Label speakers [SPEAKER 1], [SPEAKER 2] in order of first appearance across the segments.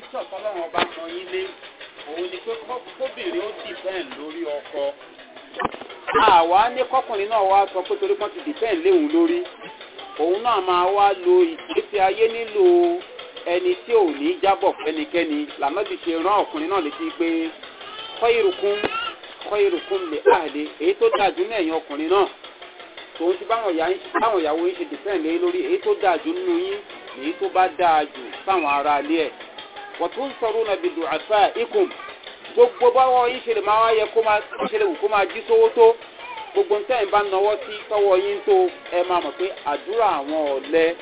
[SPEAKER 1] píṣọ̀ tọ́lọ́run ọba kan yín lé òun ni pé kóbìnrin ó dìbẹ́ǹ lórí ọkọ. àwa ní kọkùnrin náà wá sọ pé torí kan ti dìbẹ́ǹ léwu lórí òun náà máa wá lo ìgbésí ayé nílò ẹni tí ò ní jábọ̀ fẹ́nikẹ́ni lànà ti ṣe rán ọkùnrin náà létí pé kọ́ ìrùkún kọ́ ìrùkún lè àlè èyí tó dáa jù ní ọkùnrin náà tòun ti báwọn ìyàwó yín ṣe dìpẹ́ǹ lé lórí èyí tó dáa jù nínú yín èyí tó bá dáa jù sáwọn ará ilé ẹ̀ wàtúnsọ̀rùnà bìdù àṣà ikùn gbogbo báwọn yín ṣe lè máa wáyẹ kó máa ṣe lè wù kó máa jí sówó tó gbogbo ń tẹ́yìn bá nọwọ́ sí tọwọ́ yín tó ẹ máa mọ̀ pé àdúrà àwọn ọ̀lẹ́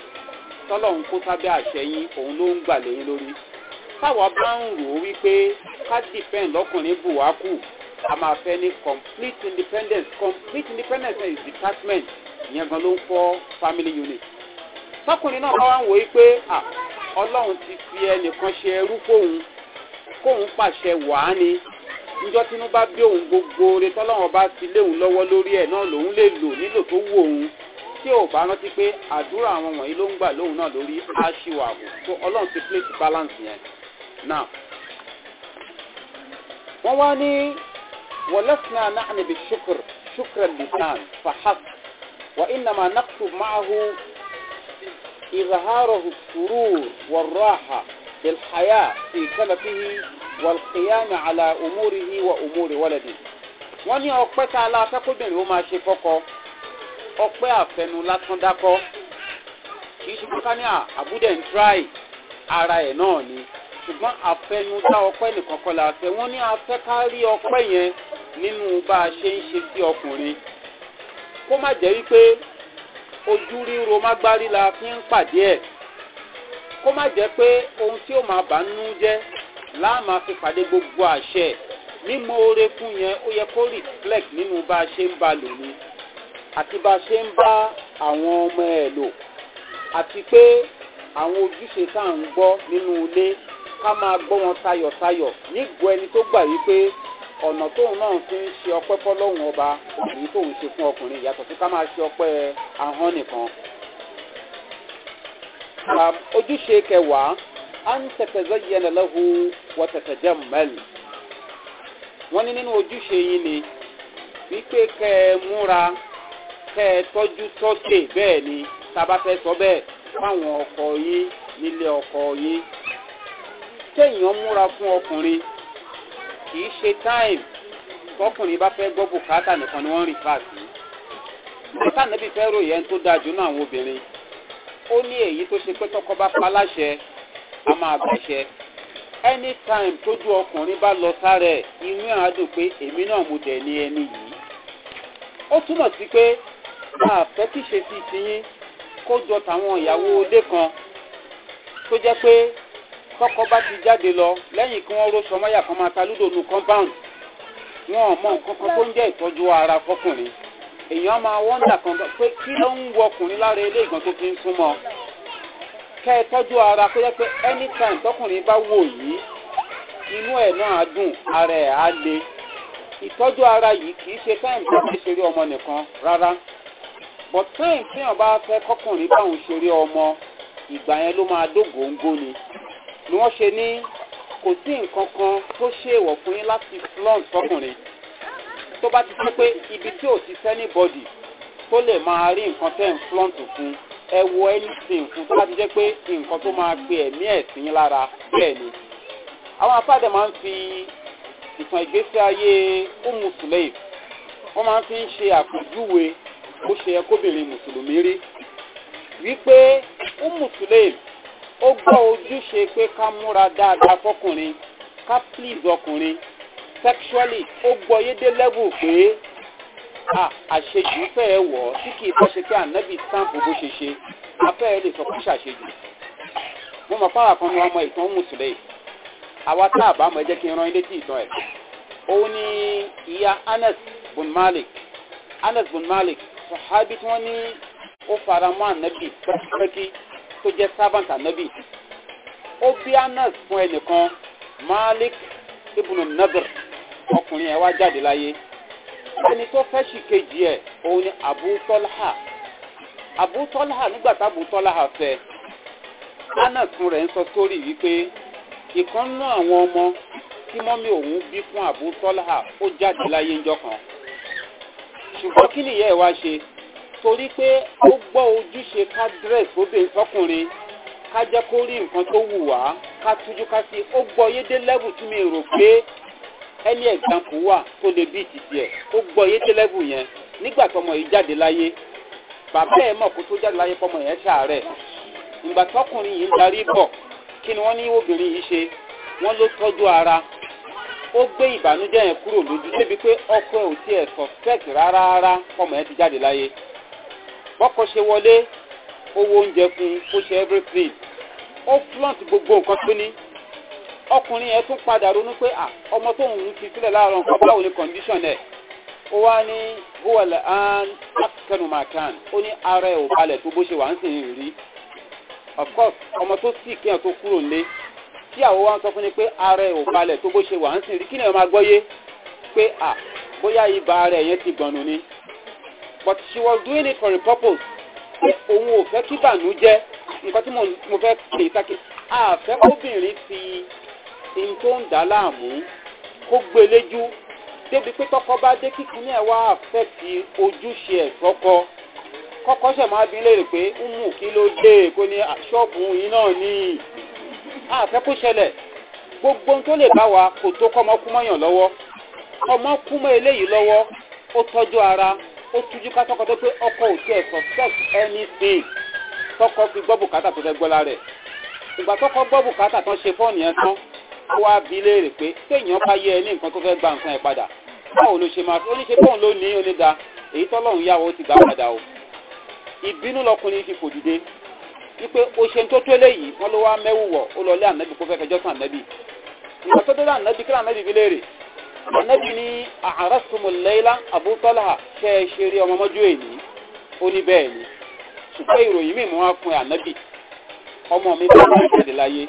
[SPEAKER 1] tọ́lọ́hún kó sábẹ́ àṣẹ yín òun ló ń gbà lẹ́yìn lórí táwa bá ń rò ó wípé ká dìfẹ́ǹd lọ́kùnrin buwaku a máa fẹ́ ní complete independence complete independence is department ìyẹn gan ló ń fọ́ family unit tọkùnrin náà bá wà ń wò ó ah ọlọ́run ti fi ẹnìkan ṣe ẹrú kóhun kóhun pàṣẹ wàá ni níjọ́ tínú bá bí òun gbogbo oore tọ́lọ́run bá ti léwu lọ́wọ́ lórí ẹ̀ náà lòun lè lò nílò tó wù òun tí ò bá rántí pé àdúrà àwọn wọ̀nyí ló ń gbà lóhun náà lórí aṣíwàwò tó ọlọ́run ti plate balance yẹn now wọ́n wá ní wọ́lẹ́sìnà náà níbi ṣúkúrẹ̀ ṣúkúrẹ̀ lìsàn fàhásì wà ìnàmà nàkùtù máa hu إظهاره السرور والراحة بالحياة في كلفه والقيام على أموره وأمور ولده wọ́n ní ọpẹ́ tá a la afẹ́kọ́bìnrin ó máa ṣe fọ́kọ ọpẹ́ àfẹnu lásán dákọ́ kì í ṣùgbọ́n ká ní àbúdẹ̀ ń tíráì ara ẹ̀ náà ni ṣùgbọ́n àfẹnu dá ọpẹ́ nìkan kọ́ la fẹ́ ní afẹ́ ká yẹn nínú bá a ṣe ń ṣe sí ọkùnrin kó má jẹ́ wípé ojú ríro mágbárí la fi ń pàdé ẹ̀ kó má jẹ́ pé ohun tí ó máa bà ń nú jẹ́ láàmà fi pàdé gbogbo àṣẹ mímọ oore fún yẹn ó yẹ kó reflect nínú bá a ṣe ń ba lò ní àti bá a ṣe ń bá àwọn ọmọ ẹ̀ lò àti pé àwọn ojúṣe tá à ń gbọ́ nínú ilé ká máa gbọ́ wọn tayọ̀tayọ̀ nígbọ́ ẹni tó gbà wípé ọ̀nà tóun náà fi ń ṣe ọpẹ́ fọlọ́hún ọba èyí tóun ṣe fún ọkùnrin yàtọ̀ sí ká máa ṣe ọpẹ́ ahọ́n nìkan. ojúṣe kẹwàá à ń tẹ̀tẹ̀zọ́ yẹn lẹ́hu wọ́n tẹ̀tẹ̀ jẹ́ mẹ́lì. wọ́n ní nínú ojúṣe yìí ni wípé kẹ́ ẹ múra kẹ́ ẹ tọ́jú tọ́tè bẹ́ẹ̀ ni tá fẹ́ sọ bẹ́ẹ̀ fáwọn ọkọ̀ yín nílé ọkọ̀ yín. kéèyàn múra fún ọkùnrin kì ṣe time tọkùnrin bá fẹ́ gbọ́ bùkátà nìkan ni wọ́n rìn káàkiri bùkátà níbi fẹ́ ròyìn ẹni tó dáa jù náà àwọn obìnrin ó ní èyí tó ṣe pé tọkọ bá pa láṣẹ a máa bàṣẹ anytime tójú ọkùnrin bá lọ sára ẹ inú ẹ̀ á dùn pé èmi náà mo dẹ̀ ní ẹni yìí ó túmọ̀ sí pé máa fẹ́ kí ṣe sí tiyín kó jọ tàwọn ìyàwó ilé kan tó jẹ́ pé tọkọ bá ti jáde lọ lẹ́yìn kí wọ́n ró sọmọ́yà kan máa ta lúdò nu compound wọn ò mọ nǹkan kan tó ń jẹ́ ìtọ́jú ara fọkùnrin èèyàn máa wọ́ndà kan pé kí ló ń wọ ọkùnrin lára ilé ìgbọ̀n tó fi ń súnmọ́ kẹ́ ẹ tọ́jú ara kó jẹ́ pé anytime tọkùnrin bá wò yìí inú ẹ̀ náà dùn ara ẹ̀ á le ìtọ́jú ara yìí kì í ṣe time tó fi ṣeré ọmọ nìkan rárá but time tí wọn bá fẹ́ kọkùnrin báwọn ṣeré ọmọ ìgbà yẹn ló máa dógóńgó ni ni wọ́n ṣe ní kò sí nǹkan kan tó ṣe èèwọ̀ fún yín láti flaunt fọkùnrin tó bá ti sọ pé ibi tí ò ti sẹ́ni bọ́dì tó lè máa rí nǹkan tẹ́ ń flaunt fún ẹ wo anything fún tó bá ti jẹ́ pé nǹkan tó máa gbé ẹ̀mí ẹ̀sìn yín lára bẹ́ẹ̀ ni. àwọn afáàdẹ máa ń fi ìtàn ìgbésí ayé umu wọ́n máa ń fi ń ṣe àpèjúwe bó ṣe yẹ kóbìnrin mùsùlùmí rí wípé umu ó gbọ́ ojúṣe pé ká múra dáadáa fọkùnrin ká please ọkùnrin sexually ó gbọ́ yédé level pé àṣejù fẹ́ẹ́ wọ̀ ọ́ tí kì í bọ́ ṣe kí ànábì sáǹpù bó ṣe ṣe afẹ́ẹ́ lè sọ pé ṣàṣejù mo mọ̀ fáwọn àkànni ọmọ ìtàn mùsùlùmí àwa tá a bá mọ̀ ẹ jẹ́ kí n ran ilé tí ìtàn ẹ̀ òun ni ìyá anas bun malik anas bun malik sahabi tí wọ́n ní ó fara mọ́ ànábì pẹ́kípẹ́kí tó jẹ́ servant anabi ó bí anas fún ẹnìkan malik ibùnú nadir ọkùnrin ẹ̀ wá jáde láyé ẹni tó fẹ́ sì kejì ẹ̀ òun ni abutọ́láhà abutọ́láhà nígbà tá abutọ́láhà fẹ́ anas fún rẹ̀ ń sọ sórí wípé ìkan nú àwọn ọmọ tí mọ́mí òun bí fún abutọ́láhà ó jáde láyé ńjọ kan ṣùgbọ́n kí nìyẹn wá ṣe torí pé ó gbọ́ ojúṣe ká dírẹ́sì obìnrin fọkùnrin ká jẹ́ kó rí nǹkan tó wù wá ká tújú ká sí ó gbọ́ yédé lẹ́bù tí mi rò pé ẹni ẹ̀gbáǹkù wà tó lè bí ìtìtì ẹ̀ ó gbọ́ yédé lẹ́bù yẹn nígbà tọmọ yìí jáde láyé bàbá ẹ̀ mọ̀ kó tó jáde láyé fọmọ yẹn ṣàárẹ̀ ìgbà tọkùnrin yìí ń darí bọ̀ kí ni wọ́n ní obìnrin yìí ṣe wọ́n ló tọ́jú ara ó gbé ìbànújẹ́ yẹn kúrò lójú débi pé ọkọ ẹ̀ ò tiẹ̀ suspect rárá rárá fọmọ yẹn ti jáde láyé bọ́kọ ṣe wọlé owó oúnjẹ kun ó ṣe everything ó flaunt gbogbo nǹkan tó ní ọkùnrin yẹn tún padà ronú pé ọmọ tóun ti sílẹ̀ láàárọ̀ nǹkan báwo ni condition ẹ̀ ó wá ní huwalẹ̀ an akẹ́nu makan ó ní ara ẹ̀ ò balẹ̀ tó bó ṣe wà ń sìn rí of course ọmọ tó sì kéèyàn tó kúrò nílé tí àwọn wa ń sọ fún ni pé ara ẹ̀ ò balẹ̀ tó bó ṣe wà ń sìn rí kí ni ẹ̀ máa gbọ́yé pé bóyá ibà ara yẹn ti gbọ̀nù ni but she was doing it for a purpose òun ò fẹ́ kí bànújẹ́ nǹkan tí mo fẹ́ pè é sáké àfẹ́ kóbìnrin fi n tó ń dá láàmú kó gbé e léjú débi pé tọkọ bá dé kíkún ní ẹwà àfẹ́tì ojúṣe ẹ̀ sọ́kọ kọ́kọ́ ṣẹ̀ máa bí léèrè pé ń mú kí ló dé kó ní ṣọ́ọ̀bù yín náà ní àfẹ́ kó ṣẹlẹ̀ gbogbo ohun tó lè bá wa kò tó kọ́ ọmọkúmọ́yàn lọ́wọ́ ọmọkúmọ́ eléyìí lọ́wọ́ ó tọ́jú ara ó tújú ká tọkọ tó pé ọkọ ò tiẹ̀ suspect anything tọkọ fi gbọ́ bùkátà tó fẹ́ gbọ́ lára ẹ̀ ìgbà tọkọ gbọ́ bùkátà tán ṣe fọ́ọ̀nù yẹn tán ó wá bi léèrè pé téèyàn bá yẹ ẹ ní nǹkan tó fẹ́ gba nǹkan ẹ̀ padà báwo ló ṣe máa fi oníṣe bóun ló ní oníga èyí tọ́lọ́run yàwó ti gbà padà o ìbínú lọkùnrin fi fò dìde wípé o ṣe ń tó tó eléyìí wọn ló wá mẹ́wù wọ̀ ó lọ lé ànábì kó fẹ́ fẹjọ́ sàn ànábì ìgbà tó dé ànábì kí ànábì fi léèrè anabi ni àhárásùmùlẹ́lá abútọ́lá kẹ́ ẹ ṣe rí ọmọ mọ́jú èyí ó ní bẹ́ẹ̀ ni ṣùgbọ́n ìròyìn mi mú wá fún anabi ọmọ mi bá mi jáde láyé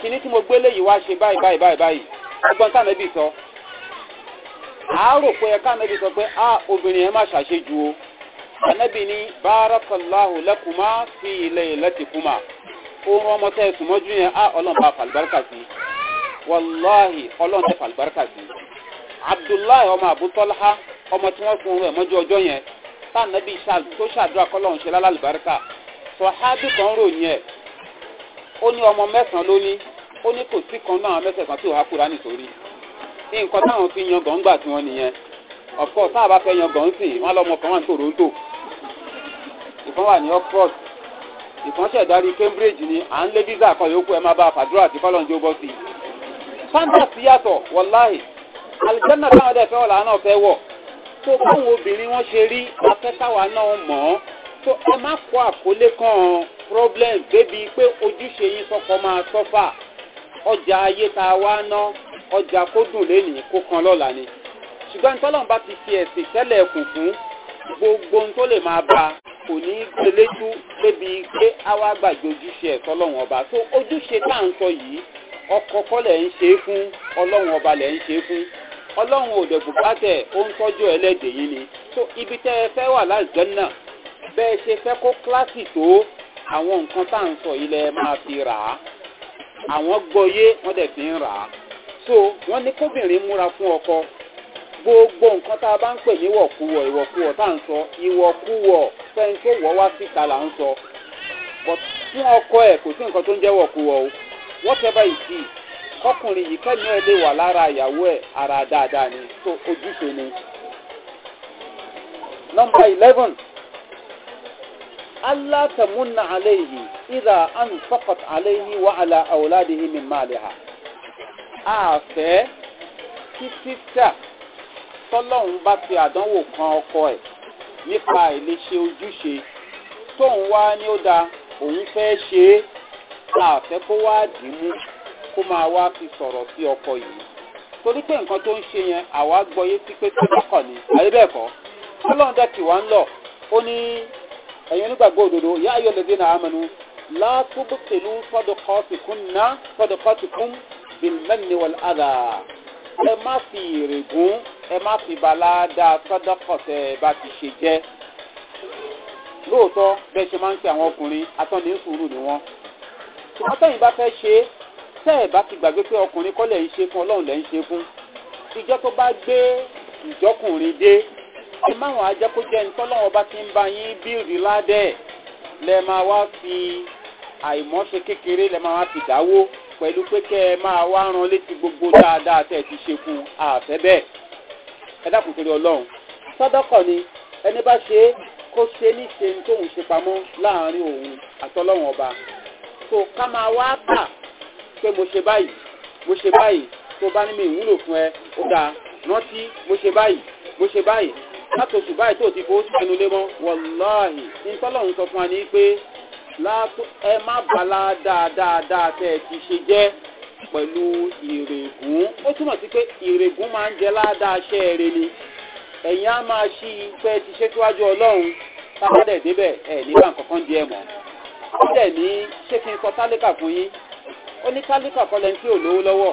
[SPEAKER 1] kíní tí mo gbé léyìí wá ṣe báyìí báyìí báyìí báyìí ọgbọ́n tá anabi sọ àárò pé ẹ̀ka anabi sọ pé a obìnrin yẹn má ṣàṣejù o anabi ni bárakàláhù lẹ́kùnmá sí ilẹ̀ ìlẹ́tìkùmá ohun ọmọ tẹ́ ẹ sùnmọ́jú yẹn a ọlọ́run bá fàlùbáríkà sí wàláhì ọlọ́run tẹ́ fàlùbáríkà sí abdullahi ọmọ abutọ́lá ọmọ tí wọ́n fún wọn mọ́jú ọjọ́ yẹn tànàbí tó ṣàdúrà kọ́lọ́hún ṣe lálàlùbáríkà sọ̀hábì kan ròyìn ẹ̀ ó ní ọmọ mẹ́sàn-án ló ní ó ní kò sí kan náà mẹ́sẹ̀ kan tí ò hákùrá nìtorí nǹkan táwọn fi yan gàn gbà tí wọ́n nìyẹn ọ̀pọ̀ táwọn bá fẹ́ yan gàn sí wọn lọ́mọ kan wà ní toronto ìkan wà ní oxford ìkan ṣẹ̀dárí cambridge ni à ń lé visa kan yòókù ẹ má bá fàdúrà àti kọ́lọ́hún jó bọ́ sí i. sanders yàtọ̀ wọ́láhìí alìjẹ́nà táwọn dẹ̀ fẹ́ wọ̀ làwọn náà fẹ́ wọ̀ tó káwọn obìnrin wọn ṣe rí afẹ́ táwa náà mọ̀ ọ́ tó ẹ má kó àkólé kan problem débi pé ojúṣe yín sọkọ máa sọ́fà ọjà ayé tá a wá ná ọjà kó dùn lénìí kó kan lọ́la ni ṣùgbọ́n tọ́lọ́n bá ti fi ẹ̀sìn tẹ́lẹ̀ ẹ̀kùn fún gbogbo ohun tó lè máa ba kò ní gbẹlẹ́jú débi pé àwa gbàgbé ojúṣe ẹ̀ tọ́lọ́run ọba tó ojúṣe tá à ń sọ yìí ọkọ̀ kọ́lẹ̀ ń ṣe é fún ọlọ́run ọba lẹ̀ ń ṣe é fún ọlọ́run ò lè bùkátẹ̀ ó ń tọ́jú ẹlẹ́dẹ̀ yín ni so ibi tẹ́ ẹ fẹ́ wà lálùjọ́nà bẹ́ẹ̀ ṣe fẹ́ kó kíláàsì tó àwọn nǹkan tá à ń sọ yìí lẹ máa fi rà á àwọn gbọ́yé wọ́n dẹ̀ fi ń rà á so wọ́n ní kóbìnrin múra fún ọkọ gbogbo nǹkan tá a bá ń pè ní ìwọ̀kuwọ̀ ìwọ̀kuwọ̀ tá à ń sọ ìwọ̀kuwọ̀ fẹ́ni tó wọ́ wá síta là ń sọ but fún ọkọ ẹ̀ kò sí nǹkan tó ń jẹ́ ìwọ̀kuwọ̀ o whatever it see. ọkùnrin yìí kẹ́mi ẹ̀ lè wà lára ìyàwó ẹ̀ ara dáadáa ni tó ojúṣe eleven alátẹ̀múnà ìdá wàhálà ní màlìhà. àfẹ́ títí tà tọ́lọ́run bá fi àdánwò kan ọkọ ẹ̀ nípa ìléṣe ojúṣe tóun wá ní ó da òun fẹ́ ṣe é àfẹ́ kó wá kó máa wá fi sọ̀rọ̀ sí ọkọ yìí torí pé nǹkan tó ń ṣe yẹn àwa gbọ́yé sí pé tó lọ́kọ̀ ni àyè bẹ́ẹ̀ kọ́ ọlọ́run dẹ́kì wá ń lọ ó ní ẹ̀yin onígbàgbọ́ òdodo ìyá ayọ̀ lẹ́dí náà amẹnu látúbù tèlú fọ́dọ̀kọ́sìkún ná fọ́dọ̀kọ́sìkún bìlmẹ́ni wọ̀l àdà ẹ má fi ìrègùn ẹ má fi balada sọ́dọ̀kọ̀tẹ̀ bá ti ṣe jẹ́ lóòótọ́ bẹ́ẹ̀ ṣe máa ń ṣe àwọn ọkùnrin atọ́ni sùúrù ni wọ́n ṣùgbọ́n tẹ̀yìn bá fẹ́ ṣe é tẹ́ ẹ̀ bá ti gbàgbé pé ọkùnrin kọ́ lẹ̀ ń ṣe fún ọlọ́run lẹ̀ ń ṣe fún ìjọ tó bá gbé ìjọkùnrin dé ẹ máwọn ajẹ́kójẹ́ ní tọ́lọ́wọ́ bá ti ń ba yín bíìrì ládẹ́ lẹ máa wá fi àìmọ́ṣe kékeré lẹ máa wá fi dáwó pẹ̀lú pé kẹ́ ẹ máa wá ran létí gbogbo dáadáa tẹ́ ẹ ti ṣe fún àfẹ́ bẹ́ẹ̀ ẹ dákun torí ọlọ́run sọ́dọ́kọ̀ ni ẹni bá ṣe é kó ṣe ní ṣe ní tóun ṣe pamọ́ láàrin òun àtọ́lọ́wọ̀n ọba so ká máa wá kà pé mo ṣe báyìí mo ṣe báyìí tó bá ní mi ìwúlò fún ẹ ó dáa rántí mo ṣe báyìí mo ṣe báyìí láti oṣù báyìí tó ti fowó sí ẹnu lé mọ́ wàláhì nítọ́lọ́run sọ fún wa ní pé ẹ má bala dáadáa tẹ́ ẹ ti ṣe jẹ́ pẹ̀lú ìrègùn ó túmọ̀ sí pé ìrègùn máa ń jẹ́ ládàá ṣẹ́ ẹ̀rẹ́ ni ẹ̀yin á máa ṣí pé ti ṣe síwájú ọlọ́run tábàdẹ̀ débẹ̀ ẹ̀ nígbà kankan di ẹ̀ mọ́ ó dẹ̀ ní ṣé kí n sọ tálíkà fún yín ó ní tálíkà kọ́ lẹ́ni tí ò lówó lọ́wọ́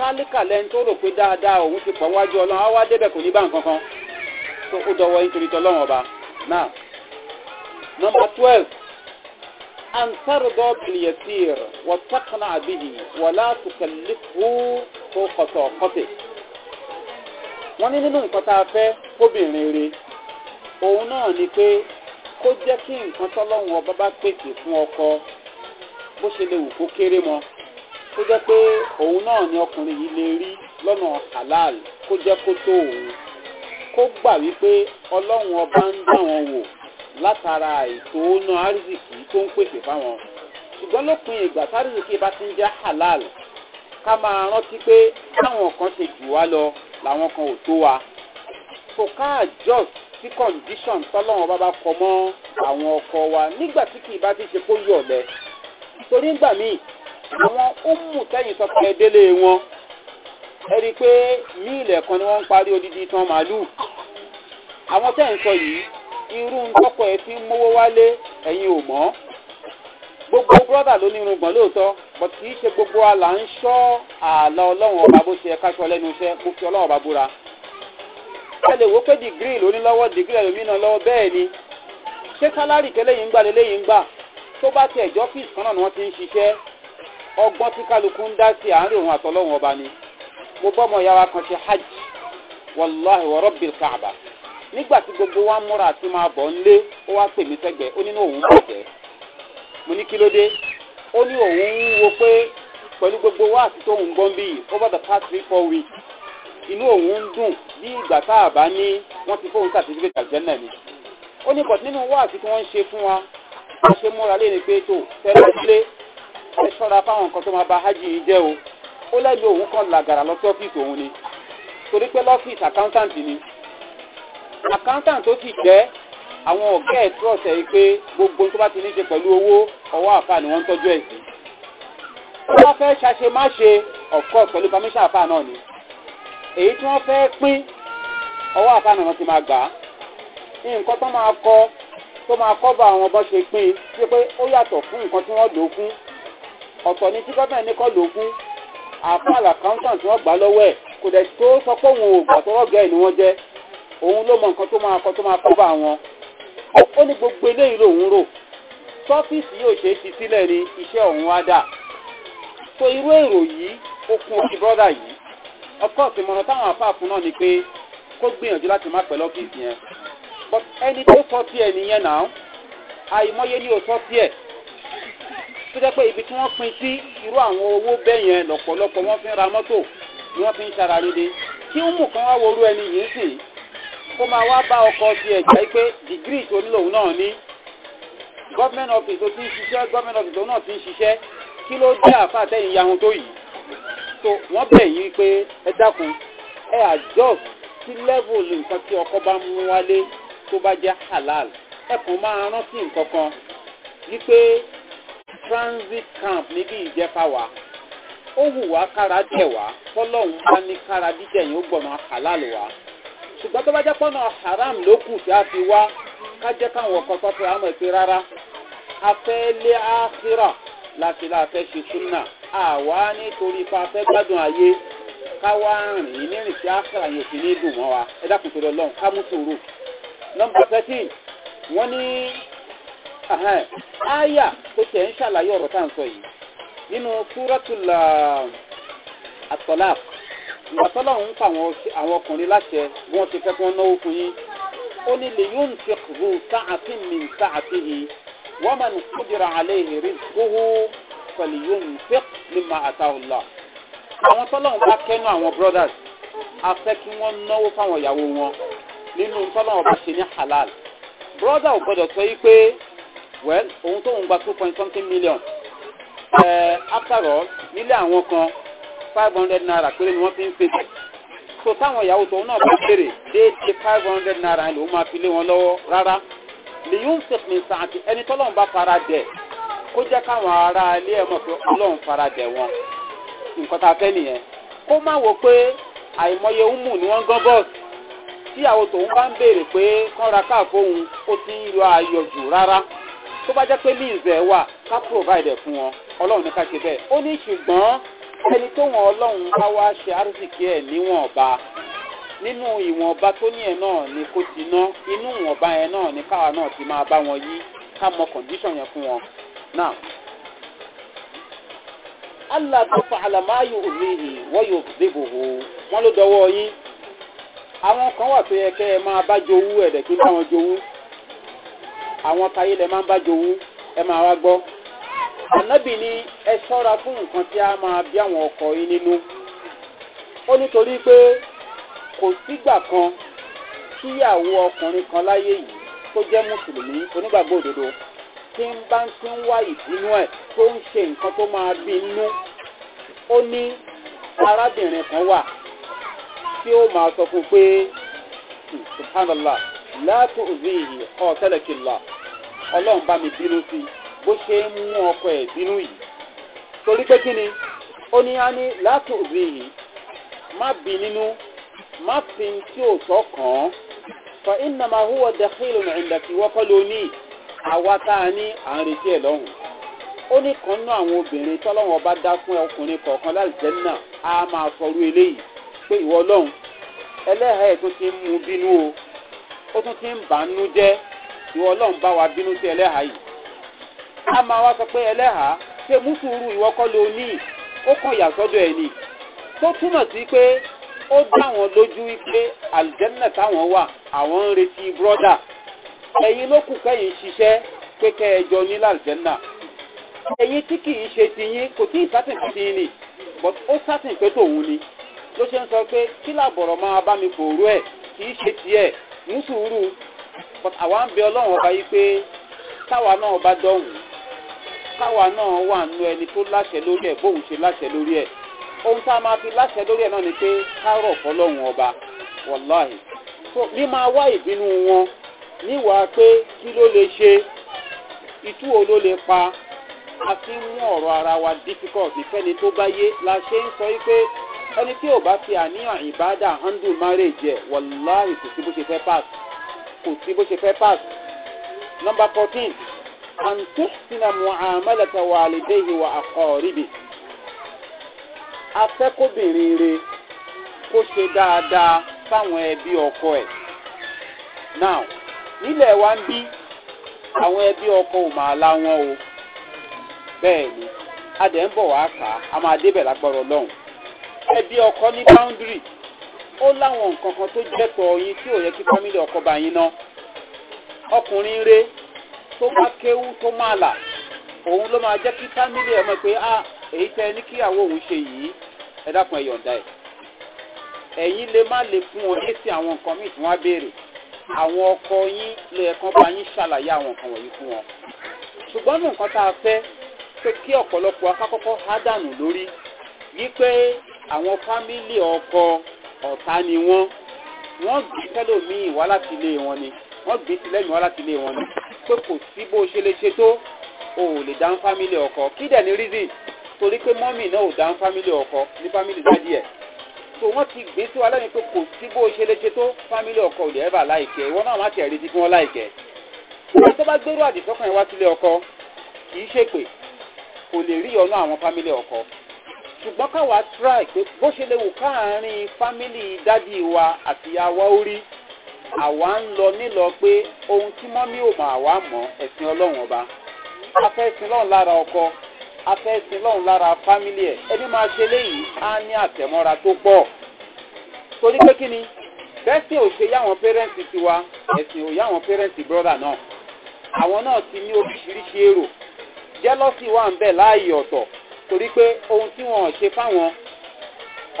[SPEAKER 1] tálíkà lẹ́ni tó rò pé dáadáa òun ti pọ̀ wájú ọlọ́run á wá débẹ̀ kò ní bá nǹkan kan tó ó dọwọ́ nítorí tọ́lọ́run ọba náà. nọmba twelve ansarudọ biliyasir wọtakana abiyi wọlá tukalifu tó kọtọ kọtẹ. wọ́n ní nínú nǹkan tá a fẹ́ kóbìnrin rè òun náà ni pé kó jẹ́ kí nǹkan tọ́lọ́run ọba bá pèsè fún ọkọ bó ṣe lè wù kó kéré mọ́ tó jẹ́ pé òun náà ni ọkùnrin yìí lè rí lọ́nà halal kó jẹ́ kó tó òun kó gbà wípé ọlọ́run ọba ń dá wọn wò látara ètò ọ̀nà arzikì tó ń pèsè fáwọn ṣùgbọ́n lópin ìgbà sáríkì bá ti ń jẹ́ halal ká máa rántí pé táwọn kan ṣe jù wá lọ làwọn kan ò tó wa so ká adjust sí condition tọ́lọ́wọ́n bá bá kọ mọ́ àwọn ọkọ wa nígbà tí kì í bá ti ṣe kó yọ̀ lẹ torí ńgbà míì àwọn ọmú tẹ́yìn sọ pé ẹdẹ́lé wọn ẹ̀rí pé mílẹ̀ kan ni wọ́n ń parí odidi tán màálù àwọn tẹ́yìn sọ yìí irú tọ́kọ̀ ẹ̀ fi ń mówó wálé ẹ̀yin ò mọ́ gbogbo brọ́dà ló ní irungbọ̀n lóòótọ́ but kì í ṣe gbogbo àlà ń ṣọ́ ààlà ọlọ́run ọba bó ṣe ẹ̀ka ṣọ lẹ́nu iṣẹ́ mo fi ọlọ́run ọba búra ẹ lè wo pé dìgírì lóní lọ́wọ́ dìgírì ẹlòmínà lọ́wọ́ bẹ́ẹ̀ ni ṣé sálárì tẹ́lẹ̀ yìí ń gbà lélẹ́yìn ń gbà tó bá tẹ̀ jọ́fíìsì kan náà ni wọ́n ti ń ṣiṣẹ́ ọgbọ́n tí kálukú ń dá sí àárín òun ọba ni mo ọmọ ìyá wa kan ṣe hajj wàláhi wọ́rọ́ bíi nígbà tí gbogbo wa múra àti máa bọ̀ ńlé ó wá pè mí sẹ́gbẹ̀ẹ́ ó nínú òun mo ní kí ló dé ó ní òun ń wo pé pẹ̀lú gbogbo wa àti over the past three four weeks inú òun ń dùn bí ìgbà tá a bá ní wọ́n ti fóun ni ó ní nínú tí wọ́n ń ṣe fún wa wọ́n ṣe ẹ ṣọ́ra fáwọn nǹkan tó máa ba hajj yìí jẹ́ o ó lẹ́gbẹ̀ẹ́ òun kan làgàrà lọ sí ọ́fíìsì òun ni torí pé lọ́fíìsì accountant ni accountant tó sì jẹ́ àwọn ọ̀gá ẹ̀ trust ẹ̀ pé gbogbo tó bá ti ní ṣe pẹ̀lú owó ọwọ́ àfa ni wọ́n ń tọ́jú ẹ̀ sí wọ́n wá fẹ́ ṣàṣe má ṣe of course permission àfa náà ni èyí tí wọ́n fẹ́ pín ọwọ́ àfa náà ti máa gbà á nǹkan tó máa kọ bá àwọn ọmọ ṣe pín sí pé ó yàtọ̀ fún nǹkan tí wọ́n lò ó fún ọ̀tọ̀ ni tí gọ́ọ̀mẹ̀ ní kọ́ lògún àfáàlà accountant wọ́n gbà lọ́wọ́ ẹ̀ kò dẹ̀ tó sọ pé ò gbà gẹ̀ ni wọ́n jẹ́ òun ló mọ nǹkan tó máa kọ tó máa kọ́ bá wọn ó gbogbo eléyìí lòun rò yóò ṣe ti sílẹ̀ ni iṣẹ́ òun wá so irú èrò yìí ó kún ojú yìí táwọn náà ni pé kó gbìyànjú láti má yẹn ẹni tó sọ nìyẹn náà àìmọye ni tó jẹ́ pé ibi tí wọ́n pin sí irú àwọn owó bẹ́ẹ̀ yẹn lọ̀pọ̀lọpọ̀ wọ́n fi ń ra mọ́tò ni wọ́n fi ń ṣara lóde kí ń mú kan wá worú ẹni yìí sì kó máa wá bá ọkọ ti ẹ̀já pé dìgírì tó ní lòun náà ní gọ́ọ̀mẹ̀ntì ọ̀fíìsì tó ti ń ṣiṣẹ́ gọ́ọ̀mẹ̀ntì ọ̀fíìsì tó náà ti ń ṣiṣẹ́ kí ló dé àfa àtẹ̀yìn yahun tó yìí so wọ́n bẹ̀ yín pé ẹ dákun ẹ àjọs sí lẹ́vùlù nǹkan tí ọkọ bá mú wálé tó bá jẹ́ halal ẹ kàn máa rántí nǹkan kan wípé transit camp níbi ìjẹ́pá wa ó wù wá kára jẹ̀ wá fọlọ́hún bá ní kára jíjẹ̀ yẹn ó gbọ̀nà halal wa ṣùgbọ́n tó bá jẹ́ pọ́nà haram ló kù tí a fi wá ká jẹ́ káwọn ọkọ̀ tó fi àmọ̀ sí rárá afẹ́lẹ́ áhírà láti láfẹ́ ṣe súnà àwa nítorí ipa afẹ́ gbádùn ayé ká wá rìn nírìn sí áhírà yẹn sì ní dùn mọ́ wa ẹ dákun tó lọ lọ́hùn ká mú sòrò. nọmba thirteen wọ́n ní aya ó tiẹ̀ ń ṣàlàyé ọ̀rọ̀ tá à ń sọ yìí nínú túrọ́tùlà àtọ́lá uh, ìgbà tọ́lá ń pa àwọn ọkùnrin láṣẹ bí wọ́n ti fẹ́ kí wọ́n náwó fún yín ó ní lè yóò ń fi kúrú sáàtì mi sáàtì yìí wọ́n máa ń kúndìrà alẹ́ ìrírí kúhú pẹ̀lú yóò ń fi ní ma àtàwùlà. àwọn tọ́lá ń bá kẹ́nu àwọn brothers a fẹ́ kí wọ́n náwó fáwọn ìyàwó wọn nínú tọ́lá ọba ṣe ní halal brother ò gbọ́dọ̀ sọ yí pé well òun tóun gba two point something million ẹ eh, after all nílé àwọn kan five hundred naira péré ni wọ́n fi ń pèsè so táwọn ìyàwó tòun náà bá béèrè déédéé five hundred naira ni òun máa fi lé wọn lọ́wọ́ rárá lèyún sèpin sàǹtì ẹni tọ́lọ́run bá fara dẹ̀ kó jẹ́ káwọn ará ilé ẹ̀ fara dẹ̀ wọn nǹkan tá a fẹ́ nìyẹn kó má wò umu ni wọ́n gán bọ́ọ̀sì tíyàwó tòun bá ń béèrè pé kán ra tó bá jẹ́ pé means ẹ̀ wà ká provide ẹ̀ fún wọn ọlọ́run ní ká ṣe bẹ́ẹ̀ ó ní ṣùgbọ́n ẹni tó wọn ọlọ́run bá wá ṣe àrùsìkì ẹ̀ níwọ̀nba nínú ìwọ̀nba tó ní ẹ̀ náà ni kó ti ná inú ìwọ̀nba ẹ̀ náà ni káwa náà ti máa bá wọn yí ká mọ condition yẹn fún wọn náà. Allah tó fa àlàmáyò òmìnir wọ́n yóò dìbò hó wọ́n ló dọwọ́ yín àwọn kan wà tó yẹ kẹ́ ẹ máa bá jowú ẹ̀dẹ̀ kí n bá wọn jowú àwọn táyé lẹ máa ń bá jowú ẹ máa wá gbọ́. ànábì ni ẹ ṣọ́ra fún nǹkan tí a máa bí àwọn ọkọ̀ yín nínú. ó nítorí pé kò sígbà kan kíyàwó ọkùnrin kan láyé yìí tó jẹ́ mùsùlùmí onígbàgbọ́ òdodo tí ń bá ń tí ń wá ìbínú ẹ̀ tó ń ṣe nǹkan tó máa bí inú ó ní arábìnrin kan wà tí ó máa sọ fún pé hmm, subhanallah látò òzì ọlọ́run bá mi bínú sí bó ṣe ń mú ọkọ ẹ̀ bínú yìí torí pé kí ni ó ní á ní látòzí yìí má bì nínú má fi tí ò tọ́ kàn án fa iná máa hùwà dàkílù ìdàkí wọ́pọ̀ lónìí àwa tá a ní à ń retí ẹ̀ lọ́hùn ó ní kan nú àwọn obìnrin tọ́lọ́wọ́n bá dá fún ọkùnrin kọ̀ọ̀kan láti jẹ́ náà á máa sọrú eléyìí pé ìwọ ọlọ́run ẹlẹ́hàá ẹ̀ tún ti ń mú bínú o ó tún ti ń bà á nú jẹ́ ìwọ ọlọ́run bá wa bínú sí ẹlẹ́hàá yìí a máa wá sọ pé ẹlẹ́hàá ṣe mú sùúrù ìwọ kọ́ ló ní ó kàn yà sọ́dọ̀ ẹ̀ ni tó túmọ̀ sí pé ó dá wọn lójú wípé àlùjẹ́nà táwọn wà àwọn ń retí bírọ́dà ẹ̀yin ló kù kẹ́yìn ṣiṣẹ́ pé kẹ́ ẹ jọ ní làlùjẹ́nà ẹ̀yin tí kì í ṣe tiyín kò tí ì sátìn fún tiyín ni but ó sátìn pé tòun ni ló ṣe ń sọ pé kí làbọ̀rọ̀ máa bá mi pòórú ẹ̀ kì í ṣe tiẹ̀ mú sùúrù but àwa ń bẹ ọlọ́run ọba yìí pé táwa náà bá dọ̀hùn káwa náà wà nù ẹni tó láṣẹ lórí ẹ̀ bóun ṣe láṣẹ lórí ẹ̀ ohun tá a máa fi láṣẹ lórí ẹ̀ náà ni pé kárọ̀ fọlọ́run ọba wàláhì so ní máa wá ìbínú wọn níwàá pé kí ló lè ṣe itú wo ló lè pa a fi ń mú ọ̀rọ̀ ara wa difficult ìfẹ́ni tó bá yé la ṣe ń sọ yí pé ẹni tí ò bá fi àníyàn ìbádà handle marriage ẹ̀ wàláhì kò sí bó ṣe fẹ́ pass. kò sí bó ṣe fẹ́ pass. number fourteen àǹtẹ́sìnà muhammadata wà àlìdéhì wà àkọ́ọ̀rìbì. afẹ́kọ́bìnrin re kó ṣe dáadáa fáwọn ẹbí ọkọ ẹ̀. now nílẹ̀ wa ń bí àwọn ẹbí ọkọ ò máa la wọn o bẹ́ẹ̀ ni ń bọ̀ wá kà á a máa débẹ̀ lágbọ́rọ̀ lọ́hùn ẹbí ọkọ ní boundary. ó láwọn nǹkan kan tó jẹ́tọ̀ yín tí ò yẹ kí ọkọ bá yín ná ọkùnrin rẹ tó bá kéwú tó máa là òun ló máa jẹ́ kí fámílì ẹ̀ mọ̀ pé a èyí tẹ́ ní kí àwọn òun ṣe yìí ẹ dákun ẹ̀ yọ̀ǹda ẹ̀ fún àwọn nǹkan míì tí wọ́n á béèrè àwọn ọkọ yín lè ẹ̀kan bá yín ṣàlàyé àwọn nǹkan wọ̀nyí fún wọn ṣùgbọ́n nù nǹkan tá a fẹ́ pé kí ọ̀pọ̀lọpọ̀ akákọ́kọ́ lórí wípé ọkọ ọ̀tá ni wọ́n wọ́n gbé tẹ́lòmíì wá láti ilé wọn ni wọ́n gbé tìlẹ́yìn wá láti ilé wọn ni pé kò sí bó ṣe lè ṣe tó o ò lè dá ń fámílì ọkọ kí dẹ̀ ní reason torí pé mọ́mì náà ò dá ń fámílì ọkọ ní fámílì dájú ẹ̀ so wọ́n ti gbé sí wa lẹ́yìn pé kò sí bó ṣe lè ṣe tó fámílì ọkọ ò lè ẹ̀ bà láìkẹ́ ìwọ náà má ti ẹ̀rí ti fún wọn láìkẹ́ wọ́n tó bá gbérú àdìsọ́kàn yẹn wá sílé ọkọ kì í ṣèpè kò lè rí ọ̀nà àwọn fámílì ọkọ ṣùgbọ́n káwa try pé bó ṣe lè wù káàárín fámìlì dádì wa àti àwa orí àwa ń lọ nílọ pé ohun tí mọ́mí ò mọ̀ àwa mọ̀ ẹ̀sìn ọlọ́run ọba afẹ́sìn lọ́run lára ọkọ afẹ́sìn lọ́run lára fámìlì ẹ̀ ẹni máa ṣe léyìí á ní àtẹ̀mọ́ra tó pọ̀ torí pé kí ni bẹ́sìn ò ṣe yáwọn pẹ́rẹ́ǹtì tiwa ẹ̀sìn ò yáwọn pẹ́rẹ́ǹtì brọ́dà náà àwọn náà ti ní oríṣiríṣi èrò jẹ́lọ́sì wà ń bẹ̀ láàyè ọ̀tọ̀ torí pé ohun tí wọn ṣe fáwọn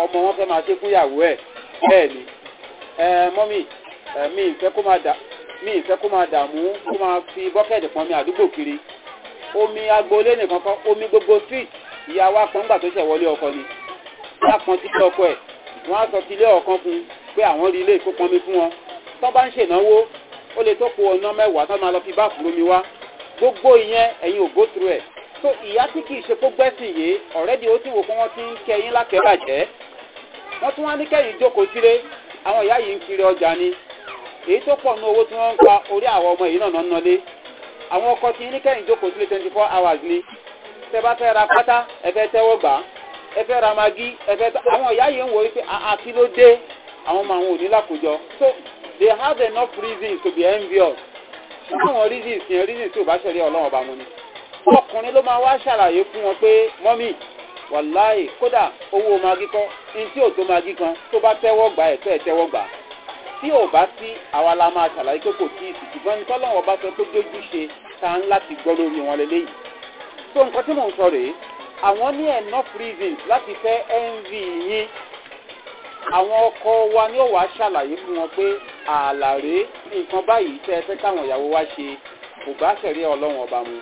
[SPEAKER 1] ọmọ wọn fẹ́ máa ṣe fúyàwó ẹ̀ bẹ́ẹ̀ ni mọ́mì mi ìfẹ́ kó máa dà mi ìfẹ́ kó máa dààmú kó máa fi bọ́kẹ́ẹ̀tì pọn mi àdúgbò kiri omi agboolé nìkan kan omi gbogbo street ìyá wa pọn gbà tó ṣẹ̀ wọlé ọkọ ni lápọn títí ọkọ ẹ̀ wọ́n á sọ ti ilé ọ̀kan fún un pé àwọn rí ilé ìkópọnmi fún wọn tó bá ń ṣènáwó ó lè tó po ọ̀nà mẹ́wàá tó máa lọ fi báàfù lómi wá gbogbo ìyẹn ẹ̀yin ò gbótùrú ẹ̀ so ìyá tí kìí ṣe kó gbẹ́sìn yìí ọ̀rẹ́dì ó ti wò fún wọn tí ń kẹ yín lákẹ́bàjẹ́ wọ́n tún wá ní kẹ́yìn jókòó sílé àwọn ìyá yìí ń kiri ọjà ni èyí tó pọ̀ nú owó tí wọ́n ń pa orí àwọn ọmọ yìí náà nọ́lé àwọn ọkọ̀ tí ní kẹ́yìn jókòó sílé twenty four hours ni tẹ bá fẹ́ ra pátá ẹ fẹ́ tẹ́wọ́ gbà ẹ fẹ́ ra magi ẹ fẹ́ tẹ́ àwọn ìyá yìí ń wò wípé àkí ah, ah, ló dé àwọn ọmọ àwọn òní lákòjọ so they have enough reasons to be envious àwọn reasons yẹn reasons tí ò bá ṣẹlẹ̀ ọlọ́wọ́ bá mu ni ọkùnrin ló máa wá ṣàlàyé fún wọn pé mọ́mì wàláì kódà owó magi kan ntí ò magi kan tó bá tẹ́wọ́ gbà ẹ̀ tó ẹ̀ tẹ́wọ́ gbà tí ò bá sí àwa la máa ṣàlàyé pé kò tíì sì ṣùgbọ́n nítorí àwọn ọba sọ pé dójúṣe ta ń láti gbọ́ lórí wọn lélẹ́yìí tó nǹkan tí mò ń sọ rèé àwọn ní enough reasons láti fẹ́ nv yín àwọn ọkọ wa ni ó wàá ṣàlàyé fún wọn pé ààlà rèé nǹkan báyìí tẹ́ ẹ fẹ́ káwọn ìyàwó wa ṣe kò bá ṣẹ̀rí ọlọ́run ọba mu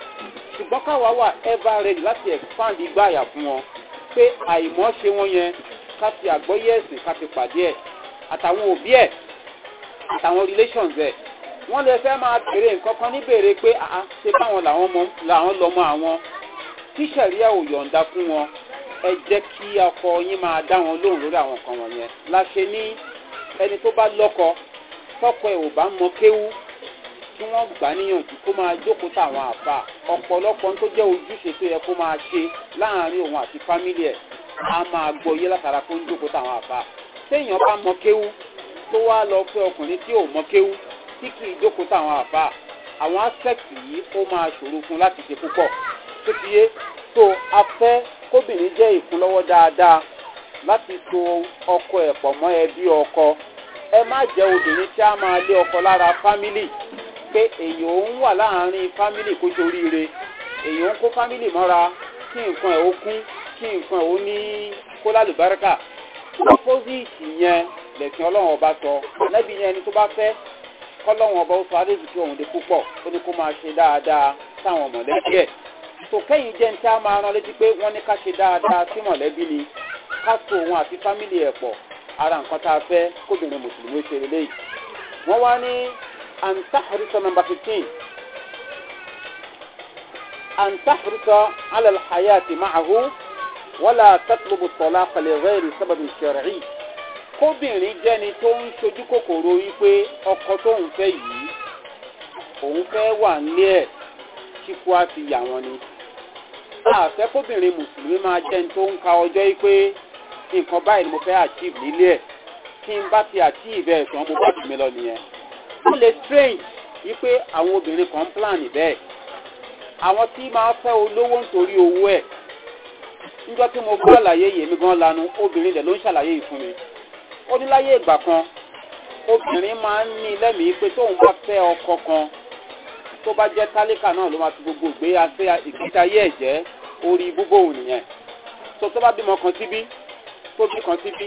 [SPEAKER 1] ṣùgbọ́n káwa wà ever ready láti expand igbá àyà fún wọn pé àìmọ́ ṣe wọn yẹn ká ti àgbọ́yé ẹ̀sìn ká ti pàdé ẹ̀ àtàwọn òbí ẹ̀ àtàwọn relations ẹ̀ wọ́n lè fẹ́ máa bèrè nǹkan kan níbèrè pé àá ṣe báwọn làwọn lọ́mọ àwọn tíṣẹ̀ríà ò yọ̀ǹda fún wọn ẹ jẹ́ kí ọkọ yín máa dá wọn lóhùn lórí àwọn nǹkan wọ̀nyẹn la ṣe ní ẹni tó bá lọ́kọ tọkọ ẹ̀ ò bá mọ kéwú tí wọ́n gbà níyànjú kó máa jókòó táwọn àfa ọ̀pọ̀lọpọ̀ tó jẹ́ ojúṣe tó yẹ kó máa ṣe láàrin òun àti fámílì ẹ̀ a máa gbọ́ yé látara kó ń jókòó táwọn àfa téèyàn bá mọ kéwú tó wá lọ fẹ́ ọkùnrin tí ò mọ kéwú tí kì í jókòó táwọn àfa àwọn aspect yìí ó máa ṣòro fún láti ṣe púpọ̀ tó ti yé tó a fẹ́ kóbìnrin jẹ́ ìkúnlọ́wọ́ dáadáa láti to ọkọ ẹ̀ pọ̀ mọ́ ẹbí ọkọ ẹ má jẹ́ obìnrin tí a máa lé ọkọ lára fámílì pé èyàn ò ń wà láàrin fámìlì kó soríire èyàn ń kó fámìlì mọ́ra kí nǹkan ẹ̀ ó kún kí nǹkan ẹ̀ ó ní kó lálùbáríkà opposite yẹn lẹ̀sìn ọlọ́run ọba sọ lẹ́bi yẹn ẹni tó bá fẹ́ kọ́lọ́run ọba ó sọ adéjì tí òun dé púpọ̀ ó ní kó máa ṣe dáadáa sáwọn mọ̀lẹ́bí ẹ̀ tó kẹ́yìn jẹ́ ní tí a máa rán létí pé wọ́n ní ká ṣe dáadáa sí mọ̀lẹ́bí ni ká so òun àti fámìlì ẹ̀ pọ̀ ara nǹkan tá a fẹ́ kóbìnrin mùsùlùmí ṣe lélẹ́yìí wọ́n wá ní أن تحرص number 15 أن تحرص على الحياة معه ولا تطلب الطلاق لغير سبب شرعي kóbìnrin jẹ́ni tó ń sojú kòkòrò wípé ọkọ tóun fẹ́ yìí òun fẹ́ wà nílé ẹ̀ kíkú á ti yà wọ́n ni. àfẹ́ kóbìnrin mùsùlùmí máa jẹ́ni tó ń ka ọjọ́ wípé nǹkan báyìí ni mo fẹ́ achieve nílé ẹ̀ kí n bá ti achieve ẹ̀ ṣùgbọ́n mo bá dùn mí lọ nìyẹn wọ́n lè train wípé àwọn obìnrin kan ń plan bẹ́ẹ̀ àwọn tí máa fẹ́ olówó nítorí owó ẹ̀ níjọ́ tí mo gbọ́ àlàyé yìí èmi gan lanu obìnrin dẹ̀ ló ń ṣàlàyé yìí fún mi ó ní láyé ìgbà kan obìnrin máa ń ní lẹ́mìí pé tóun bá fẹ́ ọkọ kan tó bá jẹ́ tálíkà náà ló máa fi gbogbo ìgbé asé ìgbésí ayé ẹ̀ jẹ́ orí búbò nìyẹn tó tó bá bímọ kan síbí tó bí kan síbí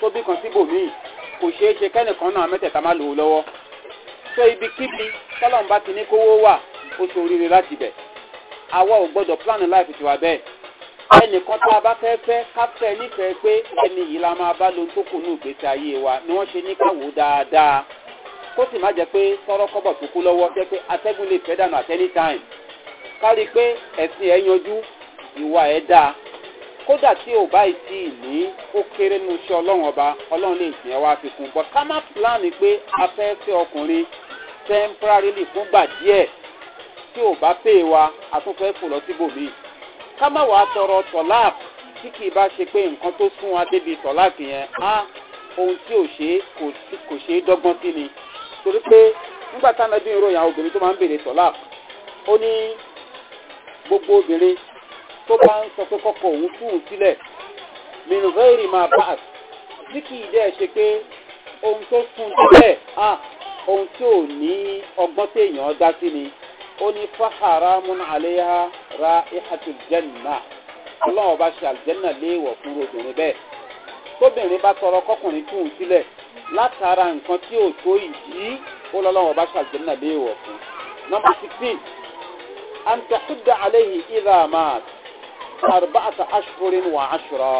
[SPEAKER 1] tó bí kan síbòmíì kò ṣeé ṣe kẹ́nìkan náà mẹ́tẹ̀ẹ̀ta má lò ó lọ́wọ́ sọ ibikíbi tọ́lọ́n bá ti ní kówó wà ó so oríire láti bẹ̀ àwa ò gbọ́dọ̀ plan life tiwa bẹ́ẹ̀ ẹnìkan tá a bá fẹ́ fẹ́ ká nífẹ̀ẹ́ pé ẹni yìí la máa bá lo tó ní wa ni wọ́n ṣe ní káwó dáadáa kó sì má jẹ́ pé tọ́rọ́ kọ́bọ̀ tó kú lọ́wọ́ jẹ́ pé atẹ́gùn lè fẹ́ dànù at any time kárí pé ẹ̀sìn ẹ̀ yanjú ìwà ẹ̀ dáa kódà ọba ọlọ́run lè wá fi kún ká má plan pé a temporarily fúngbà díẹ̀ tí ò bá pè wa a tún fẹ́ fò lọ síbòmí. ká má wàá tọrọ tọ̀láàpù tí kì í bá ṣe pé nǹkan tó sún wa débi tọ̀láàpù yẹn á ohun tí ò ṣe kò ṣe é dọ́gbọ́n sí ni torí pé nígbà táwọn ẹbí ń ròyìn àwọn obìnrin tó máa ń bèrè tọ̀láàpù ó ní gbogbo obìnrin tó bá ń sọ pé kọ́kọ́ òun fún un sílẹ̀ mìíràn fẹ́ẹ́rì máa tí kì í dẹ́ ṣe pé ohun tó sún sílẹ̀ á ohun tí ò ní ọgbọ́n tí èèyàn dá sí ni ó ní fahara munaleha ra ihatu jẹ́nà ọlọ́run bá ṣe àlùjẹ́nà léèwọ̀ fún obìnrin bẹ́ẹ̀ tóbìnrin bá tọrọ kọkùnrin tún sílẹ̀ látara nǹkan tí ò tó ìdí ó lọ́lọ́run bá ṣe àlùjẹ́nà léèwọ̀ fún. nọmba sixteen antakuda alehi idamat arba'ata ashfurin wa ashura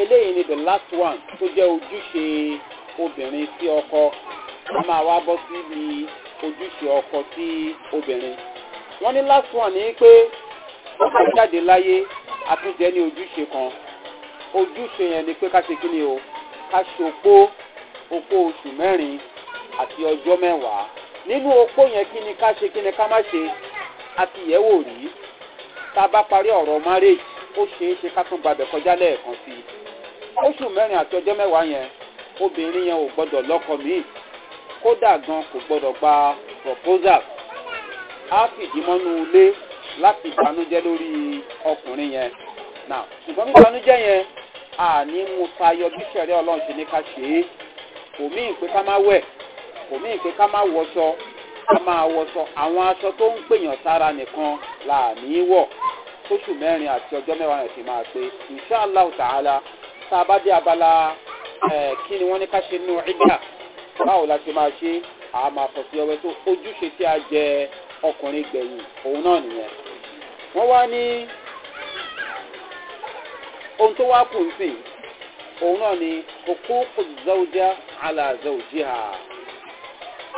[SPEAKER 1] eléyìí ni the last one tó jẹ́ ojúṣe obìnrin sí ọkọ a máa wá bọ́ síbi ojúṣe ọkọ sí obìnrin wọ́n ní last one ni pé wọ́n bá jáde láyé àtúnjẹ ní ojúṣe kan ojúṣe yẹn ni pé ká ṣe kí ni o ká ṣopó opó oṣù mẹ́rin àti ọjọ́ mẹ́wàá nínú opó yẹn kí ni ká ṣe kí ni ká má ṣe àti ìyẹ́wò rí tá a bá parí ọ̀rọ̀ marriage ó ṣeé ṣe ká tún gbàgbẹ́ kọjá lẹ́ẹ̀kan sí i oṣù mẹ́rin àti ọjọ́ mẹ́wàá yẹn obìnrin yẹn ò gbọ́dọ̀ lọ́kọ míì kódà gan kò gbọdọ̀ gba proposal á fìdí mọ́nú ilé láti banújẹ́ lórí ọkùnrin yẹn náà ṣùgbọ́n bíbanújẹ́ yẹn àní mu tayọ bí sẹ̀rí ọlọ́run ṣe ní ká ṣe é kò mí ìpè ká má wẹ̀ kò mí ìpè ká má wọṣọ ká máa wọṣọ àwọn aṣọ tó ń pèèyàn sára nìkan là ní í wọ̀ tóṣù mẹ́rin àti ọjọ́ mẹ́wàá rẹ̀ fi máa pé ìṣáàlá ọ̀tàhálà tá a bá dé abala kí ni wọ́n ní ká ṣe nínú ìgbà báwo la ṣe máa ṣe a máa fọ̀ sí ọwẹ́ tó ojúṣe tí a jẹ ọkùnrin gbẹ̀yìn òun náà nìyẹn. wọ́n wá ní ohun tó wá kù sí òun náà ni òkú òzòzòjá alàzòjìhà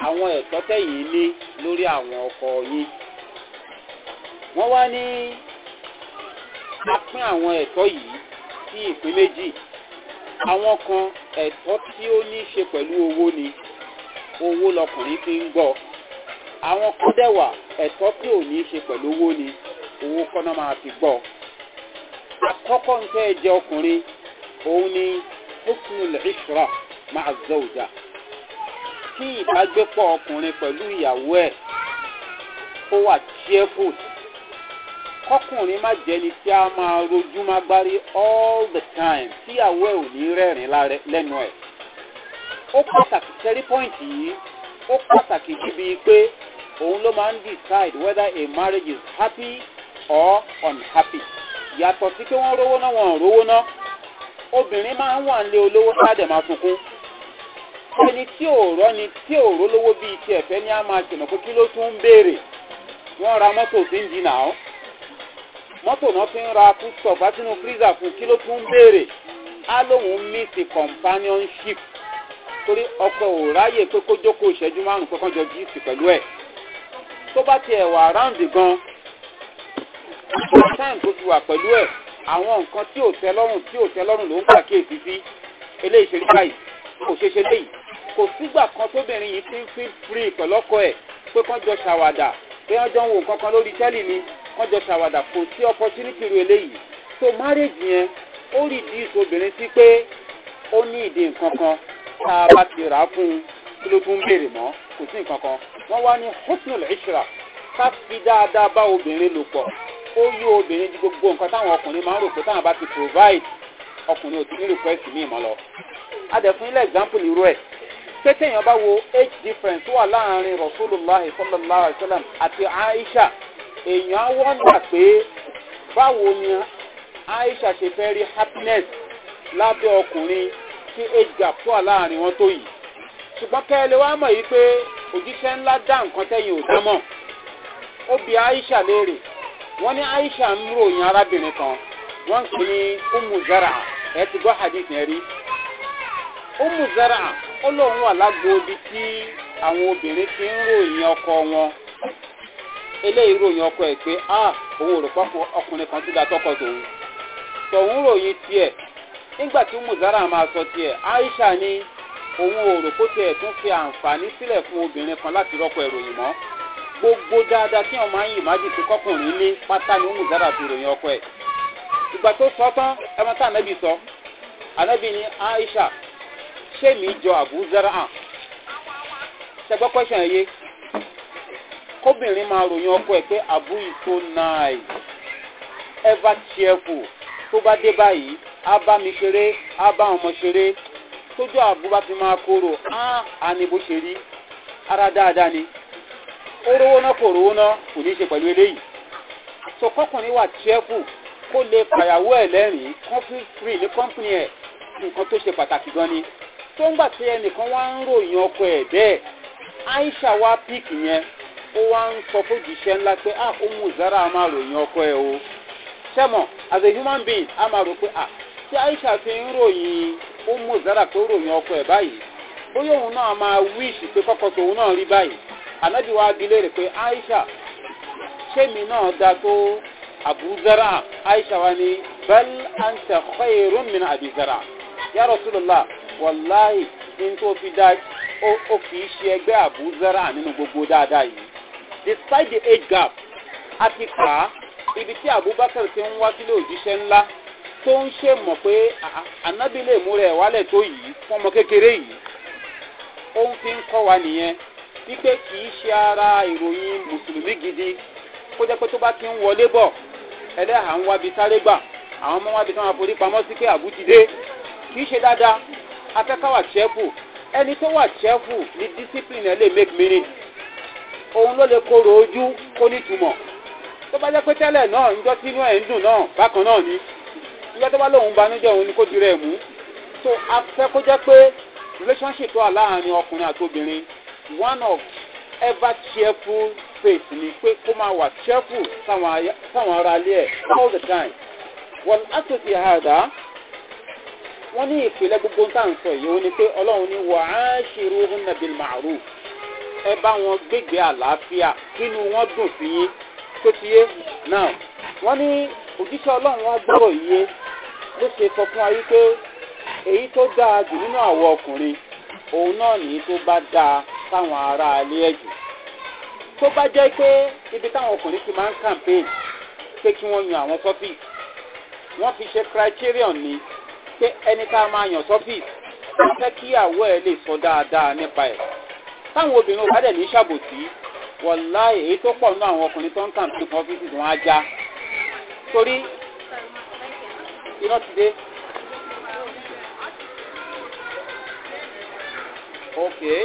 [SPEAKER 1] àwọn ẹ̀tọ́ tẹ̀yìn ní lórí àwọn ọkọ̀ yìí. wọ́n wá ní a pín àwọn ẹ̀tọ́ yìí sí ìpín méjì àwọn kan ẹ̀tọ́ tí ó ní ṣe pẹ̀lú owó ni owó lọkùnrin fi ń gbọ́ àwọn kan dẹ̀wà ẹ̀tọ́ tí ò ní ṣe pẹ̀lú owó ni owó kọ́nà máa fi gbọ́ àkọ́kọ́ ń tẹ́ jẹ́ ọkùnrin òun ni hukmul ishra máa zọ òjà kí ìbágbépọ̀ ọkùnrin pẹ̀lú ìyàwó ẹ̀ kó wà cheerful kọkùnrin má jẹni tí a máa rojú má gbárí all the time tíyàwó ẹ ò ní rẹrin lenoir. O ó pàtàkì tẹ́rí pọ́ìntì yìí ó pàtàkì síbi pé òun ló máa decide whether a marriage is happy or unhappy. yàtọ̀ sí pé wọ́n rówó náà wọ́n rówó náà obìnrin máa ń wà nílé olówó sáàdẹ̀ máa sunkún. ẹni tí ò ni tí ò rólówó bíi tiẹ̀ ni a máa mọ́tò náà fi ń ra foodstuff wá sínú freezer fún kí ló tún ń béèrè á lóun miss companionship torí ọkọ ò ráyè pé kó jókòó ìṣẹ́jú márùn-ún kankan jọ jíìsì pẹ̀lú ẹ̀ tó bá tiẹ̀ wà ráǹdì gan time tó ti wà pẹ̀lú ẹ̀ àwọn nǹkan tí ò tẹ́ lọ́rùn tí ò tẹ́ lọ́rùn ló ń pàkíyèsí sí eléyìí ṣe rí báyìí kò ṣe ṣe léyìí kò sígbà kan tóbìnrin yìí ti ń fi free pẹ̀lọ́kọ ẹ̀ pé kán jọ ṣàwàdà pé wọ́n jọ ń wo nǹkan kan lórí tẹ́lì ni kọjọ ṣàwàdà kò sí opportunity ru eléyìí so marriage yẹn ó rí dis obìnrin sí pé ó ní ìdí nǹkan kan tá a bá ti rà á fún un kí ló tún béèrè mọ́ kò sí nǹkan kan wọ́n wá ní hosnul ishra ká fi dáadáa bá obìnrin lò pọ̀ ó yí obìnrin ju gbogbo nǹkan táwọn ọkùnrin máa ń rò pé táwọn bá ti provide ọkùnrin ò ti ní request mi mọ́ lọ. adẹ̀fún ilé example irú ẹ̀ pé téèyàn bá wo age difference wà láàrin rasulillah sallallahu alayhi wa sallam àti aisha èèyàn á wọ́ndà pé báwo ni aisha ṣe fẹ́ rí happiness lábẹ́ ọkùnrin tí age gap wà láàrin wọn tó yìí ṣùgbọ́n kẹ́lẹ́ mọ̀ yìí pé òjíṣẹ́ ńlá dá nǹkan tẹ́yìn ò dámọ̀ ó bi aisha léèrè wọ́n ní aisha ń ròyìn arábìnrin kan wọ́n ń pè zara ti gbọ́ umu ó lóun wà lágbo ibi tí àwọn obìnrin ele ròyìn ọkọ ẹ̀ pé a òun ò rò pọ́pọ́ ọkùnrin kan ti da tọkọ tòun tòun ròyìn nígbà tí muzara máa sọ aisha ni òun ò rò kó tiẹ̀ tún fi àǹfààní fún obìnrin kan láti rọ́pò ìròyìn gbogbo dáadáa kí wọn máa ń yìmájì pé kọkùnrin ní pátá ni muzara fi ròyìn ọkọ sọ tán ẹmọ aisha ṣé mi jọ àbúzára hàn kóbìnrin máa ròyìn ọkọ ẹ̀ pé àbú ìtò náì ever cheerful tó bá dé báyìí á bá mi ṣeré á bá ọmọ ṣeré tójú àbú bá fi máa kóró á ní bó ṣe rí ara dáadáa ni ó rówó náà kò rówó náà kò ní í ṣe pẹ̀lú eléyìí sọkọkùnrin wà cheerful kó lè pàyàwó ẹ̀ lẹ́rìn company free ní company ẹ̀ nǹkan tó ṣe pàtàkì gan ni tó ń gbà tí ẹnìkan wá ń ròyìn ọkọ ẹ̀ bẹ́ẹ̀ aisha wá píìkì yẹn ó wá ń sọ fún òjíṣẹ́ ńlá pé zara ọkọ ẹ e o sẹ́mọ̀ as a human being a pé ah aisha fi ń ròyìn zara pé ó ròyìn ọkọ ẹ báyìí bóyá òun náà máa wíṣì pé kọ́kọ́ ri náà rí báyìí ànábì wa aisha sẹ́mi náà da tó abuzara aisha wa ni bal anta khayrun abi zara ya fi ó kì í ṣe ẹgbẹ́ despite the age gap a ti kà á ibi tí abubakar ti ń wá sílé òjíṣẹ́ ńlá tó ń ṣe mọ̀ pé ànábì lè múra ẹ̀ wálẹ̀ tó yìí fún ọmọ kékeré yìí ó ń fi ń kọ́ wa nìyẹn wípé kì í ṣe ara ìròyìn mùsùlùmí gidi kó jẹ́ pé tó bá ti ń wọlé bọ̀ ẹlẹ́hà ń wábi sáré gbà àwọn ọmọ wábi tí wọ́n forí pamọ́ sí pé àbújídé kì í ṣe dáadáa afẹ́ká wà chẹ́fù ẹni tó wà chẹ́fù ni discipline ẹ lè make meaning. òun ló lè korò ojú kó nítumọ̀ tó bá jẹ́ pé tẹ́lẹ̀ náà ń jọ náà bákan náà ni ìjọ tó bá lòun banújẹ́ òun ni kó dirẹ̀ mú so fẹ́ kó jẹ́ pé relationship wà láàrin ọkùnrin àti obìnrin one of ever cheerful faith ni pé kó máa wà cheerful sáwọn ẹ̀ all the ẹ bá wọn gbégbé àlàáfíà kínú wọn dùn sí yín tó ti yé náà wọn ní òjíṣẹ́ ọlọ́run wọn gbọ́rọ̀ yìí ló ṣe sọ fún wa wípé èyí tó dáa jù nínú àwọn ọkùnrin òun náà nìyí tó bá dáa sáwọn ará ilé ẹ̀jẹ̀ tó bá jẹ́ pé ibi táwọn ọkùnrin ti máa ń campaign pé kí wọ́n yan àwọn topic wọ́n fi ṣe criterion ni pé ẹni tá a máa yan topic wọ́n fẹ́ kíyàwó ẹ̀ lè sọ dáadáa nípa ẹ̀ táwọn obìnrin ò bá dẹ̀ ní ṣàbòsí wọ̀lá èyí tó pọ̀ nínú àwọn ọkùnrin tó ń kàn sí wọn á
[SPEAKER 2] torí iná ti dé. Okay.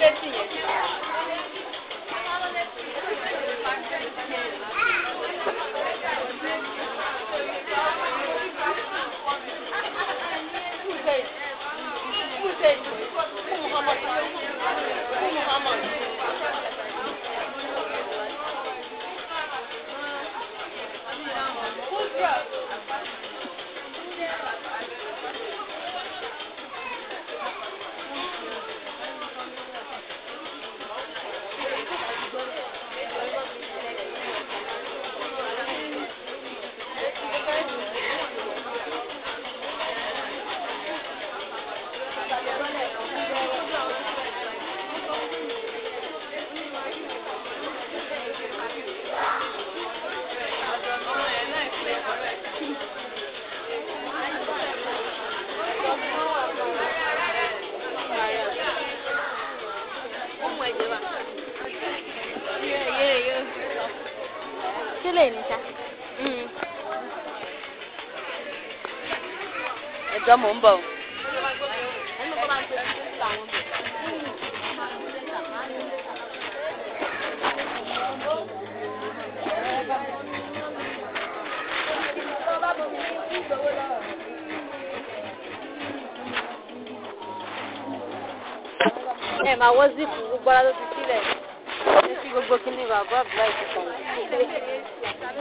[SPEAKER 2] lẹ́tì Yeah. sílẹ̀ ní sá. ẹjọ́ mò ń bọ̀. ẹ máa wọ́ zip gbogbo ara ló fi sílẹ̀ ní sí gbogbo kíní bàbá àbúrò ìfipọ̀.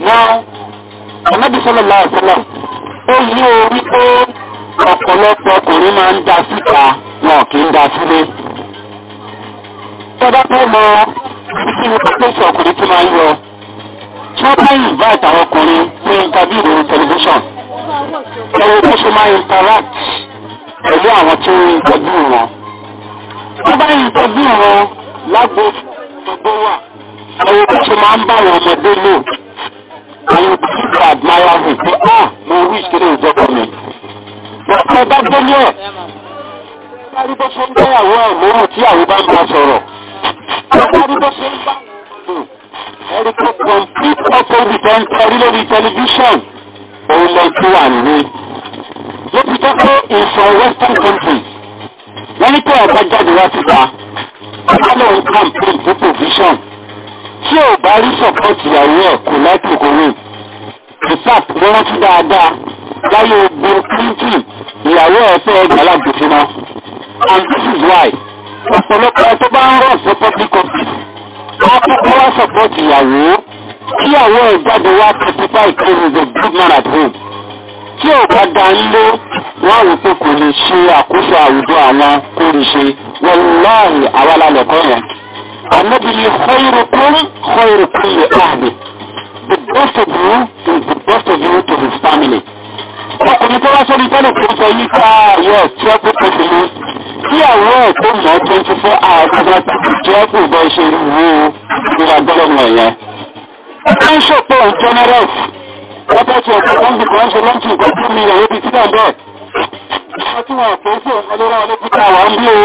[SPEAKER 3] wọn sọlọ sọlọ́lá sọlọ, ó yí o wípé ọpọlọpọ ọkùnrin máa ń da síta wọn kì í da sílé. tọ́ba tó mọ kí ni pàtẹ́sì ọkùnrin tó máa ń yọ tí wọ́n bá yìí bá ìtàwọn ọkùnrin ní ìtàbí ìròyìn tẹlifíṣàn ṣe máa interact pẹ̀lú àwọn tó ń tọ́jú wọn. bá tọ́jú wọn lágbo gbogbo wà ẹ̀rọ ṣe máa ń bá àwọn ọmọdé lò. àwọn people admire me pé ah mo wish kí ló ń jọ́kọ̀ mi. Bàbá ẹ bá gbé ní ẹ̀. Bàbá rí bó ṣe ń gbéyàwó ẹ̀ lóhùn tí àwọn bá ń bá sọ̀rọ̀. Bàbá bó ṣe ń bá ẹni tó complete opposite ẹ̀ ń tẹ̀rí lórí tẹlifíṣàn òun lọ tó wà ní. Ló ti pé in some western country. wọ́n ní pé ọ̀gá jáde wá síta. Bàbá lòun campaign for provision tí ò bá rí support ìyàwó ẹ̀ kò láti òkòwò in fact wọ́n rántí dáadáa láyé ogun clinton ìyàwó ẹ̀ fẹ́ gbàlagbè fún wọn and this is why ọ̀pọ̀lọpọ̀ ẹ̀ tó bá ń rọ̀ sí public office wọ́n kọ́kọ́ wá support ìyàwó kí ìyàwó ẹ̀ jáde wá testify claim is a good man at home tí ò bá da ń lé wọn rò pé kò lè ṣe àkóso àwùjọ àwọn kò lè ṣe wọ́n láàyè àwa lálẹ́ kọ́ yẹn. Annabi ni khairukum khairukum li ahli. The best of you is the best of you to his family. Ọkùnrin tó wá sórí tẹ́lẹ̀ kò sọ yí ká yẹ tí ó kó pẹ̀lú mi. Kí àwọn ẹ̀ tó twenty four hours ọba jẹ́ kó bọ́ ṣe wú ìlà gbọ́dọ̀mù ẹ̀yẹ. Ó ń ṣòpọ̀ generous. Wọ́n bá ti ọ̀gbìn kan bí kan ṣe lọ́ńtì ìgbà tó mi ìyàwó bíi sílẹ̀ bẹ́ẹ̀. Ìgbà tí wọ́n àpò fún ọ̀gá lọ́wọ́ ọlọ́pàá wà ń bí o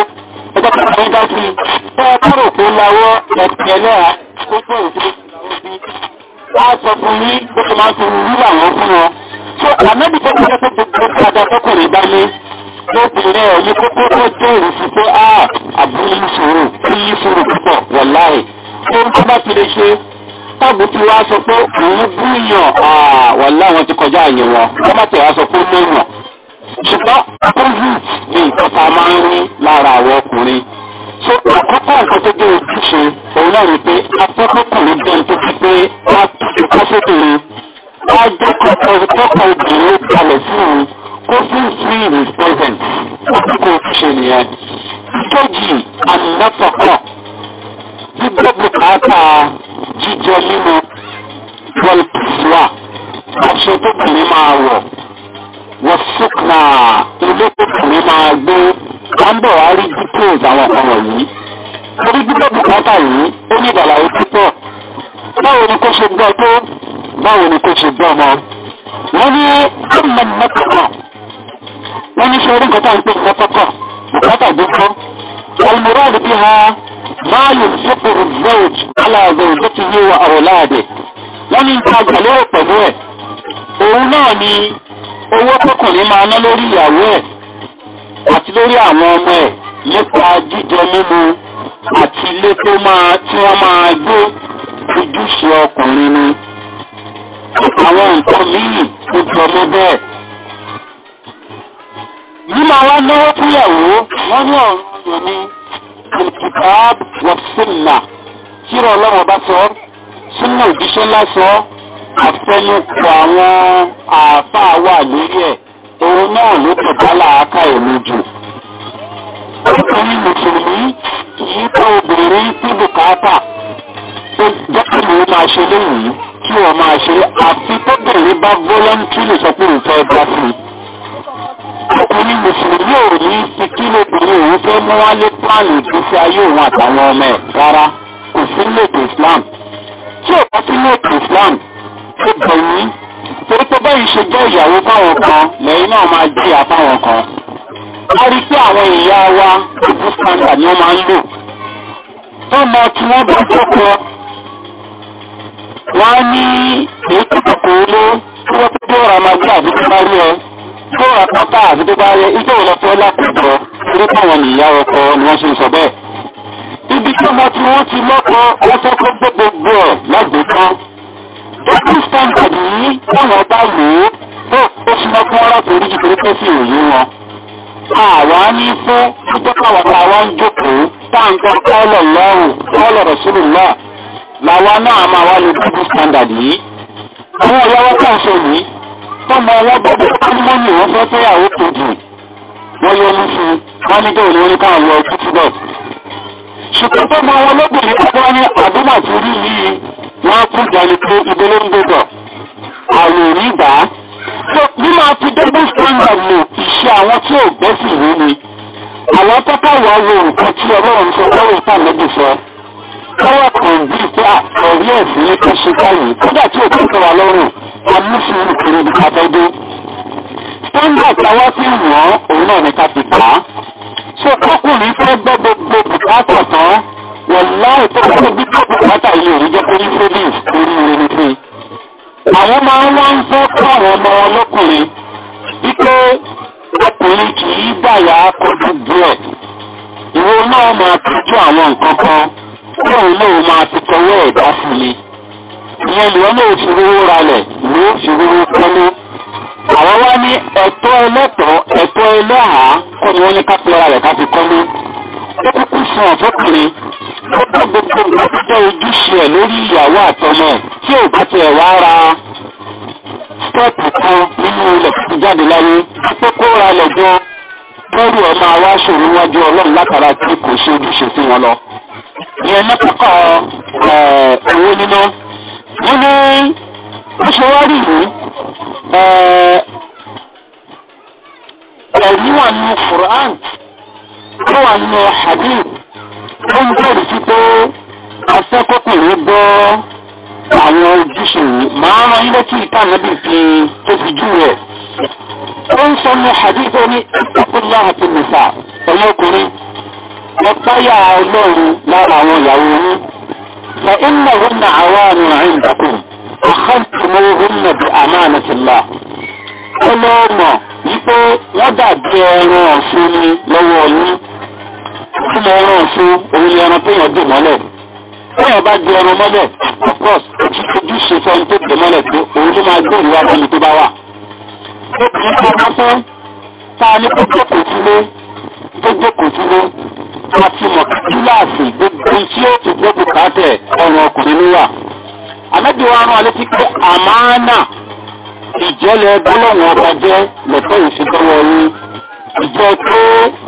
[SPEAKER 3] ọjọ́ kan tó dá sí tẹ́ ẹ kúrò tó lawọ́ ẹ̀tẹ̀ náà tó tó ìdílé wá sọ fún yín bó ṣe máa ń fún yín làwọn fún wọn. tó ànábì tó kọjá tó gbogbo padà tọkùnrin bá ní lóbìnrin ẹ̀ ní kókó tó dé ìrùsí pé a àbúrò yín sòrò kí yín sòrò púpọ̀ wọ̀láì. tó ń kọ́ bá ti lè ṣe táàbù tí wàá sọ pé òun bú yàn wọ̀láì wọn ti kọjá àyè wọn ṣùgbọ́n opposite ni ìtọ́ta máa ń rí lára àwọn ọkùnrin. so àkọ́kọ́ nǹkan tó dé ojúṣe òun náà ni pé afẹ́kọ́kùnrin jẹ́ ní tó fi pé wọ́n ti kọ́ sókèrè wọ́n á jẹ́ kọ́kọ́ obìnrin ó kalẹ̀ sí òun kó fún free in his presence àkọ́kọ́ ojúṣe nìyẹn. ìkejì àmì mẹ́tọ̀kọ̀ tí gbogbo kàákà jíjẹ nínú wọ́n ti wà aṣọ tó kùnrin máa wọ̀ wọ́n ṣùkà ilé kòkòrò máa gbé kámbọ̀ wá rí details àwọn kan wọ̀nyí. torí gbígbọ́ bùkátà yìí ó ní ìdàlàyé púpọ̀. báwo ni kò ṣe gbọ́ tó báwo ni kò ṣe gbọ́ mọ́. wọ́n ní ọmọ mẹ́tọ́kọ̀ wọ́n ní sọ orí nǹkan tá à ń pè mẹ́tọ́kọ̀ bùkátà gbogbo. والمراد بها ما ينفقه الزوج على زوجته وأولاده. wọ́n ní nǹkan àgbàlérò pẹ̀lú ẹ̀ òun náà ni owó tọkùnrin máa ná lórí ìyàwó ẹ̀ àti lórí àwọn ọmọ ẹ̀ nípa jíjẹ mímu àti ilé tó máa tí wọ́n máa gbé ojúṣe ọkùnrin ni àwọn nǹkan míì tó jọ mọ́ bẹ́ẹ̀. mímọ wa náwó fúnyàwó wọn ní ọ̀run yòó ni kìtìkà wọ̀sùnà kí ọlọ́run bá sọ sínú òjíṣẹ́ ńlá sọ àfẹnukò àwọn àáfàá wà lórí ẹ̀ òun náà ló kò bá làákà èmi jù. ọkùnrin mùsùlùmí kìí bá obìnrin sí bùkátà tó jẹ́ kí máa ṣe léyìí kí wọ́n máa ṣe àti tóbìnrin bá voluntarily sọ pé òun fẹ́ bá sí i. ọkùnrin mùsùlùmí ò ní ti kí lóbìnrin òun fẹ́ mú wálé páàlì ìgbésí ayé òun àtàwọn ọmọ ẹ̀ rárá kò sí lóògùn islam tí ò bá sí lóògùn islam ó bẹ̀ yín torí pé báyìí ṣe jẹ́ ìyàwó fáwọn kan lẹ́yìn náà máa jìyà fáwọn kan. a rí i pé àwọn ìyá wa ìbú standard ni wọ́n máa ń lò. tọ́mọ tí wọ́n bá jọ́kọ wọ́n á ní èyí tó kòkó ló tí wọ́n tó bóra máa gbé àbí tó bá rí ẹ bóra pátá àbí tó bá rí ẹ ijó ìlọpọ̀ lápẹ̀jọ torí táwọn ìyá ọkọ ni wọ́n ṣe ń sọ bẹ́ẹ̀. ibi tí ọmọ tí wọ́n ti lọ́kọ wọ́n tó kó gbogbo ẹ̀ lágbèéká double standard yìí táwọn bá lò ó ó súnmọ́ kí wọ́n láti oríṣi pé pé sí òye wọn. àwa ní fún títọ́ káwọn táwa ń jókòó tá à ń gbọ́ kọ́lọ̀ lọ́rùn kọ́lọ̀ rọ̀ṣúlù náà làwa náà máa wá lo double standard yìí. àwọn ọlọ́wọ́ kan ṣe yìí tọ́mọ ọlọ́gbọ́dọ̀ kọ́lùmọ́nì wọn fẹ́ fẹ́yàwó kejì wọ́n yọ ní fún wọn ní bẹ́ẹ̀ ni wọ́n ní káwọn lọ títí bẹ́ẹ̀. ṣùgbọ́n tọ́mọ ọlọ́gbọ́dọ̀ kọ́kọ́ ní àdúmọ̀ tó yìí wọ́n kú ìdáni pé ibi ló ń gbọ́dọ̀ àwọn onígbà. bí máa fi double standard lò iṣẹ́ àwọn tí ò gbẹ́sì rí ni àwọn tọ́ka wà wo nǹkan tí ọlọ́run sọ lọ́wọ́ ìta lẹ́bi sọ káwọ́ kan bíi pé àkọ̀rí ẹ̀sìn ní kó ṣe báyìí kódà tí òkú kan wà lọ́rùn amúfin kiri ní abẹ́dé. standard táwa fi wọ́n òun náà ní ká ti gbà á. so kọ́kùnrin fẹ́ gbọ́ gbogbo bùkátà tán wọ̀láì tó kọ́ tó gbígbó bùkátà ilé òní jẹ́ torí savings torí ìrìn sí i. àwọn máa ń wá ń fẹ́ kọ́ àwọn ọmọ ọlọ́kùnrin wípé ọkùnrin kì í gbàyà kojú díẹ̀ ìwọ náà máa tọ́jú àwọn nǹkan kan tí òun náà máa ti tọwọ́ ẹ̀dá fún mi. ìyẹn lèwọ́n náà fi rówó ralẹ̀ ló fi rówó kọ́lé. àwọn wá ní ẹ̀tọ́ ẹlẹ́tọ̀ọ́ ẹ̀tọ́ ẹlẹ́hàá kọ́ ni wọ́n ní ká pera rẹ̀ ká fi kọ́lé ó kúkú fún ọ̀fọ́kùnrin ó bá gbogbo ìgbàgbọ́ ojúṣe ẹ̀ lórí ìyàwó àtọmọ tí ò bá tiẹ̀ wá ra stẹ́ẹ̀pù kan nínú ilẹ̀ tó ti jáde láyé kókó ra lẹ̀ gan lórí ẹ̀ máa wá ṣòro níwájú ọlọ́run látara tí kò ṣe ojúṣe sí wọn lọ. ìyẹn ní kọ́kọ́ owó níná wọ́n ní ó ṣe wá rí ìlú ẹ̀rí wà nínú quran ó wà nínú hadith ó ń bẹ̀rù sí pé afẹ́kọ̀kùnrin gbọ́ àwọn ojúṣe yìí máa ń rán létí ìta níbi fi tó fi jú rẹ̀. ó ń sọ ní hadith ó ní ìtàkùnlá àti nìfà pẹ̀lú ọkùnrin ọ̀páyà ọlọ́run lára àwọn ìyàwó yín. fa iná wọn na àwa àrùn àrùn dàkùn ọ̀kọ́ntùmọ̀ wọn na bí àmàlẹ́tìlá. ọlọ́mọ wípé wọ́n dàbí ẹran ọ̀fun ọmọ ọrùn ọ̀ṣun òun ni ẹran téèyàn dè mọ́lẹ̀ téèyàn bá di ẹran mọ́lẹ̀ of course ojúṣe fẹ́ni tó dè mọ́lẹ̀ pé òun ló máa gbèrú wá bẹ́ni tó bá wà. obìnrin tó bá fẹ́ tá a ní kó jókòó sílé tó jókòó sílé a ti mọ̀ kíláàsì gbogbo tí ó ti gbogbo kàtẹ́ ọ̀rùn ọkùnrin ló wà. àmẹ́bí wa rán alẹ́ sí pé àmàánà ìjẹ́lẹ̀ gbọ́lọ́wọ́n ọba jẹ́ lọ́tọ́ ìjọ pé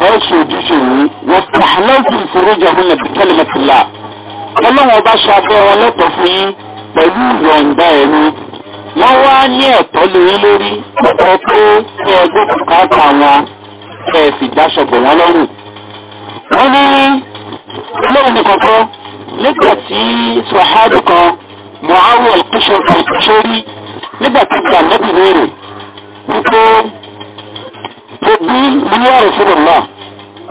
[SPEAKER 3] ẹ ṣe ojúṣe yìí wọ́n pa aláǹtí ìṣòro ìjọba nàbí kẹlẹ́mẹtìlá ọlọ́run ọba ṣe abẹ́ wọn lẹ́tọ̀ọ́ fún yín pẹ̀lú ìyọ̀ǹda ẹ̀mí wọ́n wá ní ẹ̀tọ́ lórí lórí ọ̀pọ̀ pé kí ẹ gbé bùkátà wọn kẹ ẹ sì dáṣọ̀bọ̀ wọn lọ́rùn. wọ́n ní lóun nìkan kọ́ nígbà tí sahadu kan muhammad kishori nígbà tí gbàlẹ́bì tóbi ìlú àrùsọ̀rọ̀ náà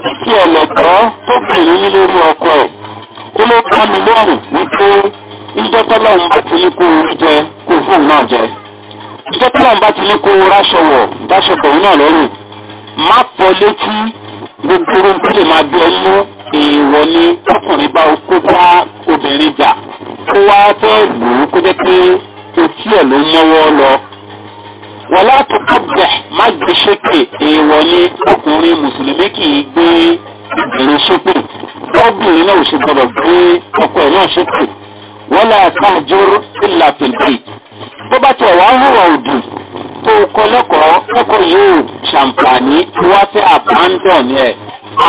[SPEAKER 3] títí ẹ̀lẹ́kọ́ tó bèrè nílé ní ọkọ ẹ̀ ó ló ká mi lọ́rùn wípé ìjọ tọ́lá ń bá ti ní kó orí jẹ kó fóun náà jẹ ìjọ tọ́lá ń bá ti ní kó ráṣọ wọ̀ dáṣọ bẹ̀rù náà lọ́rùn má pọ̀ létí gbogbo ohun tó lè máa bí ẹyún èèwọ̀ ni ọkùnrin bá kó bá obìnrin jà kó wá fẹ́ lù ú kó jẹ́ pé etí ẹ̀ ló mọ́wọ́ lọ wọ́n láti kọ́bẹ̀ má gbé sókè èèwọ̀ ni ọkùnrin mùsùlùmí kì í gbé obìnrin sókè ọkùnrin náà ò sì gbọdọ̀ gbé ọkọ ẹ̀ náà sókè wọ́n lè àtàjọrò ìlà pèlè bó bá tiẹ̀ wá hùwà òdì tó kọ́ lẹ́kọ̀ọ́ lẹ́kọ̀ọ́ yóò ṣàǹfààní tí wọ́n abandon ẹ̀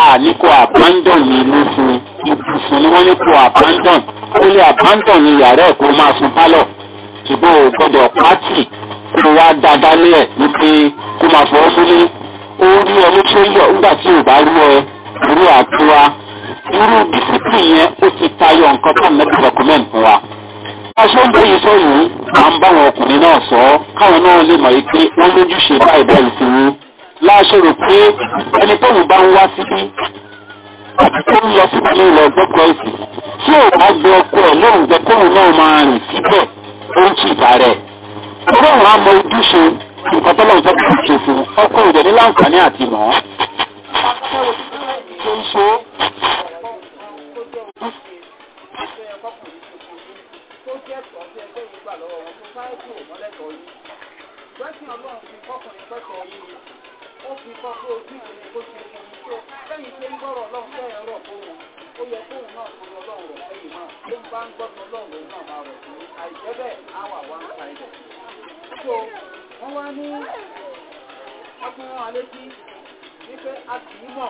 [SPEAKER 3] àní kò abandon ní ilé fún ibùsùn ni wọ́n ní kò abandon ó lè abandon ní yàrá ẹ̀ kó máa fún pálọ̀ ṣùgbọ́n ò gbọdọ̀ pátì kó wá dáadáa ní ẹ̀ wípé kó máa fọwọ́ sórí ó rí ọ ló yọ nígbà tí ò bá rú ẹ irú àtúwá irú discipline yẹn ó ti tayọ nǹkan tó nẹ́bí document fún wa. aṣọ ń bẹ̀yìn sọ yìí à ń báwọn ọkùnrin náà sọ káwọn náà lè mọ̀ yìí pé wọ́n lójúṣe báyìí báyìí sí wọn láṣọ rò pé ẹni tóun bá ń wá síbí ó ń lọ síbi ní ilẹ̀ gbọ́kọ̀ ẹ̀sìn tí ò bá gbé ọkọ ẹ̀ lóun gbẹ kóun náà máa rìn síbẹ̀ ó ń tì
[SPEAKER 4] ọlọ́run á
[SPEAKER 1] mọ ojúṣe nǹkan tó lọ́wọ́ sọ́kùnrin ṣe fún ọkọ̀ òjò ní láǹfààní àti mọ́. ó fi
[SPEAKER 2] so wọ́n wá ní ọkùnrin wọn létí
[SPEAKER 1] wípé a kì í mọ̀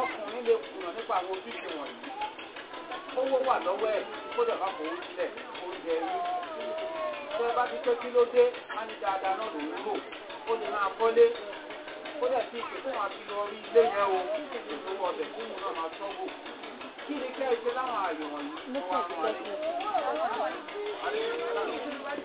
[SPEAKER 1] ọkùnrin lè kùnà nípa àwọn ojúṣe wọ̀nyí owó wà lọ́wọ́ ẹ̀ kódà bá kò ó sílẹ̀ oúnjẹ rí tẹ bá ti pé kí ló dé á ní dáadáa náà lòún lò ó lè máa kọ́lé kódà tí ìpè fún àti lọ rí ilé yẹn o ìṣòro ọ̀bẹ̀ fún mi náà máa tọ́wò kí ni kẹ́ ẹ ṣe
[SPEAKER 2] láwọn àyè wọ̀nyí fún wa ní.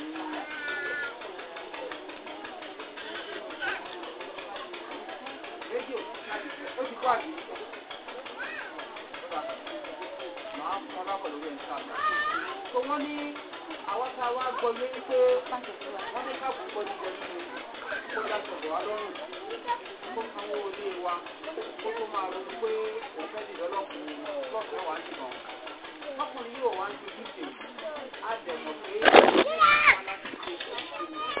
[SPEAKER 2] tó wọ́n
[SPEAKER 1] ní àwọn tá a wá gbọ́ yé wípé wọ́n ní káàbù kọ́ ní ìjẹ́rú ni kó yàtọ̀ bọ̀ wá lọ́rùn kó sanwó ilé wa kó tó máa ro pé òun fẹ́ dìde ọlọ́kùnrin lọ́sọ̀ọ́ wá sí kan ọkùnrin yóò wá ń ju dídè á dẹ̀ mọ̀ pé ìjọba ti ṣe ìṣòro.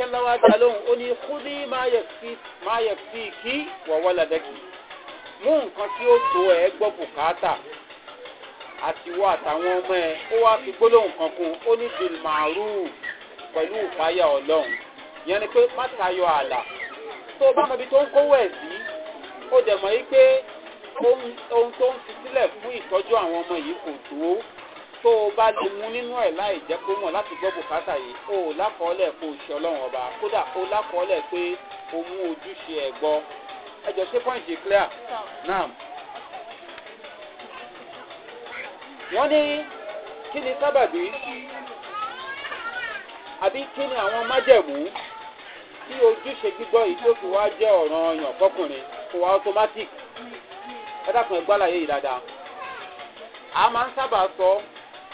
[SPEAKER 1] òjíṣẹ́ lọ́wọ́ dá lóhùn ó ní kúdí máa ki sí kí wọ̀wọ́ lẹ́dẹ́kì mú nǹkan tí ó tó ẹ gbọ́ bùkátà àtiwọ́ àtàwọn ọmọ ẹ ó wá fi gbólóhùn kan kún ó ní bíi màálù pẹ̀lú ìpáyà ọlọ́run yẹn ni pé má tayọ ààlà tó bá mọ tó ń kówó ẹ̀ sí ó dẹ̀ mọ̀ yí pé ohun tó ń fi sílẹ̀ fún ìtọ́jú àwọn ọmọ yìí kò tó tó o bá lè mú nínú ẹ̀ láì jẹ́ kó mọ̀ láti gbọ́ bùkátà yìí o ò lákọọ́lẹ̀ kó o ṣe ọlọ́run ọba kódà o lákọọ́lẹ̀ pé o mú ojúṣe ẹ̀ gbọ́ ẹ jọ ṣe point yìí clear now. wọ́n ní kí ni sábàbí àbí kí ni àwọn májẹ̀mú tí ojúṣe gbígbọ́ yìí tó fi wá jẹ́ ọ̀ràn ọyàn fọkùnrin kò wá automatic ẹ dákun ẹ gbọ́ àlàyé yìí dáadáa a máa ń sábà sọ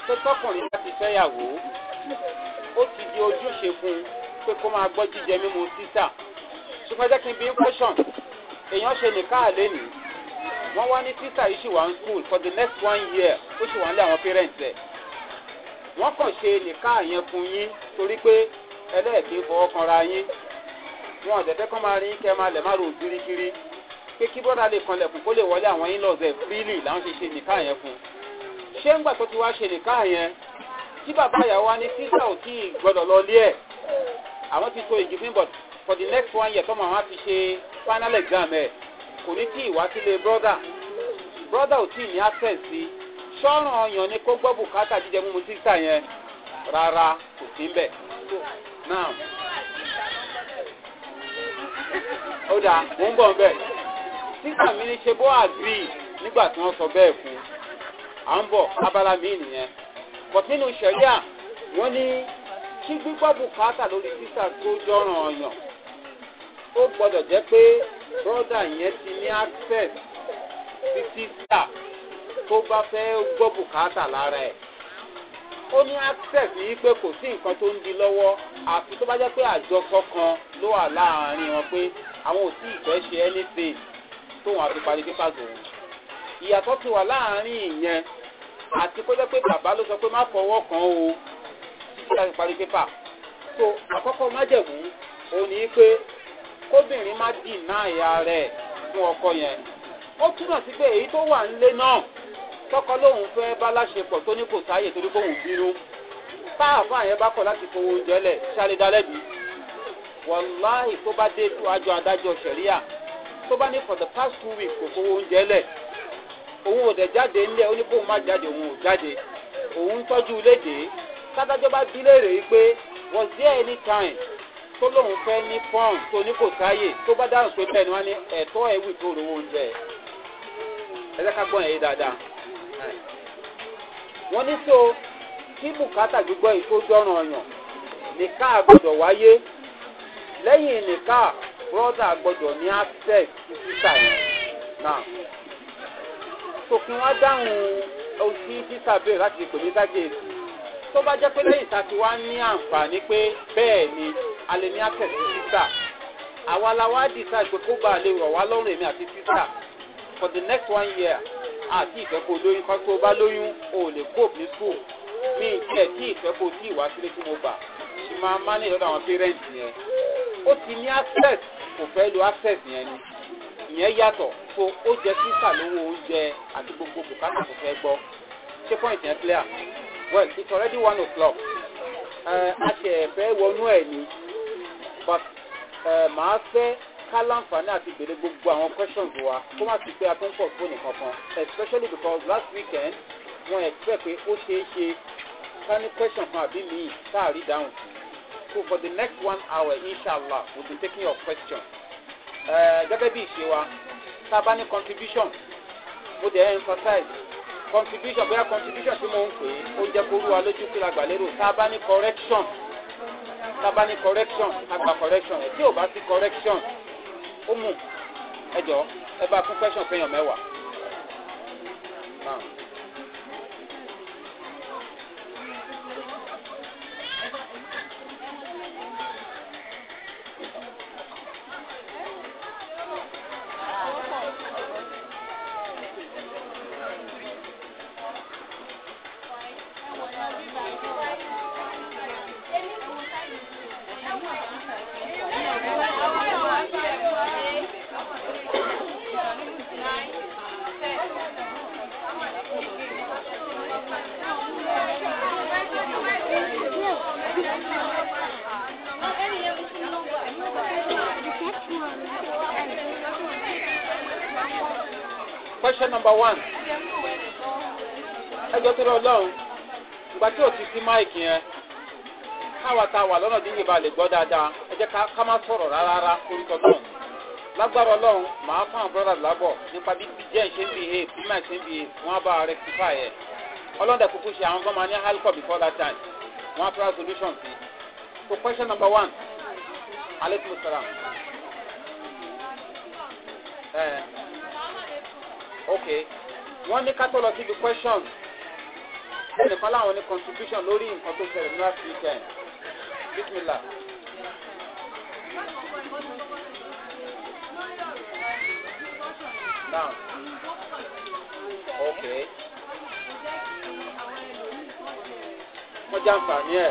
[SPEAKER 1] pé tọkùnrin bá ti fẹ́yàwó ó ti di ojúṣe fún un pé kó máa gbọ́ jíjẹ mímu títà ṣùgbọ́n jẹ́ kí n bí question èèyàn ṣe nìkan àlè ní wọ́n wá ní títà yìí ṣì wà ní school for the next one year ó ṣì wà ní àwọn parents ẹ̀ wọ́n kàn ṣe nìkan àyẹn fún yín torí pé ẹlẹ́ẹ̀kí fọwọ́ kanra yín wọn ọ̀dẹ̀dẹ́ kan máa rí kẹ́ máa lẹ̀ máa rò gírígírí pé kí bọ́dà lè kanlẹ̀kùn kó lè wọlé àwọn in-laws ẹ̀ freely làwọn ṣe ṣe nìkan àyẹn fún un. ṣé ń gbà tó ti wá ṣe nìkan yẹn tí bàbá ìyàwó wa ní ò ì gbọdọ̀ lọ ẹ̀ àwọn ti so ìjì fún but for the next one year àwọn fi ṣe final exam ẹ̀ kò ní tí ì wá sílé brother brother ò ì ní access sí ọyàn ni kó gbọ́ bùkátà jíjẹ mímu sísá yẹn rárá kò sí ń now
[SPEAKER 2] ó dáa mò ń bọ̀ mi ní
[SPEAKER 1] ṣe bó àgbì nígbà à ń bọ̀ abala míì nìyẹn but nínú sẹ̀ríà wọ́n ní kí gbígbọ́ bùkátà lórí títà tó jọ̀ràn ọ̀yàn ó gbọ́dọ̀ jẹ́ pé brọ́dà yẹn ti ní access sí títà tó bá fẹ́ gbọ́ bùkátà lára ẹ̀ ó ní access yìí pé kò sí nǹkan tó ń di lọ́wọ́ àfi tó bá jẹ́ pé àjọsọ kan ló wà láàárín wọn pé àwọn ò tí ì fẹ́ ṣe anything tóun àfi parí pípàsì òun ìyàtọ̀ ti wà láàárín ìyẹn àti kó jẹ́ pé bàbá ló sọ pé má fọwọ́ kan o títí láti parí pépà so àkọ́kọ́ májẹ̀mú òun ní pé kóbìnrin má dì náà ìyá rẹ̀ fún ọkọ yẹn ó túnà sí pé èyí tó wà nílé náà tọkọ lóun bá láṣepọ̀ tó ní kò sáàyè torí kóun bínú táàfà yẹn bá kọ̀ láti fowó oúnjẹ lẹ̀ sáré dálẹ́bi wàláhì tó bá dé tó àjọ adájọ́ sẹ̀ríà tó bá ní for the past two weeks kò fowó oúnjẹ òun ò dẹ̀ jáde ńlẹ̀ ó ní má jáde òun ò jáde òun ń tọ́jú léde sádájọ́ bá bí léèrè wípé was there any time tó lóun fẹ́ ní pọ́ùn tó ní kò sáyè tó bá dáhùn pé bẹ́ẹ̀ ni wọ́n ní ẹ̀tọ́ ẹ̀ tó rówó oúnjẹ ká gbọ́n dáadáa wọ́n ní so kí bùkátà gbígbọ́ yìí tó dọ́rùn ọyàn nìka so kí dáhùn ojú títà bẹ́ẹ̀ láti pè ní dágéètì tó bá jẹ́ pé lẹ́yìn tá a ti wá ní àǹfààní pé bẹ́ẹ̀ ni a ní àtẹ̀sí títà àwa la wá dì sáà pé kó bá lè rọ̀ wá lọ́rùn èmi àti títà for the next one year àti ìfẹ́ kó lóyún kan tó bá lóyún o lè cope ní school ní ìtẹ́ tí ìfẹ́ kó tí ìwà sílé tí mo gbà ṣì máa manage lọ́dọ̀ àwọn parents yẹn ó ti ní access kò fẹ́ lo access yẹn ni ìyẹn yàtọ̀ so ó jẹ sísà lówó oúnjẹ àti gbogbo bùkátà kò fẹ́ gbọ́ ṣé point yẹn clear well it's already one o'clock eh, a ṣe ẹ̀fẹ́ wọnú ẹ̀ ni but eh, màá fẹ́ ká láǹfààní àti ìbèrè gbogbo àwọn questions wa kó má ti pé a tó ń pọ̀ fóònù kankan especially because last weekend wọ́n expect pé ó ṣeé ṣe ká ní question kan àbí míì tá a rí dáhùn so for the next one hour inshallah we we'll be taking your questions gẹ́gẹ́ bí ìṣe wa tá a bá ní contribution mo dẹ̀ emphasize contribution bóyá contribution tí mo ń pè é ó jẹ́ kó rú wa lójú kí la gbà lérò tá a bá ní correction tá a bá ní correction a gba correction ẹ̀ tí ò bá sí correction ó mú ẹ jọ
[SPEAKER 2] ẹ bá fún question fẹ́yàn mẹ́wàá.
[SPEAKER 1] máìkì yẹn káwa wà lọ́nà díyìn bá lè gbọ́ dáadáa ẹ jẹ́ ká má sọ̀rọ̀ rárá rárá orúkọ náà lágbára ọlọ́run màá fún àwọn brothers lábọ̀ nípa bí ṣe ń bí mike ṣe before that time wọ́n á solution so question number one ẹnìkan láwọn ní constitution lórí nǹkan tó ṣẹlẹ̀ ní last weekend bismillah.
[SPEAKER 2] now okay. mo jẹ́ àǹfààní ẹ̀.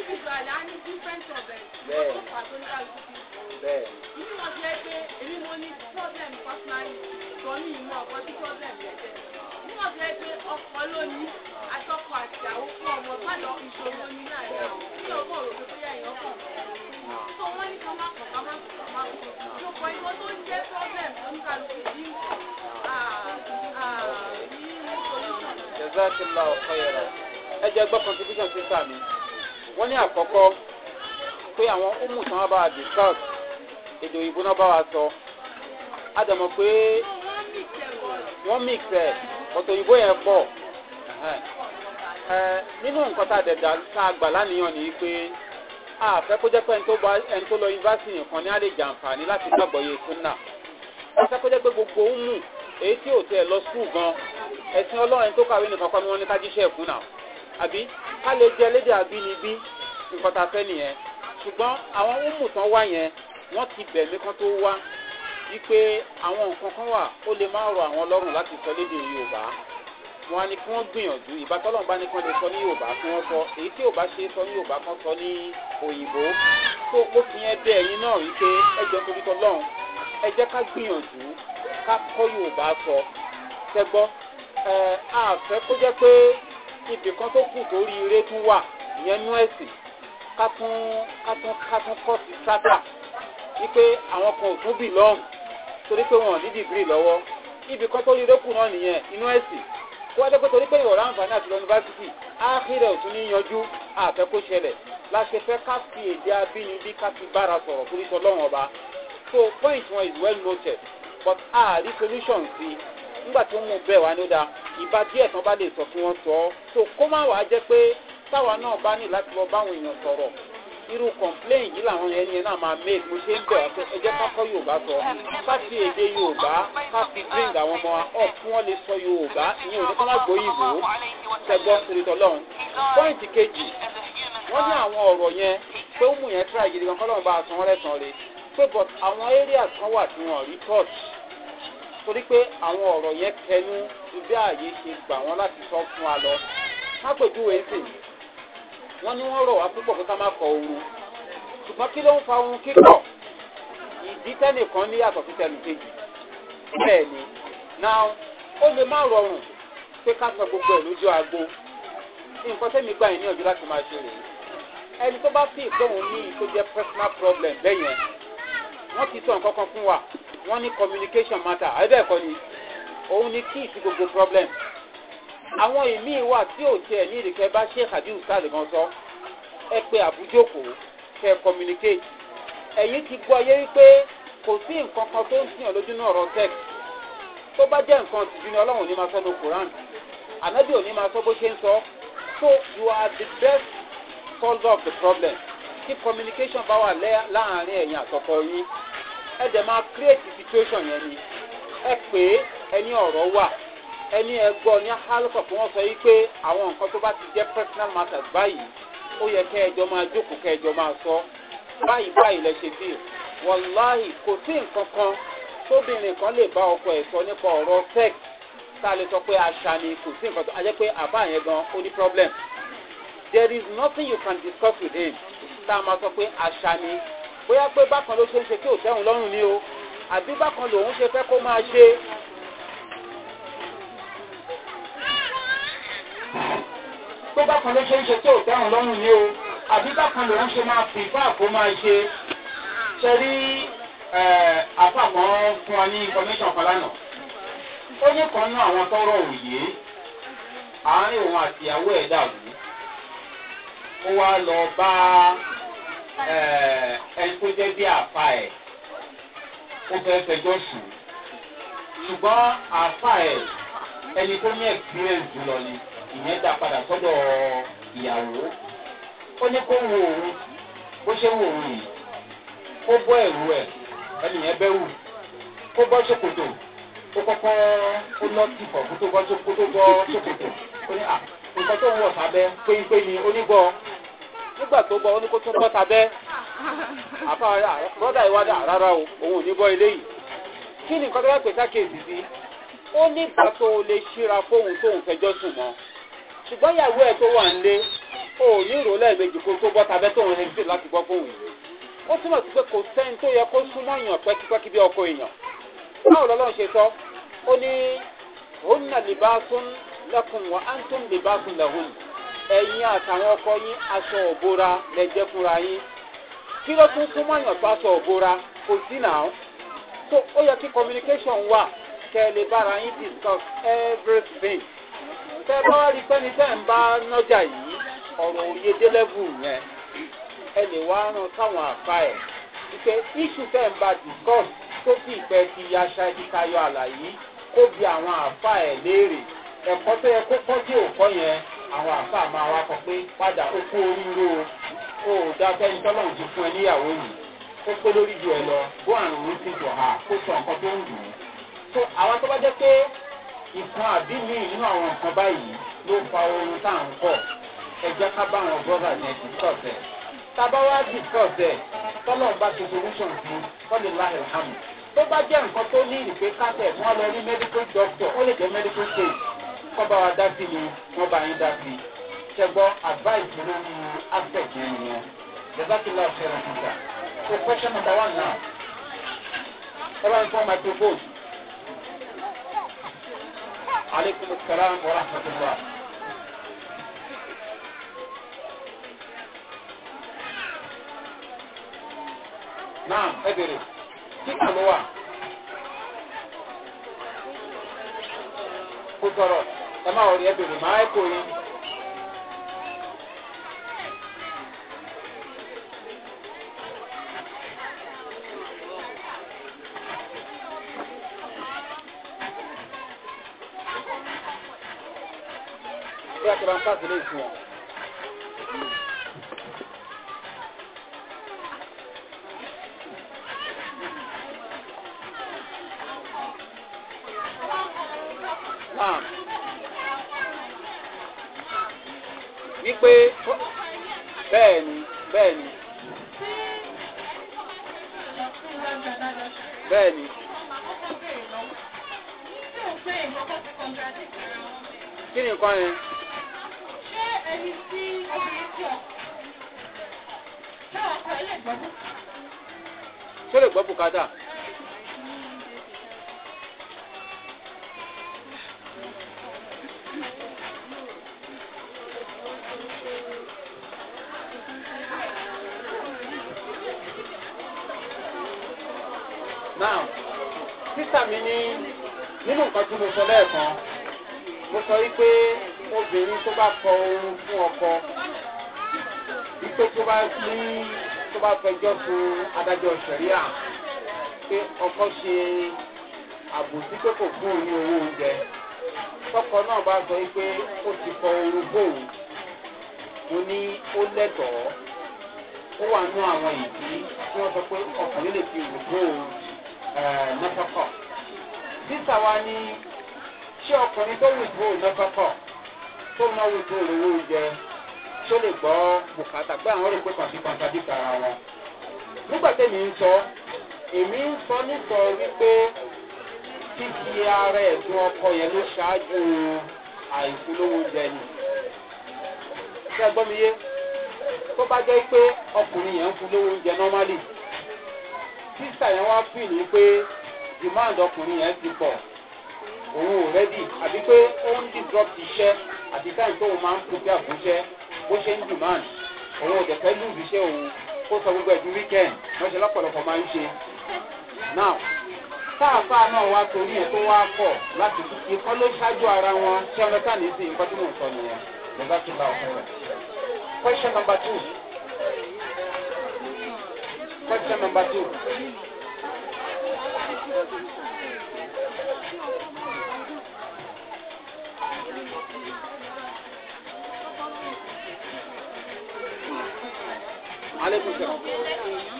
[SPEAKER 2] individual á ní different problem bẹ́ẹ̀ bẹ́ẹ̀ ìlú wọn jẹ́ pé èmi mo ní problem personally kan ní ìmọ̀ ọ̀kan tí problem rẹ̀ jẹ́ ìlú wọn jẹ́ pé ọkọ lónìí atọ́kọ àti àwọn fún ọmọ bàdàn ìṣòro ní láàrin àwọn tí ọmọ rò pé bóyá èèyàn kàn tó wọ́n ní kan máa kàn ká má kàn má kàn lọ́pọ̀ ìwọ tó ń jẹ́ problem tó ń kálukú bí ní solution.
[SPEAKER 1] jazakallah khairan ẹ jẹ́ gbọ́ contribution sí sáà mi wọ́n ní àkọ́kọ́ pé àwọn ọmọ tí wọ́n bá discuss èdè òyìnbó náà bá wa sọ á dẹ̀ mọ̀ pé wọ́n mix ẹ̀ ọ̀tọ̀ òyìnbó yẹn pọ̀ nínú nǹkan tá a dẹ̀ dá tá a gbà lánìyàn ni pé a fẹ́ kó jẹ́ pé ẹni tó lọ yunifásitì nìkan ní á lè jàǹfààní láti gbàgbọ́yé súnà wọ́n fẹ́ kó jẹ́ pé gbogbo ń mú èyí tí ò tẹ̀ lọ skul gan ẹ̀sìn ọlọ́run tó kàwé nìkan kọ́ ni wọ́n ní ká jíṣẹ́ fún náà àbí ká lè jẹ lédè àbínibí nǹkan tá a fẹ́ nìyẹn ṣùgbọ́n àwọn ọmọ tán wá yẹn wọ́n ti bẹ̀mí kan tó wá wípé àwọn nǹkan kan wà ó lè má rọ àwọn lọ́rùn láti sọ lédè yorùbá wọn á ní kí wọ́n gbìyànjú ìbátọ́lọ́n bá ní kí wọ́n lè sọ ní yorùbá kí wọ́n sọ èyí tí yorùbá ṣe sọ ní yorùbá kan sọ ní òyìnbó tó ó fi yẹn bẹ́ẹ̀ yín náà wípé ẹjọ́ torí tọ́lọ́run ẹ jẹ́ ká gbìyànjú ká kọ́ yorùbá sọ tẹ́gbọ́ ẹ àfẹ́ kó jẹ́ pé ibì kan tó kù tó rí tún wà ìyẹn nú ẹ̀sìn ká tún ká tún ká tún kọ́ sí sátà wípé àwọn kan ò tún bì lọ́hùn torí pé wọn ò ní dìgírì lọ́wọ́ ibì kan tó rí ire kù náà nìyẹn inú ẹ̀sìn kó wájú pé torí pé ìwọ̀rọ̀ àǹfààní àti yunifásitì áhìrẹ̀ ò tún ní yanjú àfẹ́kọ́ láti fẹ́ ká fi èdè abínibí ká fi bára sọ̀rọ̀ torí sọ lọ́wọ́n ọba so point one is well noted but ah, rí solution sí nígbà tó mú bẹ́ẹ̀ wá ní ó dáa ìbá díẹ̀ tán bá lè sọ kí wọ́n sọ ọ́ so kó má wàá jẹ́ pé táwa náà bá ní láti lọ báwọn èèyàn sọ̀rọ̀ irú kọ̀ǹpléìn yìí làwọn ẹni ẹ̀ náà máa make mo ṣe ń bẹ̀ ọ́ pé ẹ jẹ́ kákọ́ yorùbá sọ ká fi èdè yorùbá ká fi bring àwọn ọmọ wa up kí wọ́n lè sọ yorùbá ìyẹn ò ní kí wọ́n gbọ́ ìbò tẹ̀gbọ́n torí tọ́lọ́run
[SPEAKER 2] pọ́ìntì kejì wọ́n ní àwọn ọ̀rọ̀ yẹn
[SPEAKER 1] pé ó mú yẹn tíra gidi kan kọ́lọ́run bá a san wọ́n lẹ́sàn-án rẹ̀ pé but àwọn area kan wà tí wọ́n rí touch torí pé àwọn ọ̀rọ̀ yẹn kẹnu ju bí ààyè ṣe gbà wọ́n láti sọ fún wa lọ. má pèjúwe ń sìn wọ́n ní wọ́n rọ̀ wá púpọ̀ kó ká má kọ ooru ṣùgbọ́n kí ló ń fa ohun kíkọ̀ ìdí tẹ́nìkan ní yàtọ̀ sí tẹnu kejì bẹ́ẹ̀ ni now ó lè má rọrùn pé ká sọ gbogbo ẹ̀ lójú agbo nǹkan tẹ́mi gbà yín ní ọjọ́ láti máa ṣe rèé ẹni tó bá fi ìgbóhùn ní tó personal problem bẹ́yẹn wọ́n ti sọ nǹkan kan fún wa wọ́n ní communication matter àbẹ̀kọ́ ni òun ni key sí gbogbo problem àwọn ìmíì wà tí ò tiẹ̀ ní ìdíkẹ́ bá ṣe àdí ìsáàlì kan sọ ẹ pé àbújòkó kẹ communicate ẹ̀yìn ti gbọ́ ayé wípé kò sí nǹkan kan tó ń sìyàn lójú náà ọ̀rọ̀ sex tó bá jẹ́ nǹkan tìjú ni ọlọ́run ní máa sọ ní koran ànábì ò ní máa sọ bó ṣe ń sọ so you are the best solver of the problem Keep communication bá wà láàárín ẹ̀yìn àtọkọ yín ẹ dẹ̀ máa create situation yẹn ni ẹ pé ẹni ọ̀rọ̀ wà ẹni ẹgbọ́ ní hálùkọ̀ fún wọn sọ yìí pé àwọn nǹkan tó bá ti jẹ́ personal matters báyìí ó yẹ kẹ́ ẹjọ́ máa jókòó kẹ́ ẹjọ́ máa sọ báyìí báyìí lẹ ṣe dì wàláhì kò sí nǹkan kan tóbìnrin kan lè bá ọkọ ẹ̀ sọ nípa ọ̀rọ̀ sex tá a lè sọ pé àṣà ni kò sí nǹkan tó a jẹ́ pé àbá yẹn gan ó ní problem there is nothing you can discuss with him tá a máa sọ pé àṣà ni bóyá pé bákan ló ṣe ń ṣe kí òtẹ́hùn lọ́rùn ni o àbí bákan lòun ṣe fẹ́ kó máa ṣe pé bákan ló ṣe ń ṣe kí òtẹ́hùn lọ́rùn ni o àbí bákan lòun ṣe máa fi ìfá àkó máa ṣe ṣe rí àpapọ̀ fún wa ní information kan lánàá
[SPEAKER 2] ó ní kan náà àwọn tọrọ
[SPEAKER 1] òye àárín òun àtìyàwó ẹ̀ dàrú ó wá lọ bá a. Eh, ẹni tó jẹ́ bí àfa ẹ̀ ó fẹ́ fẹjọ́ sùn ṣùgbọ́n àfa ẹ̀ ẹni tó ní experience jùlọ ni ìyẹn dá padà sọ́dọ̀ ìyàwó ó ní kó wo òun bó ṣe wo òun yìí kó bọ́ ẹ̀rù ẹ̀ ẹnìyẹn bẹ́ wù kó bọ́ ṣòkòtò ó kọ́kọ́ ó lọ tìfọ̀ kó tó bọ́ ṣòkòtò ó ní à nǹkan tó ń wọ̀ sábẹ́ péńpé ni onígbọ́ nígbà tó bọ́ ọ ní kó tún bọ́ tabẹ́ àfa brọ́dà ìwádà rárá o òun ò ní bọ́ eléyìí kí ni nǹkan tó bá pè sákèsì sí ó nígbà tó o lè ṣíra fóun tóun fẹjọ́ sùn mọ́ ṣùgbọ́n ìyàwó ẹ̀ tó wà ń lé o ò ní ìrò lẹ́ẹ̀mejì kó tó bọ́ tabẹ́ tóun rẹ̀ sí láti gbọ́ fóun yìí ó túmọ̀ sí pé kò sẹ́ni tó yẹ kó súnmọ́ èèyàn pẹ́kípẹ́kí bí ọkọ èèyàn báwo lọ́lọ́run ṣe sọ ó ní òun náà libáṣún lẹ́kùn wọ́n á ń tún libáṣún lẹ́hùn ẹ̀yin àtàwọn ọkọ yín aṣọ òbora lẹ́jẹ́ fúnra yín kí ló tún tún mọ̀yàn tó aṣọ òbora kò sí náà so ó yẹ kí communication wà kẹ́ ẹ lè bára yín discuss everything tẹ́ ẹ bá wá rí pẹ́ni tẹ́ ẹ̀ ń bá nọ́jà yìí ọ̀rọ̀ òye dé lẹ́bù yẹn ẹ lè wá ran sáwọn àfa ẹ̀ wípé issue tẹ́ ẹ̀ ń bá discuss tó sì pẹ́ ti yaṣa ìdíkayọ àlàyé kó bi àwọn àfa ẹ̀ léèrè ẹ̀kọ́ tó yẹ kó kọ́ sí òkọ́ yẹn. àwọn àfáà máa wá kọ pé padà ó kó oríire o ó dá sẹ́ni tọ́lọ́run ti fún ẹ níyàwó yìí ó pé lórí ju ẹ lọ bó àrùn ló ti jọ̀ ha kó sọ nǹkan tó ń dùn tó àwọn tó bá jẹ́ pé ìkan àbí mi nínú àwọn nǹkan báyìí ló fa oorun tá à ń kọ̀ ẹ ká bá àwọn brọ́dà yẹn discuss ẹ̀ tábà wá discuss ẹ̀ tọ́lọ́run bá ti solution fún kọ́lé láhìl hàmù tó bá jẹ́ nǹkan tó ní ìpè kásẹ̀ wọ́n lọ rí medical doctor ó lè jẹ́ medical case wọ́n bá wa dá sí ni wọ́n bá yín dá sí ṣe gbọ́ advice lórí aspect yẹn nìyẹn jẹ́sàkìlá ọ̀ṣẹ́rẹ̀ tìta so question number one now ẹ bá ń fọ́ microphone.
[SPEAKER 2] عليكم السلام ورحمة الله نعم
[SPEAKER 1] ادري كيف هو
[SPEAKER 2] kó sọ̀rọ̀ ẹ má wọlé ẹ bèrè má ẹ kò yín. Bí padà. now sísà mi ní
[SPEAKER 1] nínú nǹkan tí mo sọ lẹ́ẹ̀kan mo sọ wípé obìnrin tó bá kọ ohun fún ọkọ wípé tó bá ní tó bá fẹjọ́ sun adájọ́ sẹ̀ríà. pé ọkọ ṣe àbòsí pé kò fún òun ní oúnjẹ tọkọ náà bá sọ pé ó ti kọ oorun bóun mo ní ó lẹ́tọ̀ọ́ ó wà nú àwọn ìdí tí wọn sọ pé ọkùnrin lè fi rògbò nọ́tọ́kọ̀ sísà wa ní ṣé ọkùnrin tó rògbò tó owó oúnjẹ tó lè gbọ́ bùkátà pé àwọn pàṣípàṣá wọn nígbà tẹ́mi èmi ń sọ nìkan wípé fífi ara ẹ̀dùn ọkọ yẹn ló ṣáájú àìfúnlówó jẹ ni. ṣé ẹ gbọ́ mi yé tó bá jẹ́ pé ọkùnrin yẹn ń fún lówó oúnjẹ normally sísà yẹn wá fì ní pé demand ọkùnrin yẹn ti pọ̀ òun ò rẹ́dì àbí pé ó ń dì drop ti iṣẹ́ àti táyì tóun máa ń prepare fún iṣẹ́ bó ṣe ń demand òun ò dẹ̀ fẹ́ lùbí iṣẹ́ òun kó sọ gbogbo ẹ̀dùn weekend lọ́sẹ̀ lọ́pọ̀lọpọ̀ máa ń ṣe now sáàfà náà wá torí ẹ̀ tó wá kọ̀ láti ikọ́ ló ṣáájú ara wọn tí ọ̀nà ká nìyí sí nǹkan tí mò ń sọ nìyẹn nígbà tí bá ọkùnrin
[SPEAKER 2] rẹ̀. question number two
[SPEAKER 1] question number two.
[SPEAKER 2] Aleykum salaam.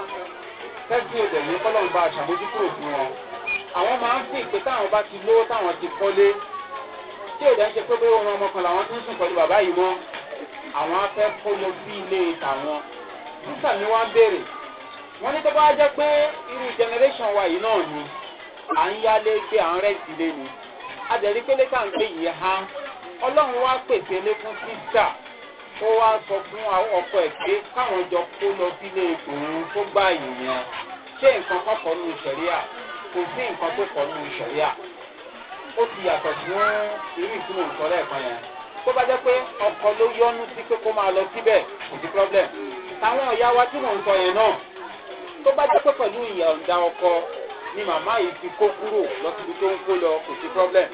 [SPEAKER 2] tẹ́sí òdè ní kọ́lọ́n bá
[SPEAKER 1] aṣàmójúkúrò fún wọn. àwọn máa ń fi ìpè táwọn bá ti lówó táwọn ti kọ́lé tí èdè ń ṣe pé bóyá oorun ọmọkan làwọn ti ń sùn pẹ̀lú bàbá yìí mọ́ àwọn afẹ́ kó lọ sí ilé tàwọn. sísà ni wọ́n ń béèrè wọ́n ní tó bá jẹ́ pé irú generation wa yìí náà ni à ń yálé gbé à ń rẹ́ǹtì lé ni adẹ̀rí pé lẹ́tà ń gbé yìí ha ọlọ́run wá pèsè lékún sísà ó wá sọ fún ọkọ ẹ̀ pé káwọn jọ kó lọ sílé tòun tó gbà yìí yẹn ṣé nǹkan kan kọ́ nínú ìṣẹ̀ríà kò sí nǹkan tó kọ́ nínú ìṣẹ̀ríà ó ti yàtọ̀ sí irú ìtumọ̀ nǹkan lẹ́ẹ̀kan yẹn tó bá jẹ́ pé ọkọ ló yọnu sí pé kó máa lọ síbẹ̀ kò sí problem táwọn ọ̀yá wa tí mò ń sọ yẹn náà tó bá jẹ́ pé pẹ̀lú ìyọ̀ǹda ọkọ ni màmá yìí ti kó kúrò lọ́sibí tó ń kó lọ kò sí problem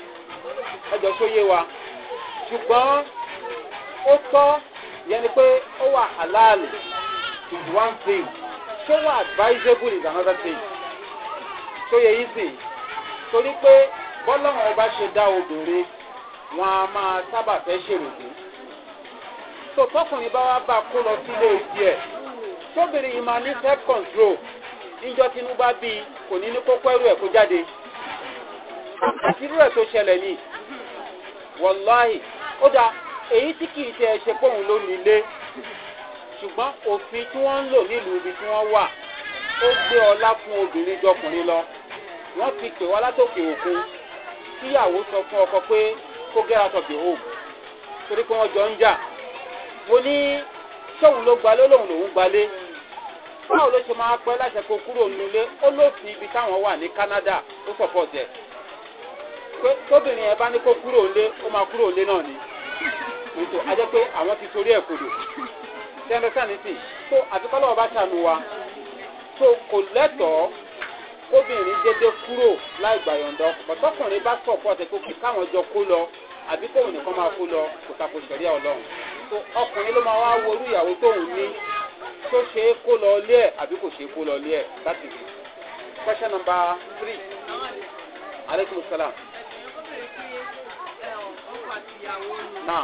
[SPEAKER 1] ẹjọ́ sóyè wa ṣùgbọ́n ó tọ́ yẹn pé ó wà halal is one thing ṣéwà advisable is another thing tó yẹ easy torí pé bọ́lọ́run ọba ṣe dá obìnrin wọn a máa sábà fẹ́ ṣèrògùn tó tọkùnrin bá wá bá kó lọ sílé ìdí ẹ̀ tóbìnrin yìí máa ní self control níjọ tínú bá bí kò ní ní kókó e ẹ̀ kó jáde àti irú ẹ̀ tó ṣẹlẹ̀ ní wọ́láhì ó dá èyí tí kì í ṣe ẹ ṣe òun ló nílé ṣùgbọ́n òfin tí wọ́n ń lò nílùú ibi tí wọ́n wà ó gbé ọlá fún obìnrin jọkùnrin lọ wọ́n ti pè wá látòkè òkun tíyàwó sọ fún ọkọ pé kó gẹ́ra tọ̀bì home torí pé wọ́n jọ ń jà mo ní sóun ló gbalé lóun lòun gbalé báwo ló ṣe máa pẹ́ láṣẹ kó kúrò nílé ó lófin ibi táwọn wà ní canada ó sọ̀pọ̀ jẹ́ tóbìnrin yẹn bá ní kó kúrò nílé ó máa kúrò nílé náà ni nítorí ajẹ́ pé àwọn ti torí ẹ̀ kodò tẹ́lẹ̀ sáà nìsín so àtikọ́lọ́ ọba ṣàánú wa so kò lẹ́tọ̀ọ́ kóbìnrin dédé kúrò láì gbàyọ̀ǹdọ́ pọ̀tọ́kùnrin bá sọ̀ pọ̀ tẹ́kọ̀ kí káwọn jọ kó lọ àbí kóun nìkan máa kó lọ kò tako sẹ̀ríà ọlọ́run so ọkùnrin ló máa wá wo irú ìyàwó tóun ní tó ṣe é kó lọ ilé ẹ̀ àbí kò ṣe é kó lọ ilé ẹ̀ láti rí question number three
[SPEAKER 2] aleykum salaam. náà.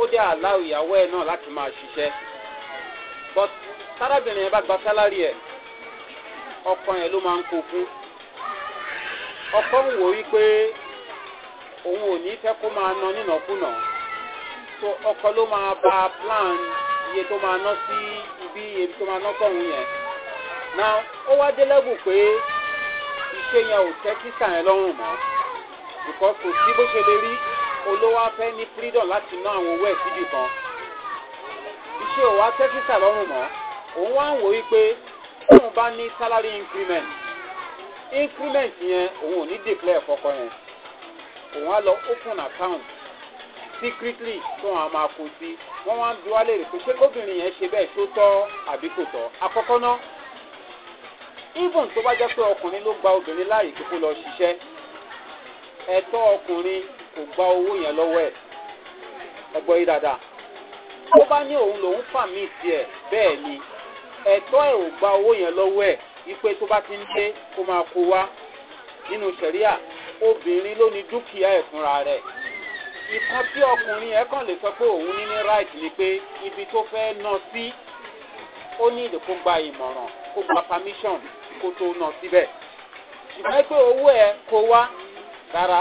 [SPEAKER 1] ó dé àláwò ìyàwó na náà láti máa ṣiṣẹ́ but sárábìnrin yẹn bá gba sálárì ọkọ yẹn ló máa ń ọkọ ń wò wípé òun ò ní fẹ́ kó máa ná nínàkúnà so ọkọ ló máa bá plan iye tó máa ná sí ibi iye tó máa ná sọ̀hún na ó wá dé lẹ́bù pé iṣẹ́ yẹn ò tẹ́ kí sàn olówó afẹ́ ní freedom láti ná àwọn owó ẹ̀ síbì kan iṣẹ́ òwò atẹ́físà lọ́rùn mọ́ òun wá ń wò wípé tóun bá ní salary increment increment yẹn òun ò ní declare fọkọ yẹn òun á lọ open account secretly tó àwọn máa kó sí wọ́n wá ń bi wálé rè pé ṣé kóbìnrin yẹn ṣe bẹ́ẹ̀ tó tọ́ àbí kò tọ́ àkọ́kọ́ náà even tó bá jẹ́ pé ọkùnrin ló gba obìnrin láàyè kó lọ ṣiṣẹ́ ẹ̀tọ́ ọkùnrin kò gba owó yẹn lọ́wọ́ ẹ̀ ẹgbọ́ yìí dáadáa tó bá ní òun lòun fà mí tiẹ̀ bẹ́ẹ̀ ni ẹ̀tọ́ ẹ̀ ò gba owó yẹn lọ́wọ́ ẹ̀ wípé tó bá ti ń dé kó máa kó wá nínú sẹ̀ríà obìnrin ló ní dúkìá ẹ̀ fúnra rẹ̀ ìkan tí ọkùnrin yẹn kàn lè sọ pé òun ní ní right ni pé ibi tó fẹ́ ná sí ó ní ìdè kó gba ìmọ̀ràn kó gba permission kó tó ná síbẹ̀ ṣùgbọ́n pé owó ẹ̀ kó wá rárá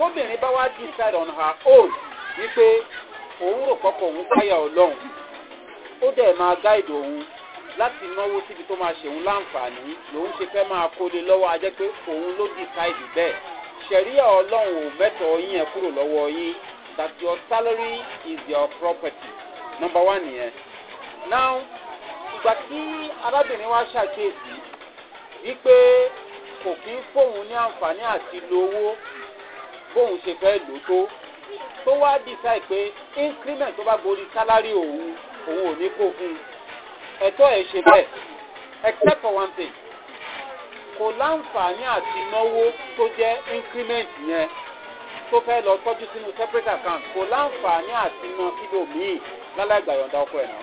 [SPEAKER 1] tóbìnrin bá wá decide on her own wípé òun rò kọ́kọ́ òun káyà ọlọ́run ó dẹ̀ máa gáìdì òun láti náwó síbi tó máa ṣèun láǹfààní lòun ṣe fẹ́ máa kólé lọ́wọ́ ajẹ́ pé òun ló decide bẹ́ẹ̀ ṣẹ̀ríà ọlọ́run ò mẹ́tọ̀ọ́ yín ẹ̀ kúrò lọ́wọ́ yín that your salary is your property number one yẹn. now ìgbà tí arábìnrin wa ṣàkíyèsí wípé kò kí ń fóun ní àǹfààní àti lo owó bóun ṣe fẹ́ lò tó tó wá decide pé increment tó bá borí sálárì òun òun ò ní kó fún un ẹ̀tọ́ ẹ̀ ṣe bẹ́ẹ̀ except for one thing kò láǹfààní àti náwó tó jẹ́ increment yẹn tó fẹ́ lọ tọ́jú sínú separate account kò láǹfààní àti ná kílò míì lálẹ́gbà yọ̀ǹda ọkọ ẹ̀ náà.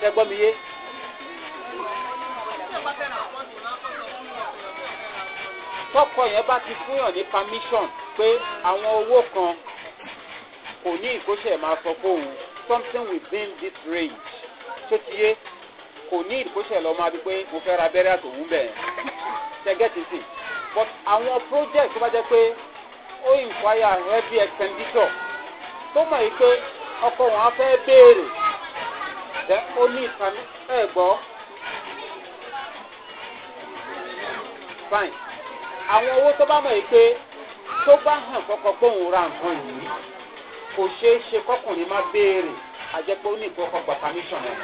[SPEAKER 1] ṣé mi yé? tọkọ yẹn bá ti fún yàn ní permission pé àwọn owó kan kò ní ìkóṣẹ́ máa sọ fóun something within this range tó ti yé kò ní ìkóṣẹ́ lọ máa bí pé mo fẹ́ ra abẹ́rẹ́ àtòun bẹ̀ ṣẹ́gẹ́tì sí but àwọn project tó bá jẹ́ pé ó inquire heavy expenditure tó mọ̀ yìí pé ọkọ wọn á fẹ́ béèrè jẹ́ ó ní ìtàn ẹ̀ gbọ́ fine. àwọn owó tó bá mọ̀ yìí pé tó bá hàn kọ́kọ́ ra nǹkan yìí kò ṣeé ṣe kọkùnrin má béèrè àjẹpọ̀ ó ní ẹ̀.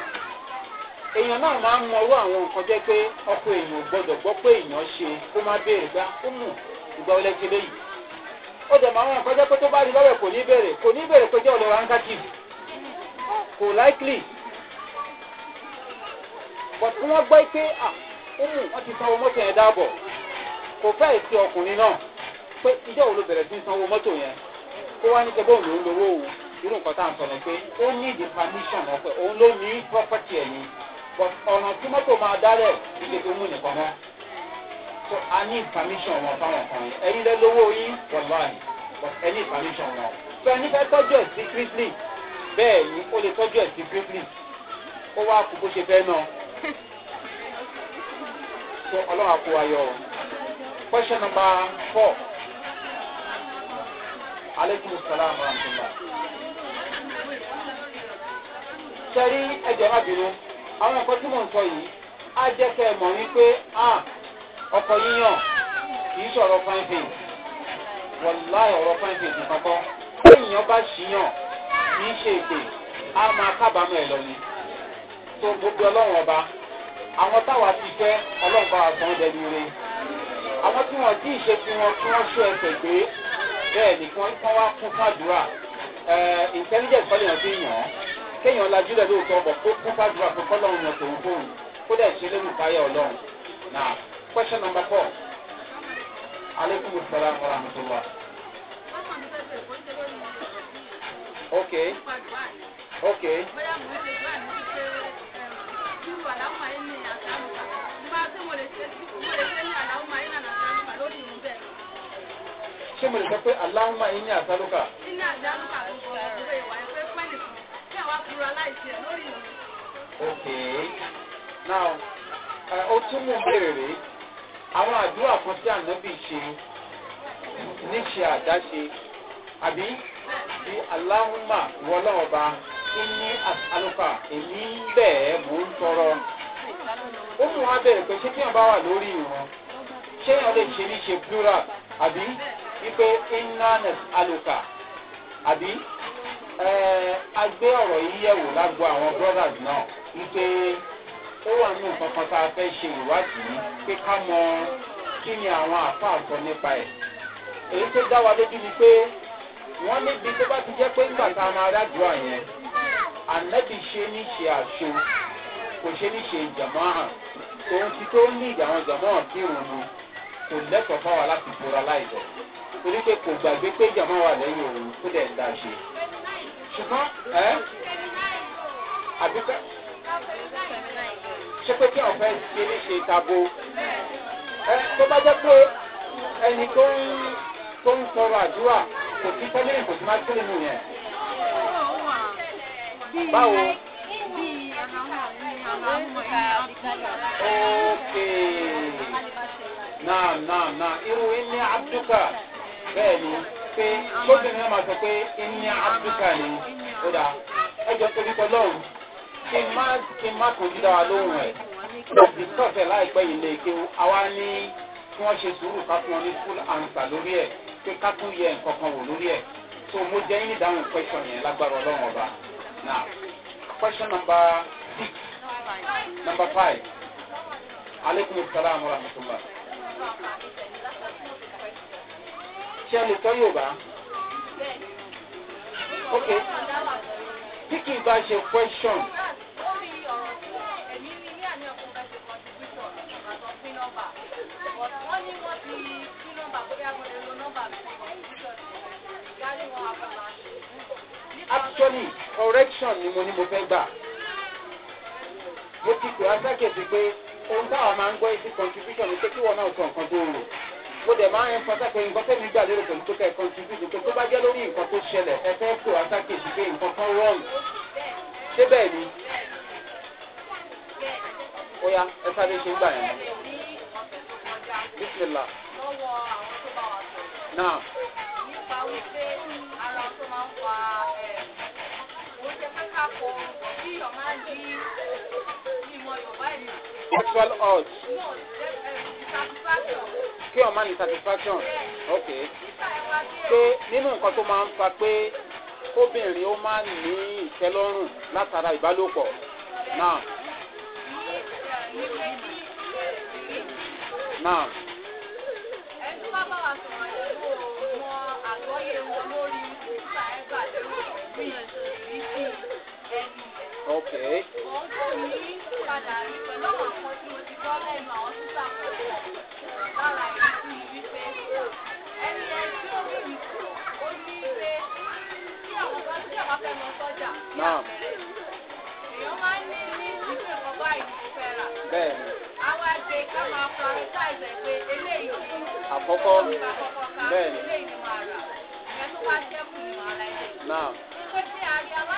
[SPEAKER 1] èèyàn náà máa ń mọrú àwọn nǹkan jẹ́ pé ọkọ èèyàn gbọ́dọ̀ gbọ́ pé èèyàn ṣe kó má béèrè gbá ó mú ìgbà ó dẹ̀ mọ àwọn kò ní kò ní pé jẹ́ kò wọ́n gbọ́ pé ó mú wọ́n kò fẹ́ ìsí ọkùnrin náà pé ìjọ wo ló bẹ̀rẹ̀ sí sanwó mọ́tò yẹn kó wá ní kẹ́kẹ́ òun ló ń lowó òun irú nǹkan tá à ń sọ̀rọ̀ pé ó ní the permission ọ̀pẹ òun ló ní property ẹ̀ ni but ọ̀nà tí mọ́tò máa dálẹ̀ ìdè tó mú nìkan mọ́ so a ní permission wọn fáwọn kan yẹn ẹ̀yin lẹ́ lówó yín wọ̀láì but ẹ ní permission wọn so ẹni fẹ́ tọ́jú ẹ̀ secretly bẹ́ẹ̀ ni ó lè tọ́jú ẹ̀ secretly ó wá kú bó ṣe fẹ́ náà so ọlọ́run àpò ayọ̀ o.
[SPEAKER 2] Question number four. Aleykum salaam wa rahmatulah. Sẹ́rí ẹ̀jẹ̀ má bínú. Àwọn
[SPEAKER 1] nǹkan tí mò ń sọ yìí á jẹ́ kẹ́ ẹ mọ̀ wípé ọkọ̀ yíyàn kì í sọ̀rọ̀ fáńfìn. Wọ̀láì ọ̀rọ̀ fáńfìn nìkan kọ́. Téèyàn bá ṣíyàn kì ṣe èpè á máa kábàámọ̀ ẹ̀ lọ ni. Tó gbogbo ọlọ́run ọba. Àwọn táwa ti fẹ́ ọlọ́run bá wa sàn án dẹni rẹ̀ àwọn tí wọn tí ì fi wọn kí wọn ṣó ẹsẹ gbé bẹẹ ni kí wá kún fàdúrà intelligence kọ́lé yẹn ti yàn án kéèyàn lajú lẹ lóòótọ́ bọ̀ kó kún fàdúrà pé kọ́lọ́run yàn tòun fóun kó dẹ̀ ṣe lẹ́nu fáyà ọlọ́run na question number four aleykum mo ń ṣe
[SPEAKER 3] dúrà ní ṣe
[SPEAKER 2] kí wàhálà ṣé mo lè ṣe mo lè ṣe ní àlàúmà yín náà nàṣàlùkà lórí ìrùn bẹ́ẹ̀. ṣé mo lè sọ pé àlàúmà yín ní àṣàlùkà. yín ní àṣàlùkà gbogbo ìwé ìwà ẹ̀fẹ́ pẹ́ nìkan kí àwa fura láìsí ẹ̀ lórí ìrùn.
[SPEAKER 1] ok now ó tún mú béèrè àwọn àdúrà kan tí ànábì ṣe níṣe àdáṣe àbí bí aláhùnmá wọlọ́ọ̀ba
[SPEAKER 2] kí ní àṣàlùkà èmi ń bẹ̀ ẹ́ mò ń tọrọ ó mú wa bẹ̀rẹ̀ pé ṣé kí wọ́n bá wà lórí ìran
[SPEAKER 1] ṣé wọ́n lè ṣe níṣe plural
[SPEAKER 2] àbí wípé inanes
[SPEAKER 1] aluka àbí agbé ọ̀rọ̀ yìí yẹ̀wò lágbo àwọn brothers náà wípé ó wà nínú nǹkan kan tá a fẹ́ ṣe ìwádìí pé ká mọ kí ni àwọn àfa àsọ nípa ẹ̀ èyí tó dá wa lójú ni pé wọ́n níbi tó bá ti jẹ́ pé nígbà tá a máa rájọ́ àyẹn ànẹ́bí ṣe ní ṣe àṣọ kò ṣe ní ṣe jàmáà òun ti tó ní ìgbà àwọn jàmáà kírun mu kò lẹ́tọ̀ọ́ fáwa láti bora láìpẹ́ torí pé kò gbàgbé pé jàmáà wà lẹ́yìn òun kó dẹ̀ dá ṣe.
[SPEAKER 2] ṣùgbọ́n ẹ́ àbíkẹ́ ṣé pé kí ọ̀fẹ́ ṣe
[SPEAKER 1] ní ṣe tabo
[SPEAKER 2] ẹ tó bá jẹ́ pé ẹni
[SPEAKER 1] tó ń tó ń sọ̀rọ̀ àdúrà kò sí tẹ́lẹ̀ kò sí máa tẹ́lẹ̀ nù yẹn.
[SPEAKER 2] báwo. Okay. Naam, naam, naam. Irú inni
[SPEAKER 1] abduka bẹ́ẹ̀ ni pé lóbìnrin náà máa sọ pé inni abduka ni ó dáa. Ẹ jọ torí pé lọ́run kí n má kí n má kò jí dára lóhùn ẹ̀. Lọ́ọ̀bì sọ̀tẹ̀ láìpẹ́ yìí lè ké àwa ní kí wọ́n ṣe sùúrù ká fún wọn ní full answer lórí ẹ̀ pé ká tún yẹ nǹkan kan wò lórí ẹ̀. So mo jẹ́ yín ìdáhùn question yẹn lágbára ọlọ́run ọba.
[SPEAKER 2] Now question number six. Number five. Aleykum salaam wa rahmatulah. Ṣé ẹni tán yóò bá? Ok. Tí kì question. Actually,
[SPEAKER 1] correction ni mo ní mo fẹ́ gbà ó ti pè á sákèsí pé ohun táwa máa ń gbọ́ sí contribution ní pé kí wọ́n náà sọ nǹkan tó rò mo dẹ̀ máa ń fọ́nṣá pé nǹkan tẹ̀mí gbà lérò pẹ̀lú tó kẹ́ contribution pé tó bá jẹ́ lórí nǹkan tó ṣẹlẹ̀ ẹ fẹ́ pè á sákèsí pé nǹkan kan wrong
[SPEAKER 2] ṣé bẹ́ẹ̀ ni ó yá ẹ sáré ṣe ń gbà yẹn bísílà náà ara tó máa ń fa ẹ̀ oúnjẹ pẹ́ká kò bí ọ̀ máa ń di. Actual odds.
[SPEAKER 1] Kí ọmọ ní satisfaction. Ok.
[SPEAKER 2] Ṣé nínú nǹkan tó máa
[SPEAKER 1] ń fa pé kóbìnrin ó máa ní ìtẹ́lọ́rùn látara ìbálòpọ̀
[SPEAKER 2] náà. Náà. Ẹni tó Okay. Mo ń Àkọ́kọ́ bẹ́ẹ̀ni. ni màá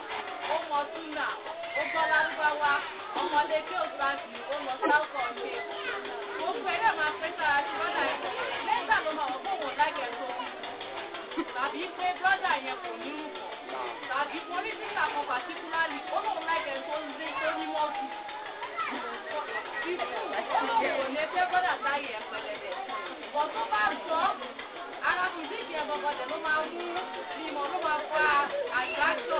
[SPEAKER 2] ó mọ túnà ó gbọ́ lárúbáwá ọmọdé kí ó gbà sí ó mọ sáùkọ̀ ọ̀gbẹ́. mo fẹ́ dẹ̀ máa fẹ́ sára sí bọ́dà yẹn lẹ́gbà ló máa wọ́n fóun láìpẹ́ tó tàbí pé bọ́dà yẹn kò ní rúbọ̀ tàbí mo ní sísà kan pàtíkúlárì ó lóun láìpẹ́ tó ń dé tó ní wọ́n fi. ìfún kò lè fẹ́ bọ́dà táyé ẹ̀ pẹ̀lẹ́dẹ̀ bọ̀ tó bá gbọ́ arákùnrin ìjẹ́ bọ̀bọ̀dẹ̀ ló máa mú ìmọ̀ ló máa fa àgbájọ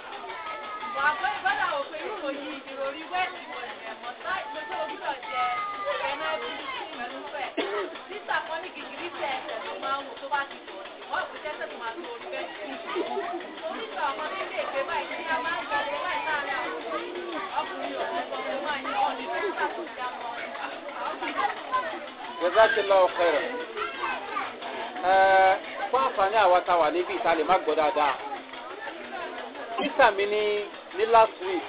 [SPEAKER 2] wà á gbọ́ ìbádà wò pé irú òyìn ìdìrò orí wẹ́ẹ̀tì wọ̀ ẹ̀ mọ̀ táì lójú òwúrọ̀ jẹ ẹ̀nà ẹ̀bùrú sí ìmẹ̀lú fẹ̀. títà kan ní gìgìrì tẹ ẹsẹ̀ tó máa ń wò tó bá ti bọ̀ ìwọ́ ìpínlẹ̀ tó máa tó orí bẹ́ẹ̀ oríṣi ọmọ nílé ìgbé báyìí ní a máa ń gbalẹ̀ báyìí láàárín àwọn ọkùnrin ọ̀rẹ́ ọmọ
[SPEAKER 1] níbi ìta má gbọ́ dáadáa sísà mi ní ní last week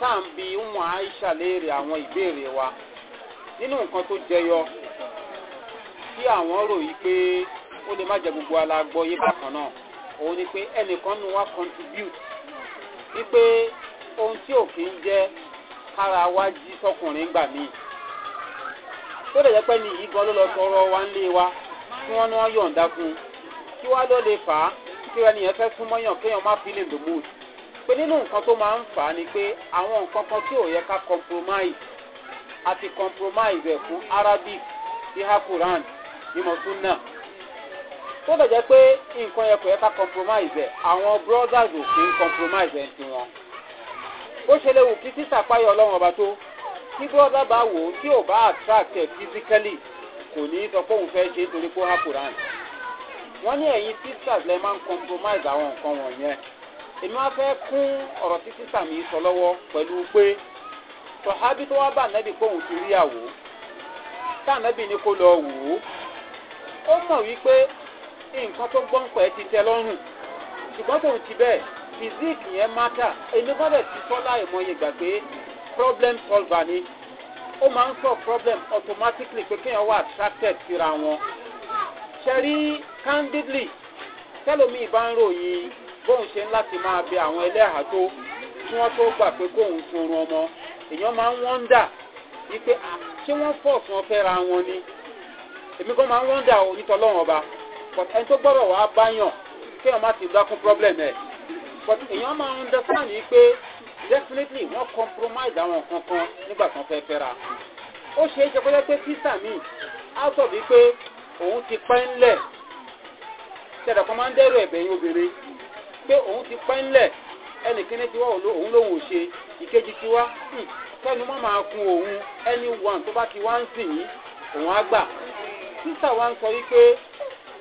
[SPEAKER 1] tá à ń bi umu aisha léèrè àwọn ìbéèrè wa nínú nǹkan tó jẹyọ tí àwọn rò pé ó lè má jẹ gbogbo alágbọ yé bákan náà òun ni pé ẹnìkan nu wa contribute wípé ohun tí òfin jẹ kára wa jí sọkùnrin gbà míì tó lè jẹ pé ní yìí gan ló lọ sọrọ wa ń lé wa tí wọn ní wọn yọǹda fún un kí wá ló lè fà á pé ẹnìyẹn fẹ́ súnmọ́ yàn kéèyàn má feel in the mood pé nínú nǹkan tó máa ń fà á ni pé àwọn nǹkan kan tí ò yẹ ká compromise àti compromise ẹ̀ fún arabic iha quran ìmọ̀ sunna tó dẹ̀ jẹ́ pé nǹkan yẹ kò yẹ ká compromise ẹ̀ àwọn brothers ò fi ń compromise ẹ̀ ti wọn bó ṣe lè wù kí sísà páyọ̀ ọlọ́run ọba tó tí brọ́dá bá wò ó tí ò bá attract ẹ̀ physically kò ní í sọ pé òun fẹ́ ṣe é torí kó ha quran wọ́n ní ẹ̀yin sisters lẹ́ máa ń compromise àwọn nǹkan wọ̀nyẹn èmi wá fẹ́ kún ọ̀rọ̀ tí sísà mi sọ lọ́wọ́ pẹ̀lú pé sọ̀hábí tó wá bá nẹ́bí pé òun ti ríyàwó tànẹ́bí ni kó lọ wò ó ó mọ̀ wípé nǹkan tó gbọ́n pẹ́ ti tẹ lọ́rùn ṣùgbọ́n tòun ti bẹ́ẹ̀ fìzíìkì yẹn mátà èmi gbọ́dọ̀ ti sọ láì mọ iye pé problem solver ni ó máa ń sọ problem automatically pé kéèyàn wà attracted síra wọn ṣẹ̀rí candidly tẹ́lómi ìbá ń ròyìn bóun ṣe ń láti máa bẹ àwọn ẹlẹ́hà tó kí wọ́n tó gbà pé kóun sunrun ọmọ èèyàn máa ń wọ́ndà wípé ṣé wọ́n fọ̀ fún ọfẹ́ ra wọn ni èmi kan máa ń wọ́ndà onítọ̀lọ́wọ́n ọba but ẹni tó gbọ́dọ̀ wàá báyàn kéèyàn má ti dákún problem ẹ̀ but èèyàn máa ń understand wípé definitely wọ́n compromise àwọn nǹkan kan nígbà tí wọ́n fẹ́ fẹ́ ra ó ṣeé ṣe kó jẹ́ pé sísà mi á sọ wípé òun ti pẹ́ tẹ̀dọ̀ kan máa ń dẹ́rù obìnrin pé òun ti pẹ́ ẹnìkíní tiwa òun lòun ò ṣe ìkejì tiwa hmm, kẹ́nu mọ́ máa kun òun ẹni tó bá ti wá ń sìn yín òun á gbà sísà wa ń sọ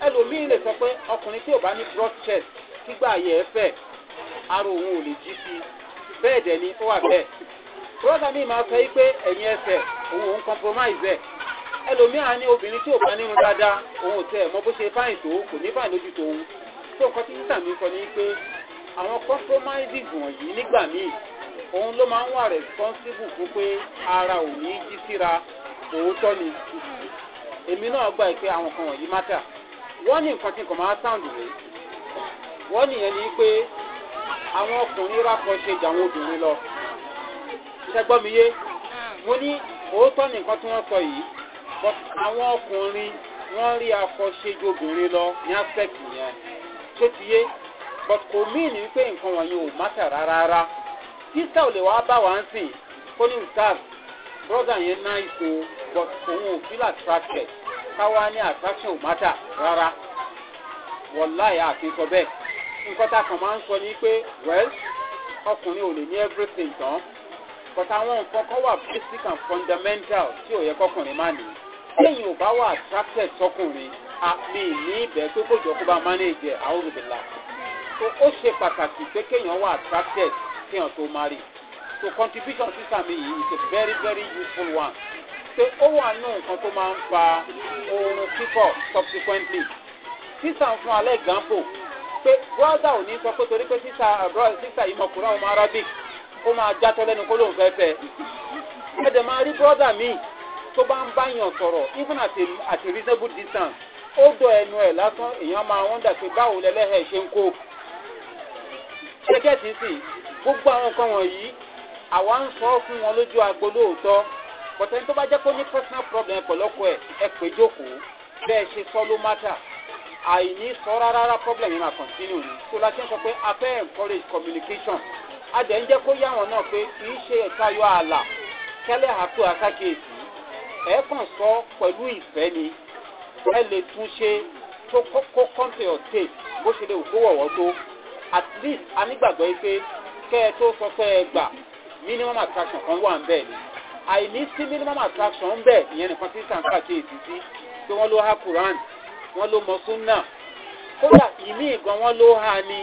[SPEAKER 1] ẹlòmíín lè sọ pé ọkùnrin tí ò bá ní broad chest gbígbà ayẹ ẹ fẹ ara sí bẹ́ẹ̀ ni ẹlòmíà ní obìnrin tí ò bá nínú dáadáa òun ò tẹ ẹ̀ mọ bó ṣe báyìí tó kò ní báyìí lójú tó òun tó nǹkan tí sísà mi sọ ni pé àwọn compromises wọ̀nyí nígbà míì òun ló máa ń wà responsible fún pé ara ò ní jí síra òótọ́ ni èmi náà gbà pé àwọn kan wọ̀nyí mátà wọ́n ní nǹkan tí nǹkan máa sound rèé wọ́n nìyẹn ni pé àwọn ọkùnrin rákọ̀ ṣe jà àwọn obìnrin lọ ṣẹgbọ́n mi yé hmm. mo ní òótọ́ nìkan tí wọ́n sọ yìí but àwọn ọkùnrin wọ́n rí afọṣẹ́jú obìnrin lọ ní aspect yẹn tó ti yé but kò míì ní pé nǹkan wọ̀nyí ò mátà rárá sísá ò lè wá bá wa ń sìn kó ní brother yẹn náà ìṣó but òun ò feel attracted káwá ní attraction ò mátà rárá wọláyà àfi sọ bẹ́ẹ̀ nǹkan tá a kàn máa ń sọ ni pé well ọkùnrin ò lè ní everything tán but àwọn nǹkan kan wà basic and fundamental tí ò yẹ kọkùnrin má nìyí lẹ́yìn ò bá wà attracted sọkùnrin àmì ní ibẹ̀ pé kò jọ kó bá manage ẹ̀ àwọn olùdílà so ó ṣe pàtàkì pé kéèyàn wà attracted kéèyàn tó marry so contribution sísà mi yìí is a very very useful one ṣe ó wà nù nǹkan tó máa ń fa oorun kíkọ subsequently sísà ń fún alẹ́ gánpò pé brọ́dà ò ní sọ pé torí pé sísà brọ́dà sísà yìí mọ̀kúrọ̀ ọmọ arabic ó máa játọ́ lẹ́nu kó lóun fẹ́ fẹ́ ẹ̀ dẹ̀ máa rí brọ́dà míì tó bá ń báyàn sọ̀rọ̀ even at a, at a reasonable distance ó dọ̀ ẹnu ẹ̀ lásán èèyàn máa wọ́n dà pé báwo lẹ́lẹ́hẹ̀ ṣe ń kó. ṣẹ́gẹ́tì sì gbogbo àwọn nǹkan wọ̀nyí àwa ń sọ fún wọn lójú agbo lóòótọ́ pọ̀tẹ́ni tó bá jẹ́ pé ó ní personal problem pẹ̀lọ́kọ̀ ẹ̀ ẹ pé jókòó bẹ́ẹ̀ ṣe sọ ló mátà àìní sọ rárá rárá problem yìí máa continue ni so la ṣe ń sọ pé a fẹ́ encourage communication a dẹ̀ ń jẹ́ kó yá wọn náà pé kì í ṣe ẹ̀ka yọ ààlà kẹ́lẹ́ àpò àkàkíyèsí ẹ kàn sọ pẹ̀lú ìfẹ́ ni ẹ lè tún ṣe tó kọ́kọ́ kọ́ńtẹ̀ ọ̀tẹ̀ bó ṣe lè kó wọ̀wọ́ tó at least a nígbàgbọ́ yìí pé kẹ́ ẹ tó sọ pé ẹ gbà minimum attraction kan wà ń bẹ̀ ni àìní sí minimum attraction ń bẹ̀ ìyẹn nìkan tí sàn káàkiri sí pé wọ́n ló ha quran wọ́n ló mọ sunna kódà ìmí ìgbọ́n wọ́n ló ha ni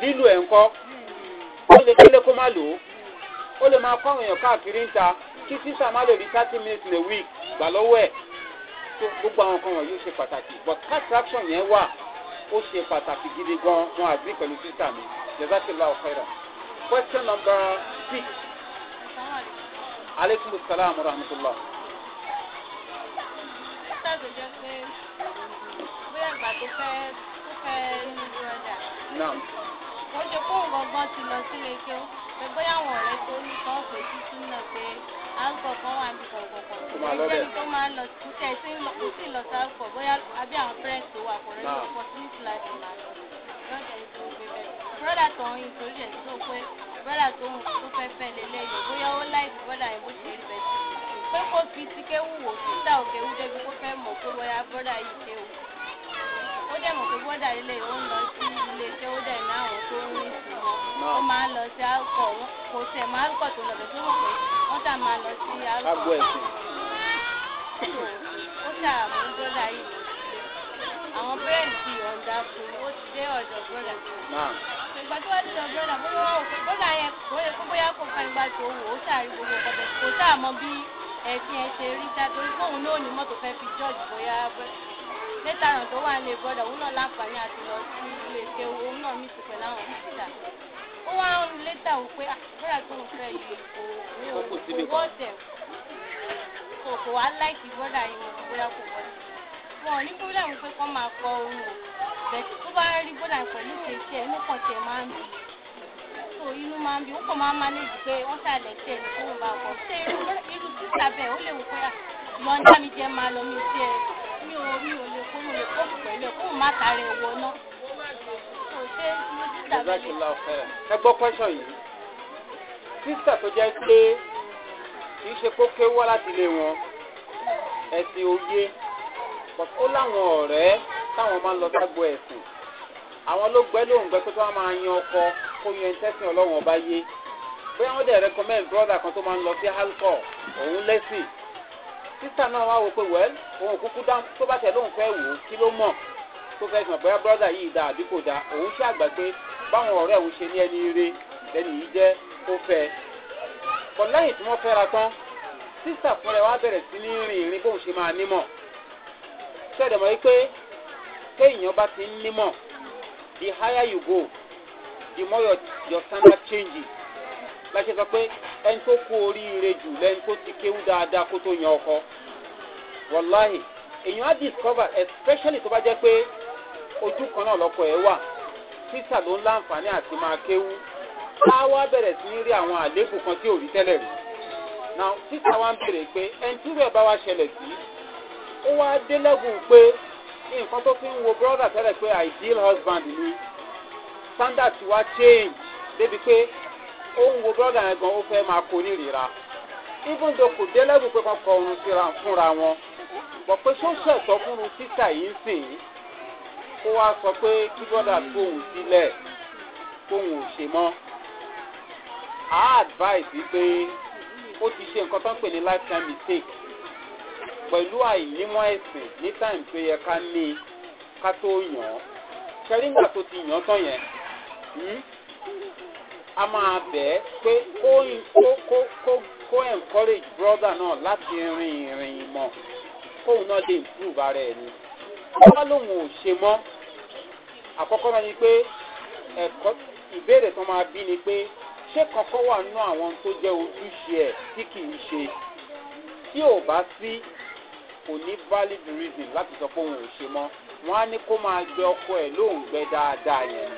[SPEAKER 1] lílo ẹ̀ ńkọ́ ó lè kélé kó má lò ó ó lè máa kọ́ àwọn èèyàn káàkiri ń ta kí tíṣà má lè rí thirty minutes in a week gbà lọ́wọ́ ẹ̀ tó gbogbo àwọn kan wọ̀nyí ó ṣe pàtàkì but attraction yẹn wà ó ṣe pàtàkì gidi gan wọn àgbí pẹ̀lú tíṣà mi jazakillah ọ̀fẹ́ra question number six aleykum salaam rahmatulah.
[SPEAKER 2] ṣáàtò wọ́n ṣe fóònù ọgbọ́n ti lọ sílé kí ó pé bóyá àwọn ọ̀rẹ́ tó ní kọ́ pé títí náà pé àgọ̀ kan wà ní kọ̀ọ̀kọ̀ọ̀kan. ẹgbẹ́ni tó máa ń lọ sí kẹ́ ẹ tó sì lọ sí àgọ̀ bóyá àbí àwọn parents tó wà kọ̀ọ̀rẹ́ ní opportunity láti máa lọ. lọ́jà ètò ògbé bẹ́ẹ̀. brọ́dà tó ń ìtòrí ẹ̀ tó pé brọ́dà tó ń tó fẹ́ fẹ́ lélẹ́yìn bóyá ó láì brọ́dà ẹ̀ bó ṣe rí bẹ́ẹ̀ sí. pé kó fi ti kéwù wò síta òkèwù débi kó fẹ́ mọ̀ pé bóyá brọ́dà yìí kéwù ó dẹ̀ mọ̀ pé bọ́dà ilé ó ń lọ sí ilé iṣẹ́ ó dẹ̀ ní àwọn tó ń rìn sí wọn ó máa ń lọ sí alcohol kò tẹ̀ mọ́ alcohol tó lọ bẹ̀ tó mọ̀ pé wọ́n tà máa lọ sí alcohol ó tà mú bọ́dà yìí lọ sí àwọn bẹ́ẹ̀lì ti yọ̀ǹda fún ó ti dé ọ̀dọ̀ bọ́dà ìgbà tó wá sí ọ̀dọ̀ bọ́dà bóyá wà òkè bọ́dà yẹn kò yẹ kó bóyá kó fa ìgbà tó wò ó tà rí gbogbo ọ̀pọ̀ ẹ̀sìn ẹ̀ rí dá torí fóun náà ní mọ́tò fẹ́ fi jọ́ọ̀jì bóyá bẹ́ẹ̀ mẹ́ta ràn tó wà ní ìbọ̀dà òun náà láǹfààní àti lọ sí ilé iṣẹ́ òun náà mí ti pẹ̀lú àwọn títà ó wá ń létà wò pé àbúrà ah, tó ń fẹ́ yìí kò kò wọ́ọ̀tẹ̀ kò kò wá láìkì bọ́dà yìí mo bóyá kò wọ́ọ̀tẹ̀ wọn ò ní bóyá wò pé kọ́ máa kọ ohun o bẹ̀tẹ̀ tó bá rí bọ́dà pẹ̀lú kèéṣẹ́ inú kan tẹ̀ máa ń bi tó inú máa ń bi ó kàn máa ń máa léjì pé wọ́n ṣàlẹ̀ tẹ̀ ní kóhùn bá wọ̀ ṣé irú títà bẹ́ẹ̀ ó lè wò pé lọ́ńdá ah, mi jẹ́ máa lọ mí jẹ́ mi ò mi ò lè kó mi lè kó pẹ̀lú kó má tàrí ẹ̀wọ̀ náà kò ṣe mo ti dàbí.
[SPEAKER 1] Eh. ẹ gbọ́ pẹ́sọ̀ yìí sísà tó jẹ́ pé kì í ṣe kó ké wá láti ilé wọn ẹ̀sìn òye ó láwọn ọ̀rẹ́ táwọn máa ń lọ ságbó ẹ̀sìn àwọn ló gbẹ́ lóhùn gbẹ́ pé kí máa yan ọkọ kó yan tẹ́sìn ọlọ́wọ́n bá yé bóyá wọ́n dẹ̀ recommend brother kan tó máa ń lọ sí alcohol òun lẹ́sìn sísá náà wá wò pé kuku òun kúkú dá tó bá tẹ̀ lóun fẹ́ wò ó kí ló mọ̀ tó fẹ́ sàn bóyá brọ́dà yìí da àbí kò da òun ṣe àgbà pé báwọn ọ̀rẹ́ òun ṣe ní ẹni ire lẹ́nu yìí jẹ́ fẹ́ lẹ́yìn tí wọ́n fẹ́ra tán sísá fúnra wa bẹ̀rẹ̀ sí ní rìn ìrìn bóun ṣe máa nímọ̀ ṣẹ̀dẹ̀ mọ́ pé kéèyàn bá ti ń nímọ̀ the higher you go the more your, your standard changes ẹni tó kó oríire jù lẹ́ni tó ti kéwú dáadáa kó tó yan ọkọ wàláhì èèyàn á discover especially tó bá jẹ́ pé ojú kan náà lọ́kọ̀ ẹ̀ wà sísà ló ń láǹfààní àti máa kéwú á wá bẹ̀rẹ̀ sí ní rí àwọn àléébù kan tí ò rí tẹ́lẹ̀ rí now sísà wa ń béèrè pé ẹni tí rẹ̀ bá wá ṣẹlẹ̀ sí ó wá dé lẹ́gùn pé nǹkan tó fi ń wo brother tẹ́lẹ̀ pé ideal husband ni standard ti wá change débi pé òun wo brọ́dà yẹn gan ó fẹ́ máa kó nírira even though kò délẹ́gùn pé kọ́ ọrùn fúnra wọn bọ̀ pé sọ́sẹ̀ sọ fún un títà yìí ń sìn yín kó wá sọ pé kí brọ́dà tóun sílẹ̀ tóun ò ṣe mọ́ a advice wípé ó ti ṣe nǹkan tó ń pè ní lifetime mistake pẹ̀lú àìnímọ̀ ẹ̀sìn ní time tó yẹ ká ní ká tó yàn án ṣẹ́rí ńgbà tó ti yàn án tán yẹn. Hmm? a máa bẹ̀ ẹ́ pé kó kó kó kó encourage brother náà láti rin ìrìn ìmọ̀ kóun náà lè improve ara ẹ̀ ni. wọ́n á lóun ò ṣe mọ́ àkọ́kọ́ náà ni pé ẹ̀kọ́ ìbéèrè tó máa bí ni pé ṣé kọ̀ọ̀kan wà nínú àwọn tó jẹ́ ojúṣe ẹ̀ tí kì í ṣe tí ò bá sí kò ní valid reason láti sọ pé òun ò ṣe mọ́ wọ́n á ní kó máa gbẹ ọkọ ẹ̀ lóun gbẹ dáadáa yẹn.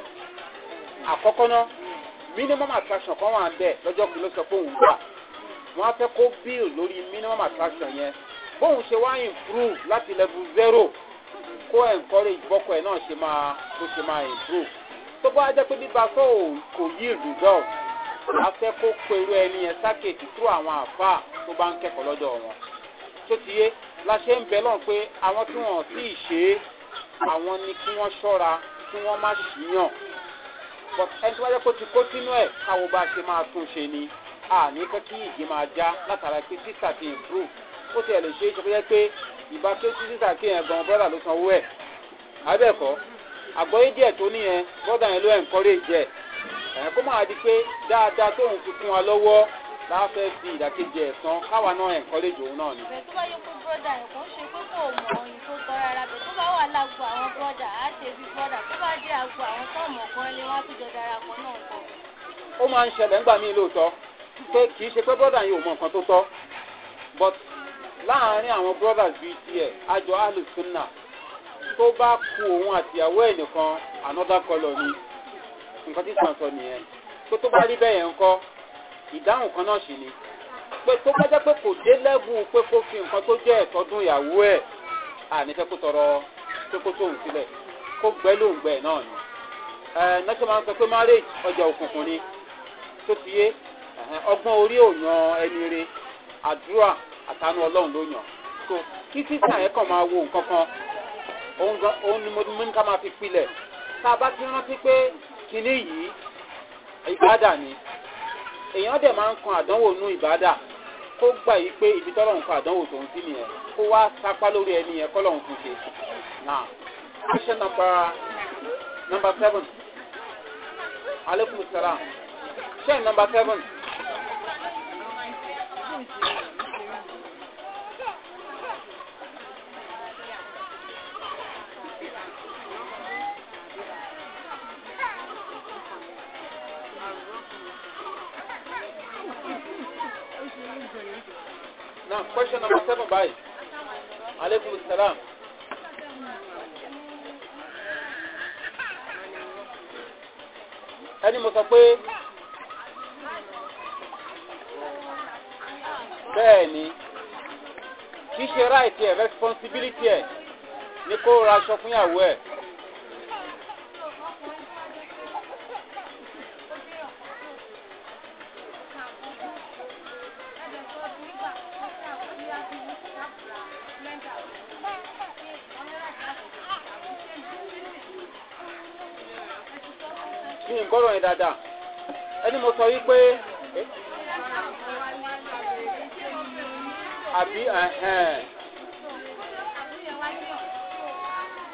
[SPEAKER 1] àkọ́kọ́ náà minimum attraction kan wà ń bẹ̀ lọ́jọ́ kan ló sọ pé òun wà wọ́n á fẹ́ kó bill lórí minimum attraction yẹn bóun ṣe wá improve láti level zero kó encourage bọ́kọ ẹ̀ náà ṣe máa kó ṣe máa improve tó bá jẹ́ pé bíbá tó kò yí result a fẹ́ kó pẹ̀lú ẹni yẹn sákèjì tó àwọn àfa tó bá ń kẹ́kọ̀ọ́ lọ́dọ̀ wọn tó ti yé la ṣe ń bẹ lọ́n pé àwọn tí wọ́n sì ṣe é àwọn ni kí wọ́n ṣọ́ra kí wọ́n má ṣíyàn but ẹni tí wọ́n jẹ́ kó ti kó sínú ẹ̀ káwọ́ bá ṣe máa tún ṣe ni àní kọ́ kí ìdí máa já látara pé sísà ti improve ó ti ẹ̀ lè ṣe é ṣe pé pé ìbá tó ti sísà kí yẹn gan brọ́dà ló sanwó ẹ̀ abẹ́ẹ̀kọ́ àgbọ̀yé díẹ̀ tó níyẹn brọ́dà yẹn ló encourage ẹ̀ kó máa di pé dáadáa tóun fi kún wa lọ́wọ́ láfẹ́ bí ìdàkejì ẹ̀sán káwa náà ẹ̀ńkọ́lẹ́jì òun náà ni.
[SPEAKER 2] bẹ́ẹ̀ tó bá yẹ kó bọ́dà ẹ̀ kó ń ṣe pé kò mọ òyìnbó tọ́ rárá bẹ́ẹ̀ tó bá wà lágbo àwọn bọ́dà á ṣe bí bọ́dà tó bá dé àgbo àwọn tọ́ọ̀mù kan lé wọ́n á darapọ̀ náà kọ́.
[SPEAKER 1] ó máa ń ṣẹlẹ̀ ńgbà míì lóòótọ́ pé kì í ṣe pé bọ́dà yìí mọ nǹkan tó tọ́ but láàárín àwọn brothers bíi tiẹ̀ àjọ alùsùnà tó bá ku òun àtìyàwó ẹ̀ nìkan another colour ni nǹkan tí sàn sọ nìyẹn pé tó bá rí bẹ́ẹ̀ yẹn ń kọ́ ìdáhùn kan náà sì ni pé tó bá jẹ́ pé kò dé lẹ́gùn pé kó fi nǹkan tó jẹ́ ẹ̀tọ́dún ìyàwó ẹ̀ ànífẹ́ kó tọrọ pé kó tóun sílẹ̀ kó gbẹ́ lóun gbẹ́ náà ni nọ́ọ̀sì máa ń sọ pé marriage ọjà òkùnkùn ni tó ti yé ọgbọ́n orí ò yan ẹni re àdúrà àtànú ọlọ́run ló yàn so kí sísà yẹn kàn máa wo nǹkan kan òun ni mo ní ká máa fi pilẹ̀ tá a bá ti rántí pé kinní yìí ìbádà ni èèyàn dẹ̀ máa ń kan àdánwò nú ìbádà kó gbà yí pé ibi tọ́lọ̀ ń kan àdánwò tó ń sí nìyẹn kó wá sapá lórí ẹni yẹn kọ́lọ̀ ń fún ṣe. now
[SPEAKER 2] question number number seven aleykum salaam question number seven. Now, question number seven, by. Alaykum salam. Ẹni mo sọ pé bẹ́ẹ̀ ni kì í ṣe
[SPEAKER 1] responsibility here.
[SPEAKER 2] Nicole kó ra aṣọ fún
[SPEAKER 1] dáadáa ẹni mo sọ wípé
[SPEAKER 2] àbí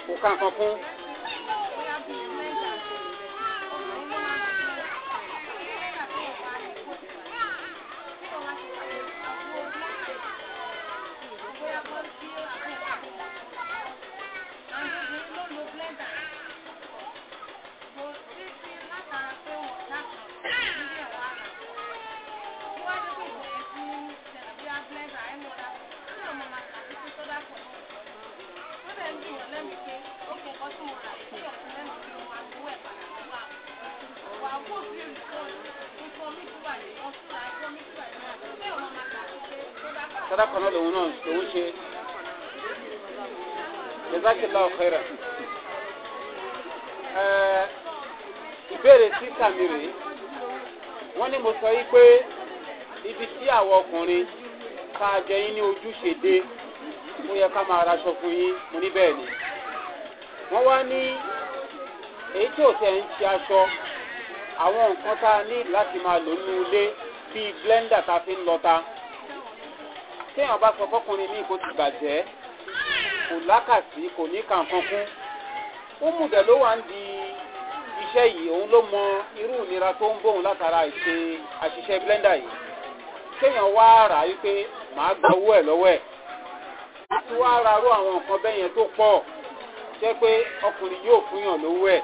[SPEAKER 2] kò ká nǹkan fún. khairan. ìbéèrè tí sàmì rèé
[SPEAKER 1] wọ́n ní mo sọ yí pé ibi tí àwọn ọkùnrin tá a jẹ yín ní ojúṣe dé ó yẹ ká máa raṣọ fún yín mo ní bẹ́ẹ̀ ni. wọ́n wá ní èyí tí ò ń ṣe aṣọ àwọn nǹkan tá a ní láti máa lò nínú ilé bíi blender tá a fi ń lọta. téèyàn bá sọ fọkùnrin ní ìkó ti bàjẹ́ kò lákàtí kò ní kàǹkan kún umu dẹ̀ ló wà ń
[SPEAKER 2] di iṣẹ́ yìí
[SPEAKER 1] òun ló mọ irú ìnira tó ń bóun látara ìṣe àṣìṣe blender yìí kéèyàn wá rà á wípé màá gba owó ẹ̀ lọ́wọ́ ẹ̀ láti wá ra rú àwọn nǹkan bẹ́ẹ̀ yẹn tó pọ̀ jẹ́ pé ọkùnrin yóò fúnyàn lówó ẹ̀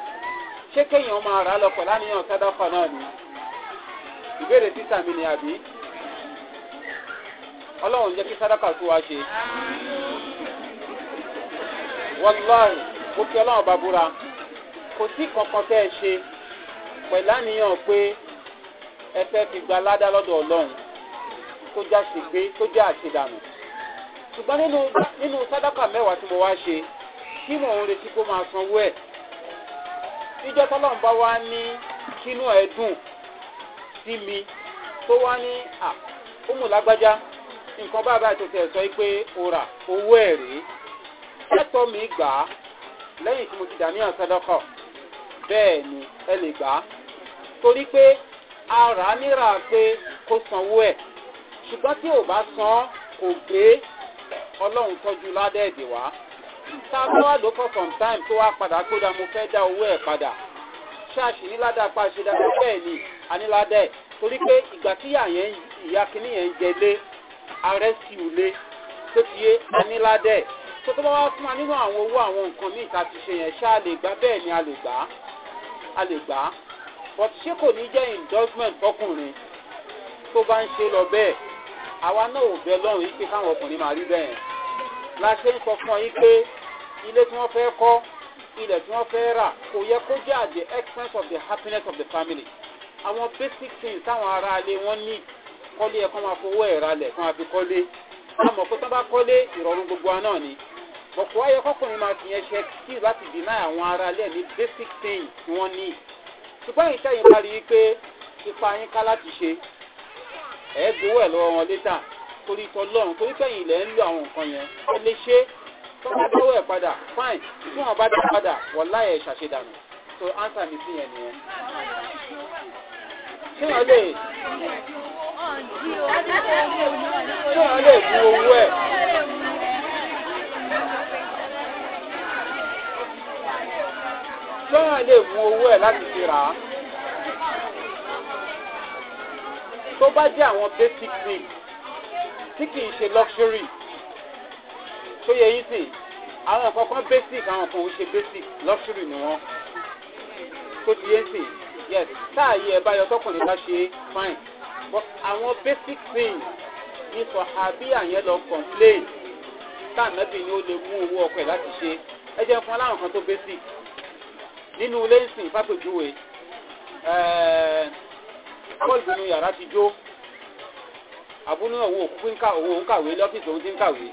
[SPEAKER 1] ṣé kéèyàn máa rà á lọ pẹ̀lú àníyàn sádàfà náà ni ìbéèrè títà mi ni àbí ọlọ́run jẹ́ kí sádàkà tó wá ṣe wọ́láì mo kí ọlọ́run bá búra kò sí kankan tẹ́ ẹ ṣe pẹ̀lú àníyàn pé ẹ fẹ́ fi gba ládá lọ́dọ̀ ọlọ́run kó já sí gbé kó já àṣedànù ṣùgbọ́n nínú nínú sádàkà mẹ́wàá tí mo wá ṣe kí mò ń retí kó máa sanwó ẹ̀ níjọ́ tọ́lọ́run bá wá ní kínú ẹ̀ dùn sí mi tó wá ní à ó mú lágbájá nǹkan bá bá ètò tẹ̀ sọ pé ó rà owó ẹ̀ rèé sẹ́tọ̀ mi gbà á lẹ́yìn tí mo ti dàní àsọdọ́kọ̀ bẹ́ẹ̀ ni ẹ lè gbà á torí pé ara níra pé kó sanwó ẹ̀ ṣùgbọ́n tí ò bá san kò gbé ọlọ́run tọ́jú ládẹ́ẹ̀dẹ̀ wá tá a bá wà lókọ̀ sometime tó wá padà tó dá mo fẹ́ dá owó ẹ̀ padà ṣáàṣì níládàá pa ṣe dáadáa bẹ́ẹ̀ ni aníládàá ẹ̀ torí pé ìgbà tí ìyá kìíní ń jẹ lé arẹ́sìú lé tó ti yé aníládàá ẹ̀ tó tó bá wá fún wa nínú àwọn owó àwọn nǹkan míì tá ti ṣe yẹn ṣá lè gbà bẹ́ẹ̀ ni a lè gbà a lè gbà but ṣé kò ní jẹ́ endorsement fọkùnrin tó bá ń ṣe lọ bẹ́ẹ̀ àwa náà ò bẹ lọ́rùn yìí pé káwọn ọkùnrin máa rí bẹ́ẹ̀ la ṣe ń sọ fún ọ yìí pé ilé tí wọ́n fẹ́ kọ́ ilẹ̀ tí wọ́n fẹ́ rà kò yẹ kó jẹ́ at the expense of the happiness of the family àwọn basic things táwọn ará ilé wọn ní kọ́lé ẹ̀kọ́ máa fowó ẹ̀ ralẹ̀ kí wọ́n fi kọ́lé àmọ́ pé tí wọ́n bá kọ́lé ìrọ̀rùn gbogbo wa náà ni bọ̀kọ̀ ayẹ kọkùnrin máa gbìyànjú ṣe excuse láti deny àwọn ará ilé ní basic thing tí wọ́n ní ṣùgbọ́n yìí sẹ́yìn parí wípé ipa yín ká láti ṣe ẹ̀ gbowó ẹ̀ lọ́wọ́ wọn létà torí tọlọ́run torí sẹ́yìn ilẹ̀ ń lo àwọn nǹkan yẹn ẹ lè ṣe tọ́lá dọ́wọ́ ẹ̀ padà fine tí wọ́n bá dá padà wọ́n láyẹ̀ ẹ̀ ṣàṣedànù so answer mi sí yẹn nìyẹn.
[SPEAKER 2] ṣé wọ́n lè ṣé wọ́n lè bu owó ẹ̀ sọ́yà lè mú owó ẹ̀ láti fi rà á. tó bá jẹ́ àwọn basic needs tí kì í ṣe luxury
[SPEAKER 1] tó yẹ yín sìn àwọn nǹkan kan basic àwọn kan ò ṣe basic luxury ni wọ́n tó ti yé sìn yes táàyè ẹ̀ báyọ̀ tọkùnrin bá ṣe fine but àwọn basic things ní sọ̀hábíà yẹn lọ complain táàmẹ́bì ni ó lè mú owó ọkọ̀ ẹ̀ láti ṣe ẹ jẹ́ fún aláwọn kan tó bẹ́sì nínú ilé ìsìn fàpèjúwe eh, bọ́ọ̀lù nínú yàrá ti jó àbúrò òun òkú ń ká òun kàwé lọ́fíìsì òun ti ń kàwé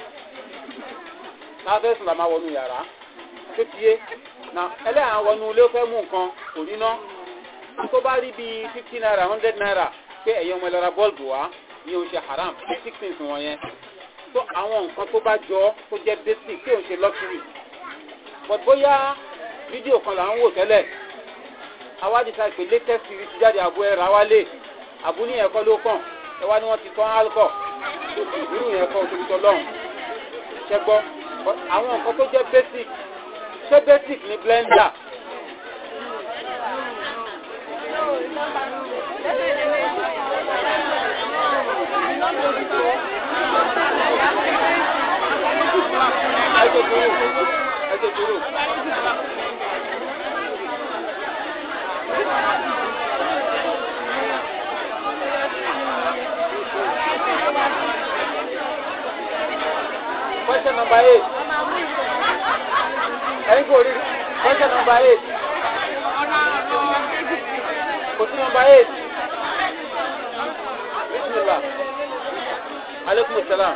[SPEAKER 1] láfẹ́ sùn làmá wọnú yàrá tó ti yé na ẹlẹ́yà wọnú ilé ó fẹ́ mú nǹkan kò níná tó bá rí bíi fifty naira hundred naira pé ẹ̀yọ́ ọmọ ẹlẹ́ra bọ́ọ̀lù wá ní oṣù haram sixteen wọ̀nyẹn So àwọn nǹkan tó bá jọ kó jẹ́ basic tí ò ń ṣe luxury but bóyá fídíò kan là ń wò tẹ́lẹ̀ awádìí sáà pé latest series jáde àbú ẹ̀ ra wálé àbú ní ẹ̀kọ́ ló kàn ẹ wá ní wọ́n ti tán alcohol irú yẹn kọ́ òtún tó lọ́hùn ṣẹ gbọ́ àwọn nǹkan tó jẹ́ basic ṣé basic ni blender.
[SPEAKER 2] Thank you. Question number eight. Ẹ̀yin kò rí question number eight. Question number eight. Bismillah. Aleykum salaam.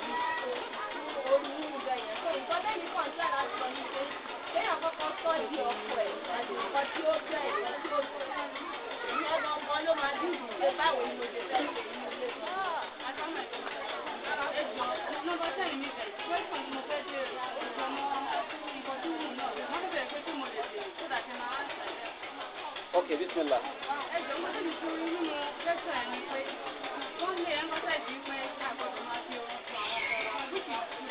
[SPEAKER 2] orí nínú ìjọ yẹn so nǹkan tẹ́lẹ̀ kàn sí àlàsọ ni pé kéèyàn kọ́kọ́ sọ ìdí ọkọ ẹ̀ àti nǹkan tí ó fẹ́ ìgbà tí ó fẹ́ ní ọgbọ̀n kan ló máa bí ìlú pé báwo ni mo ṣe fẹ́ ṣe ní mo ṣe sọ. ẹjọ nọ́mbà tẹ́lẹ̀ mi bẹ̀rẹ̀ pẹ́ẹ́sì ni mo fẹ́ dé ọjọ́ mọ́ ìkọjú wù náà wọ́n bẹ̀rẹ̀ pé kí mo lè dé so that ẹ máa ok bismillah. ẹ jọ̀ọ́ mo ti dùn nínú lẹ́sọ̀ ẹ̀ ni pé wọ́n lè ẹ́ mọ́tẹ́ẹ̀dì pé ṣé àgbọ̀dọ̀ máa fi orun fún àwọn ọ̀rọ̀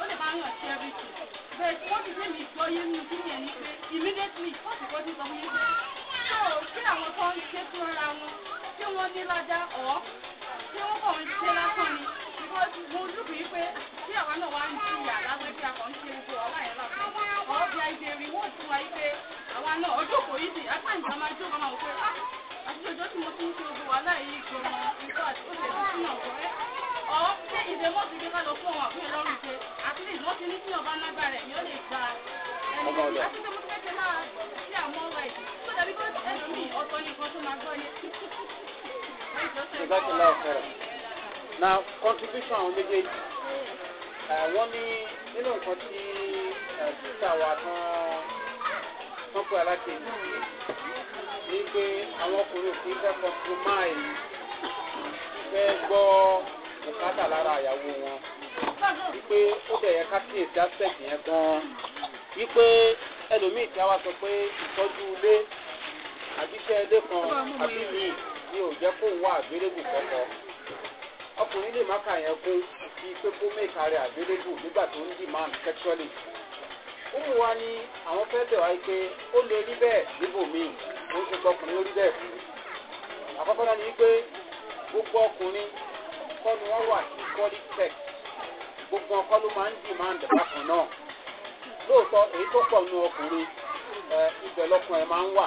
[SPEAKER 2] ó lè máa ń yàn everything but wọ́n ti dé mi gbọ́ yé mi kí yẹn ni pé immediately wọ́n ti gbọ́dọ̀ sọ fún so kí àwọn kan ń ṣe fún ara wọn tí wọ́n ní ládá ọ̀ tí wọ́n kàn ń ṣe lásán ni mo lùkù yí pé tí àwa náà wá ń ṣe ìyà lásán kí a kàn ń ṣe gbogbo àwa yẹn lásán ọ̀ bí a ṣe rí wọ́n ti wá yí pé àwa náà ọjọ́ kò yí sí àti àǹtí máa jókòó máa wò pé ah, àti ọjọ́ tí mo ti ń ṣe gbogbo wàhálà yìí gan-an in ṣe é sí náà ọ̀ ṣé ìdè mọ́ ti gbé ká lọ fún ọmọ àbúrò lọ́rùn ṣe àti lè wọ́n ti ní tí ọba lágbára rẹ̀ yóò lè gba ẹni àti pé mo ti fẹ́ máa ṣe àmọ́ rẹ̀ tó dàbí kó ẹlòmíì ọ̀tọ̀ nìkan tó máa gbọ́ yẹn. ìgbàgbọ́ náà fẹ́ràn
[SPEAKER 1] now contribution àwọn méjèèjì wọ́n ní nínú nǹkan tí títà wa tán tán pé alákejì ní pé àwọn ọkùnrin òfin fẹ́ compromise fẹ́ gbọ́ bùkátà lára àyàwó wọn wípé ó dẹ̀ yẹ ká kíyèsí aspect yẹn gan-an wípé ẹlòmíì tí a wá sọ pé ìtọ́jú ilé àbíṣẹ́ ilé kan àbí mi ni ò jẹ́ kó wá àgbélébù kọ̀ọ̀kan ọkùnrin lè má kà yẹn kún kí pé kó mẹ́ka rẹ̀ àgbélébù nígbà tó ń dì máa ń sexually ó mú wa ní àwọn fẹ́ bẹ̀ wá pé ó lè rí bẹ́ẹ̀ níbòmíì ó ti gbọkùnrin ó rí bẹ́ẹ̀ fún un àkọ́kọ́ náà ni wípé gbogbo ọkùnrin kọ́ ni wọ́n wà ní quality sex gbogbo ọkọ ló máa ń demand bákan náà lóòótọ́ èyí tó pọ̀ nu ọkùnrin ibẹ̀ lọkùnrin máa ń wà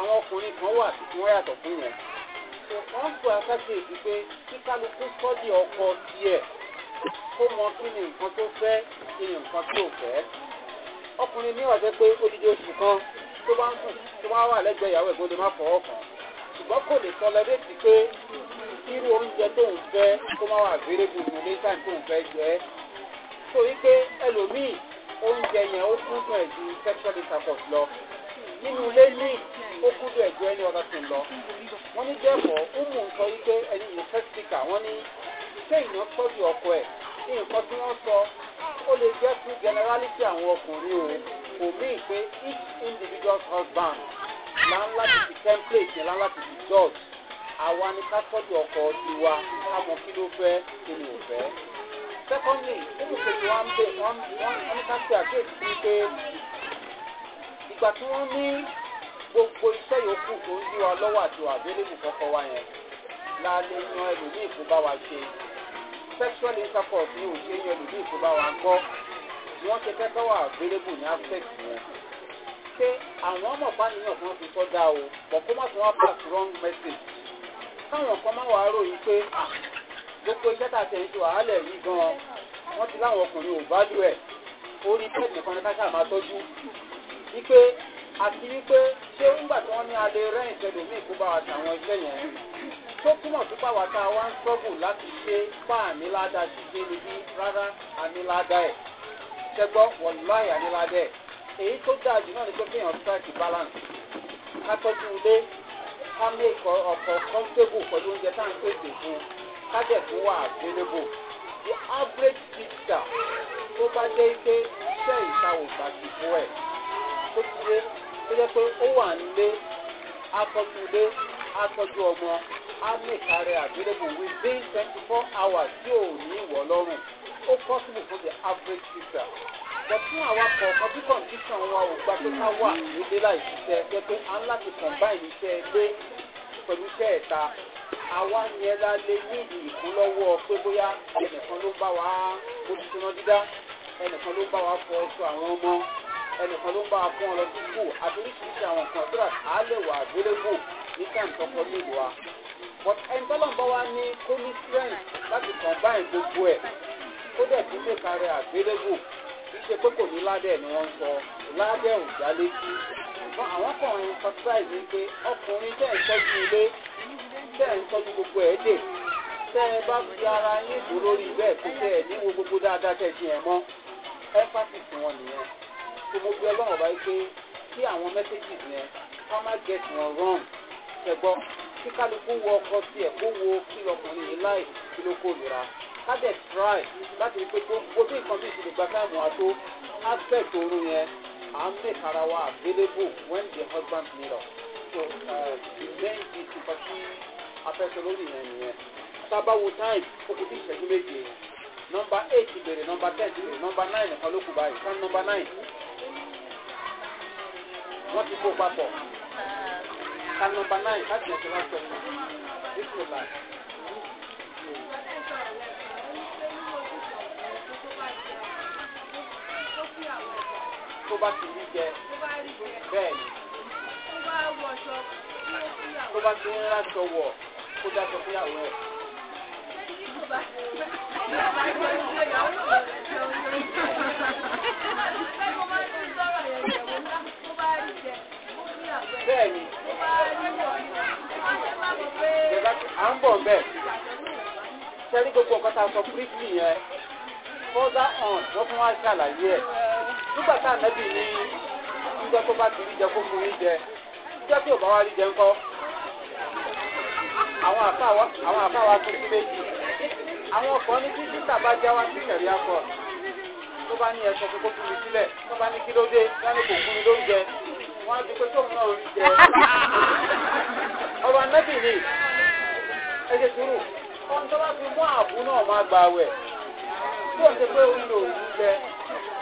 [SPEAKER 1] àwọn ọkùnrin kan wà tí wọ́n yàtọ̀ fún yẹn wọ́n sọ akáṣe èdè pé kí kálukú sọ́dí ọkọ tiẹ̀ kó mọ kí ni nǹkan tó fẹ́ kí ni nǹkan tó fẹ́ ọkùnrin ní ọ̀sẹ̀ pé odidi oṣù kan tó bá ń sùn tó bá wà lẹ́gbẹ̀ẹ́ ìyàwó ẹ̀gbọ́n lè má kí irú oúnjẹ tóun fẹ́ kó má wà béèrè gbogbo ní táìmù tóun fẹ́ jẹ́ so wípé ẹlòmíì oúnjẹ yẹn ó kún fún ẹ̀jú sexual intercourse lọ nínú ilé ní ó kún fún ẹ̀jú ẹni ọ̀dọ́ tó lọ wọ́n ní jẹ́fọ̀ ó mú un wípé ẹni ìlú fẹ́sítíkà wọ́n ní ṣé ìyàn tọ́jú ọkọ ẹ̀ ní nǹkan tí wọ́n sọ ó lè jẹ́ fún generality àwọn ọkùnrin o kò mí pé each individual husband là ń láti fi template yẹn là ń fi judge àwa ni ká tọ́jú ọkọ̀ tiwa ká mọ kí ló fẹ́ kí ni ò fẹ́. secondly nínú kejì wọn bẹ wọn ní ká ṣe àkíyèsí sí pé ìgbà tí wọ́n ní gbogbo iṣẹ́ yòókù tó ń yí wa lọ́wọ́ àti àbẹ́lẹ́mù kọ́kọ́ wa yẹn la lè yan ẹlòmíì tó bá wa ṣe sexual intercourse ni òṣèré yan ẹlòmíì tó bá wa gbọ́ wọ́n ṣe fẹ́ kọ́ wa àbẹ́lẹ́mù ní aspect yẹn pé àwọn ọmọ bá níyàn fún wọn fi sọ́dá o but kó má tún wá pass wrong message káwọn kan má wàá ròyìn pé gbogbo iṣẹ́ tà tẹ̀ ń ṣe yìí gan-an wọ́n ti láwọn ọkùnrin ò bá lù ẹ̀ orí bẹ́ẹ̀ nìkan ni káṣá máa tọ́jú wípé àti wípé ṣé nígbà tí wọ́n ní alẹ́ rẹ́yìn tẹ̀lé mí kó bá wa tàwọn iṣẹ́ yẹn tó túmọ̀ sí pàwọ́ tá a wá ń sọ́gùn láti ṣe bá àmì ládàá ṣiṣẹ́ níbí rárá àmì ládàá ẹ̀ ṣẹgbọ́ wọ̀lúwàì àmì ládàá ẹ̀ èyí tó dáa jù náà ni pé kéèyàn strike balance ká ilé ká make ọkọ̀ comfortable pẹ̀lú oúnjẹ tá à ń pèsè fún kájẹ̀ tó wà available the average visitor, tó bá jẹ́ pé iṣẹ́ ìta ò gbà sí fún ẹ̀ tó ti dé tó jẹ́ pé ó wà nílé atọ́jú ilé ọmọ á make available within twenty four hours tí ò ní ìwọ̀ lọ́rùn ó possible for the average visitor bọ̀ fún àwa kọ̀ọ̀kan bí kọ̀ǹdíṣàn wa ò gba pé ká wà nílé láì ṣiṣẹ́ jẹ́ pé a ń láti kọ̀ǹbáìn iṣẹ́ ilé pẹ̀lú iṣẹ́ ẹ̀ta àwa yẹn la lè ní ìkúnlọ́wọ́ pé bóyá ẹnìkan ló bá wa ojúṣúná dídá ẹnìkan ló bá wa fọ ẹṣọ àwọn ọmọ ẹnìkan ló bá wa fún ọ lọ sí kù àbíríṣiríṣi àwọn nǹkan tó rà á lè wà àgbélébù ní kàǹtọ́kọ nílùú wa but ẹni tọ́lọ̀ ń bá wa ní kó ní strength láti kọ̀ǹbáìn gbogbo ẹ̀ kó dẹ̀ tún lè kárí àgbélébù ṣe pé kò ní ládẹ̀ ni wọ́n sọ ládẹ̀ ò já létí ṣùgbọ́n àwọn kan ń emphasize pé ọkùnrin tẹ̀ ń tọ́jú ilé tẹ̀ ń tọ́jú gbogbo ẹ̀ dè tẹ́ ẹ bá fi ara yín bò lórí bẹ́ẹ̀ tó tẹ́ ẹ níwo gbogbo dáadáa tẹ̀ fi ẹ̀ mọ́ emphasis wọn nìyẹn tó mo gbé ọlọ́run báyìí pé kí àwọn messages yẹn ká má get wọn wrong ṣẹgbọ́n kí kálukú wọ ọkọ tiẹ̀ kó wo kí ọkùnrin yìí láì kí ló kórìíra ká dẹ̀ try láti rí pé gbogbo bí nǹkan bíi ìṣèlú gbàgbàmù àtó aspect oorun yẹn à ń make ara wa available when the husband need us so ìlẹ́yìn uh, ti tìpa sí afẹ́sọ lórí yẹn nìyẹn sábà wo time ó kò bí ìṣẹ́jú méje nọmba eight bèrè nọmba ten bèrè nọmba nine nìkan ló kù báyìí kan nọmba nine
[SPEAKER 2] wọ́n ti kó papọ̀ kan nọmba nine láti ẹ̀sẹ̀ láti ẹ̀sẹ̀ bísí ọ̀la. tó bá ti rí jẹ bẹ́ẹ̀ ni tó bá ti ń ráṣọ wọ̀
[SPEAKER 1] kó dáṣọ fúyàwó ẹ̀.
[SPEAKER 2] Bẹ́ẹ̀ni, à ń bọ̀ bẹ́ẹ̀.
[SPEAKER 1] Sẹ́ni gbogbo ọ̀kọ́ta sọ pírífì yẹn, fọ́dà hàn wọ́n wa ṣàlàyé ẹ̀ nígbà tá ànábì ní níjọ́ tó bá ti rí jẹ kó fún yín jẹ níjọ́ tí ò bá wá rí jẹ ńkọ́ àwọn àfa wa tún sí méjì àwọn ọkọ̀ ní kí sísà bá já wá sí kẹ̀rí akọ tó bá ní ẹ̀sọ́ kókó fún mi sílẹ̀ tó bá ní kí ló dé lánàá kò fún mi lóúnjẹ
[SPEAKER 2] wọ́n á di pé tóun náà orí jẹ
[SPEAKER 1] ọ̀rọ̀ ànábì ni ẹ sùúrù ohun tó bá fi mú àbú náà máa gbà wẹ̀ tí òun ti pé òun lò ó jẹ.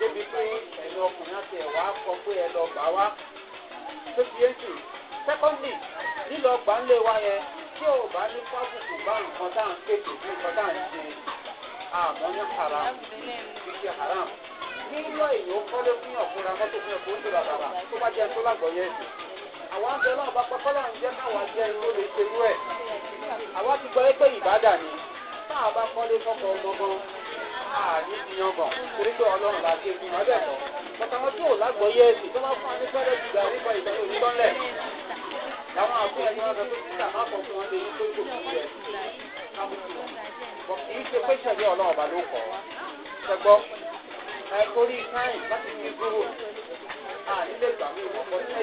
[SPEAKER 1] débi pé ẹ̀yin ọkùnrin àti ẹ̀wà kọ pé ẹ lọ gbà wá
[SPEAKER 2] tó lílọ
[SPEAKER 1] gbà ń lé wa yẹn tí ò bá ní fábùkù bá nǹkan tá à ń haram kì haram nílò èyí ó kọ́lé fún ọ̀fúnra mọ́tò fún ẹ̀kọ́ oúnjẹ bàbàrà tó bá jẹ́ tó àwọn àgbẹ̀ náà bá ń jẹ́ jẹ́ lè ṣerú ẹ̀ ni táà bá kọ́lé àní ìyàn mọ̀ torí pé ọlọ́run la ṣe fún ọdẹ mọ́ bàtà wọn tó lágbọ́yé ẹ̀sìn tó bá fún adé jùlọ nípa ìtọ́jú ìtọ́lẹ̀
[SPEAKER 2] làwọn àbúrò ẹni wọn sọ pé títà má fún wọn lè ní pé kò sí ẹ kì í ṣe pé ṣẹlẹ ọlọrun ọba ló kọ ọ ṣẹgbọ ẹ torí káyìn láti fi dúró à nílé ìgbà mi ò mọ̀ ẹ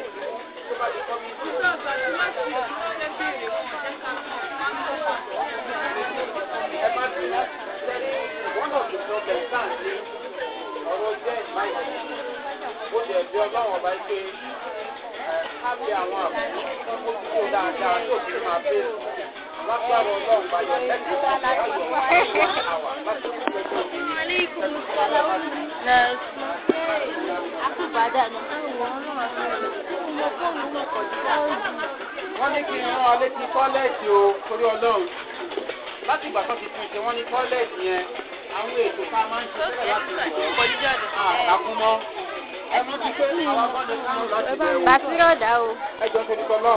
[SPEAKER 2] tó bá ti kọ́ mi sí. ẹ má bínú one of the problem tá à ń ṣe ọ̀rọ̀ jẹ́ ìmáyà ó jẹ́ ẹ̀bí ọlọ́run ọba ṣe káàbí àwọn àbúrò tó ti kó dáadáa tó ti máa bẹ̀rẹ̀ lágbára ọlọ́run bá yẹ lẹ́kọ̀ọ́ tó ti ayọ̀ wá àwà lásìkò tó ti wọ́n ní kí n rán ọ létí kọ́lẹ́ẹ̀jì o torí ọlọ́run
[SPEAKER 1] láti ìgbà tó ti tún ṣe wọ́n ní kọ́lẹ́ẹ̀jì yẹn àwọn ètò tá máa ń ṣe sílẹ̀ láti kọjá àkàkùn ah, mọ́.
[SPEAKER 2] ẹ bá ń rọ̀dà o. ẹ jọ ń tẹ̀lé kan
[SPEAKER 4] náà.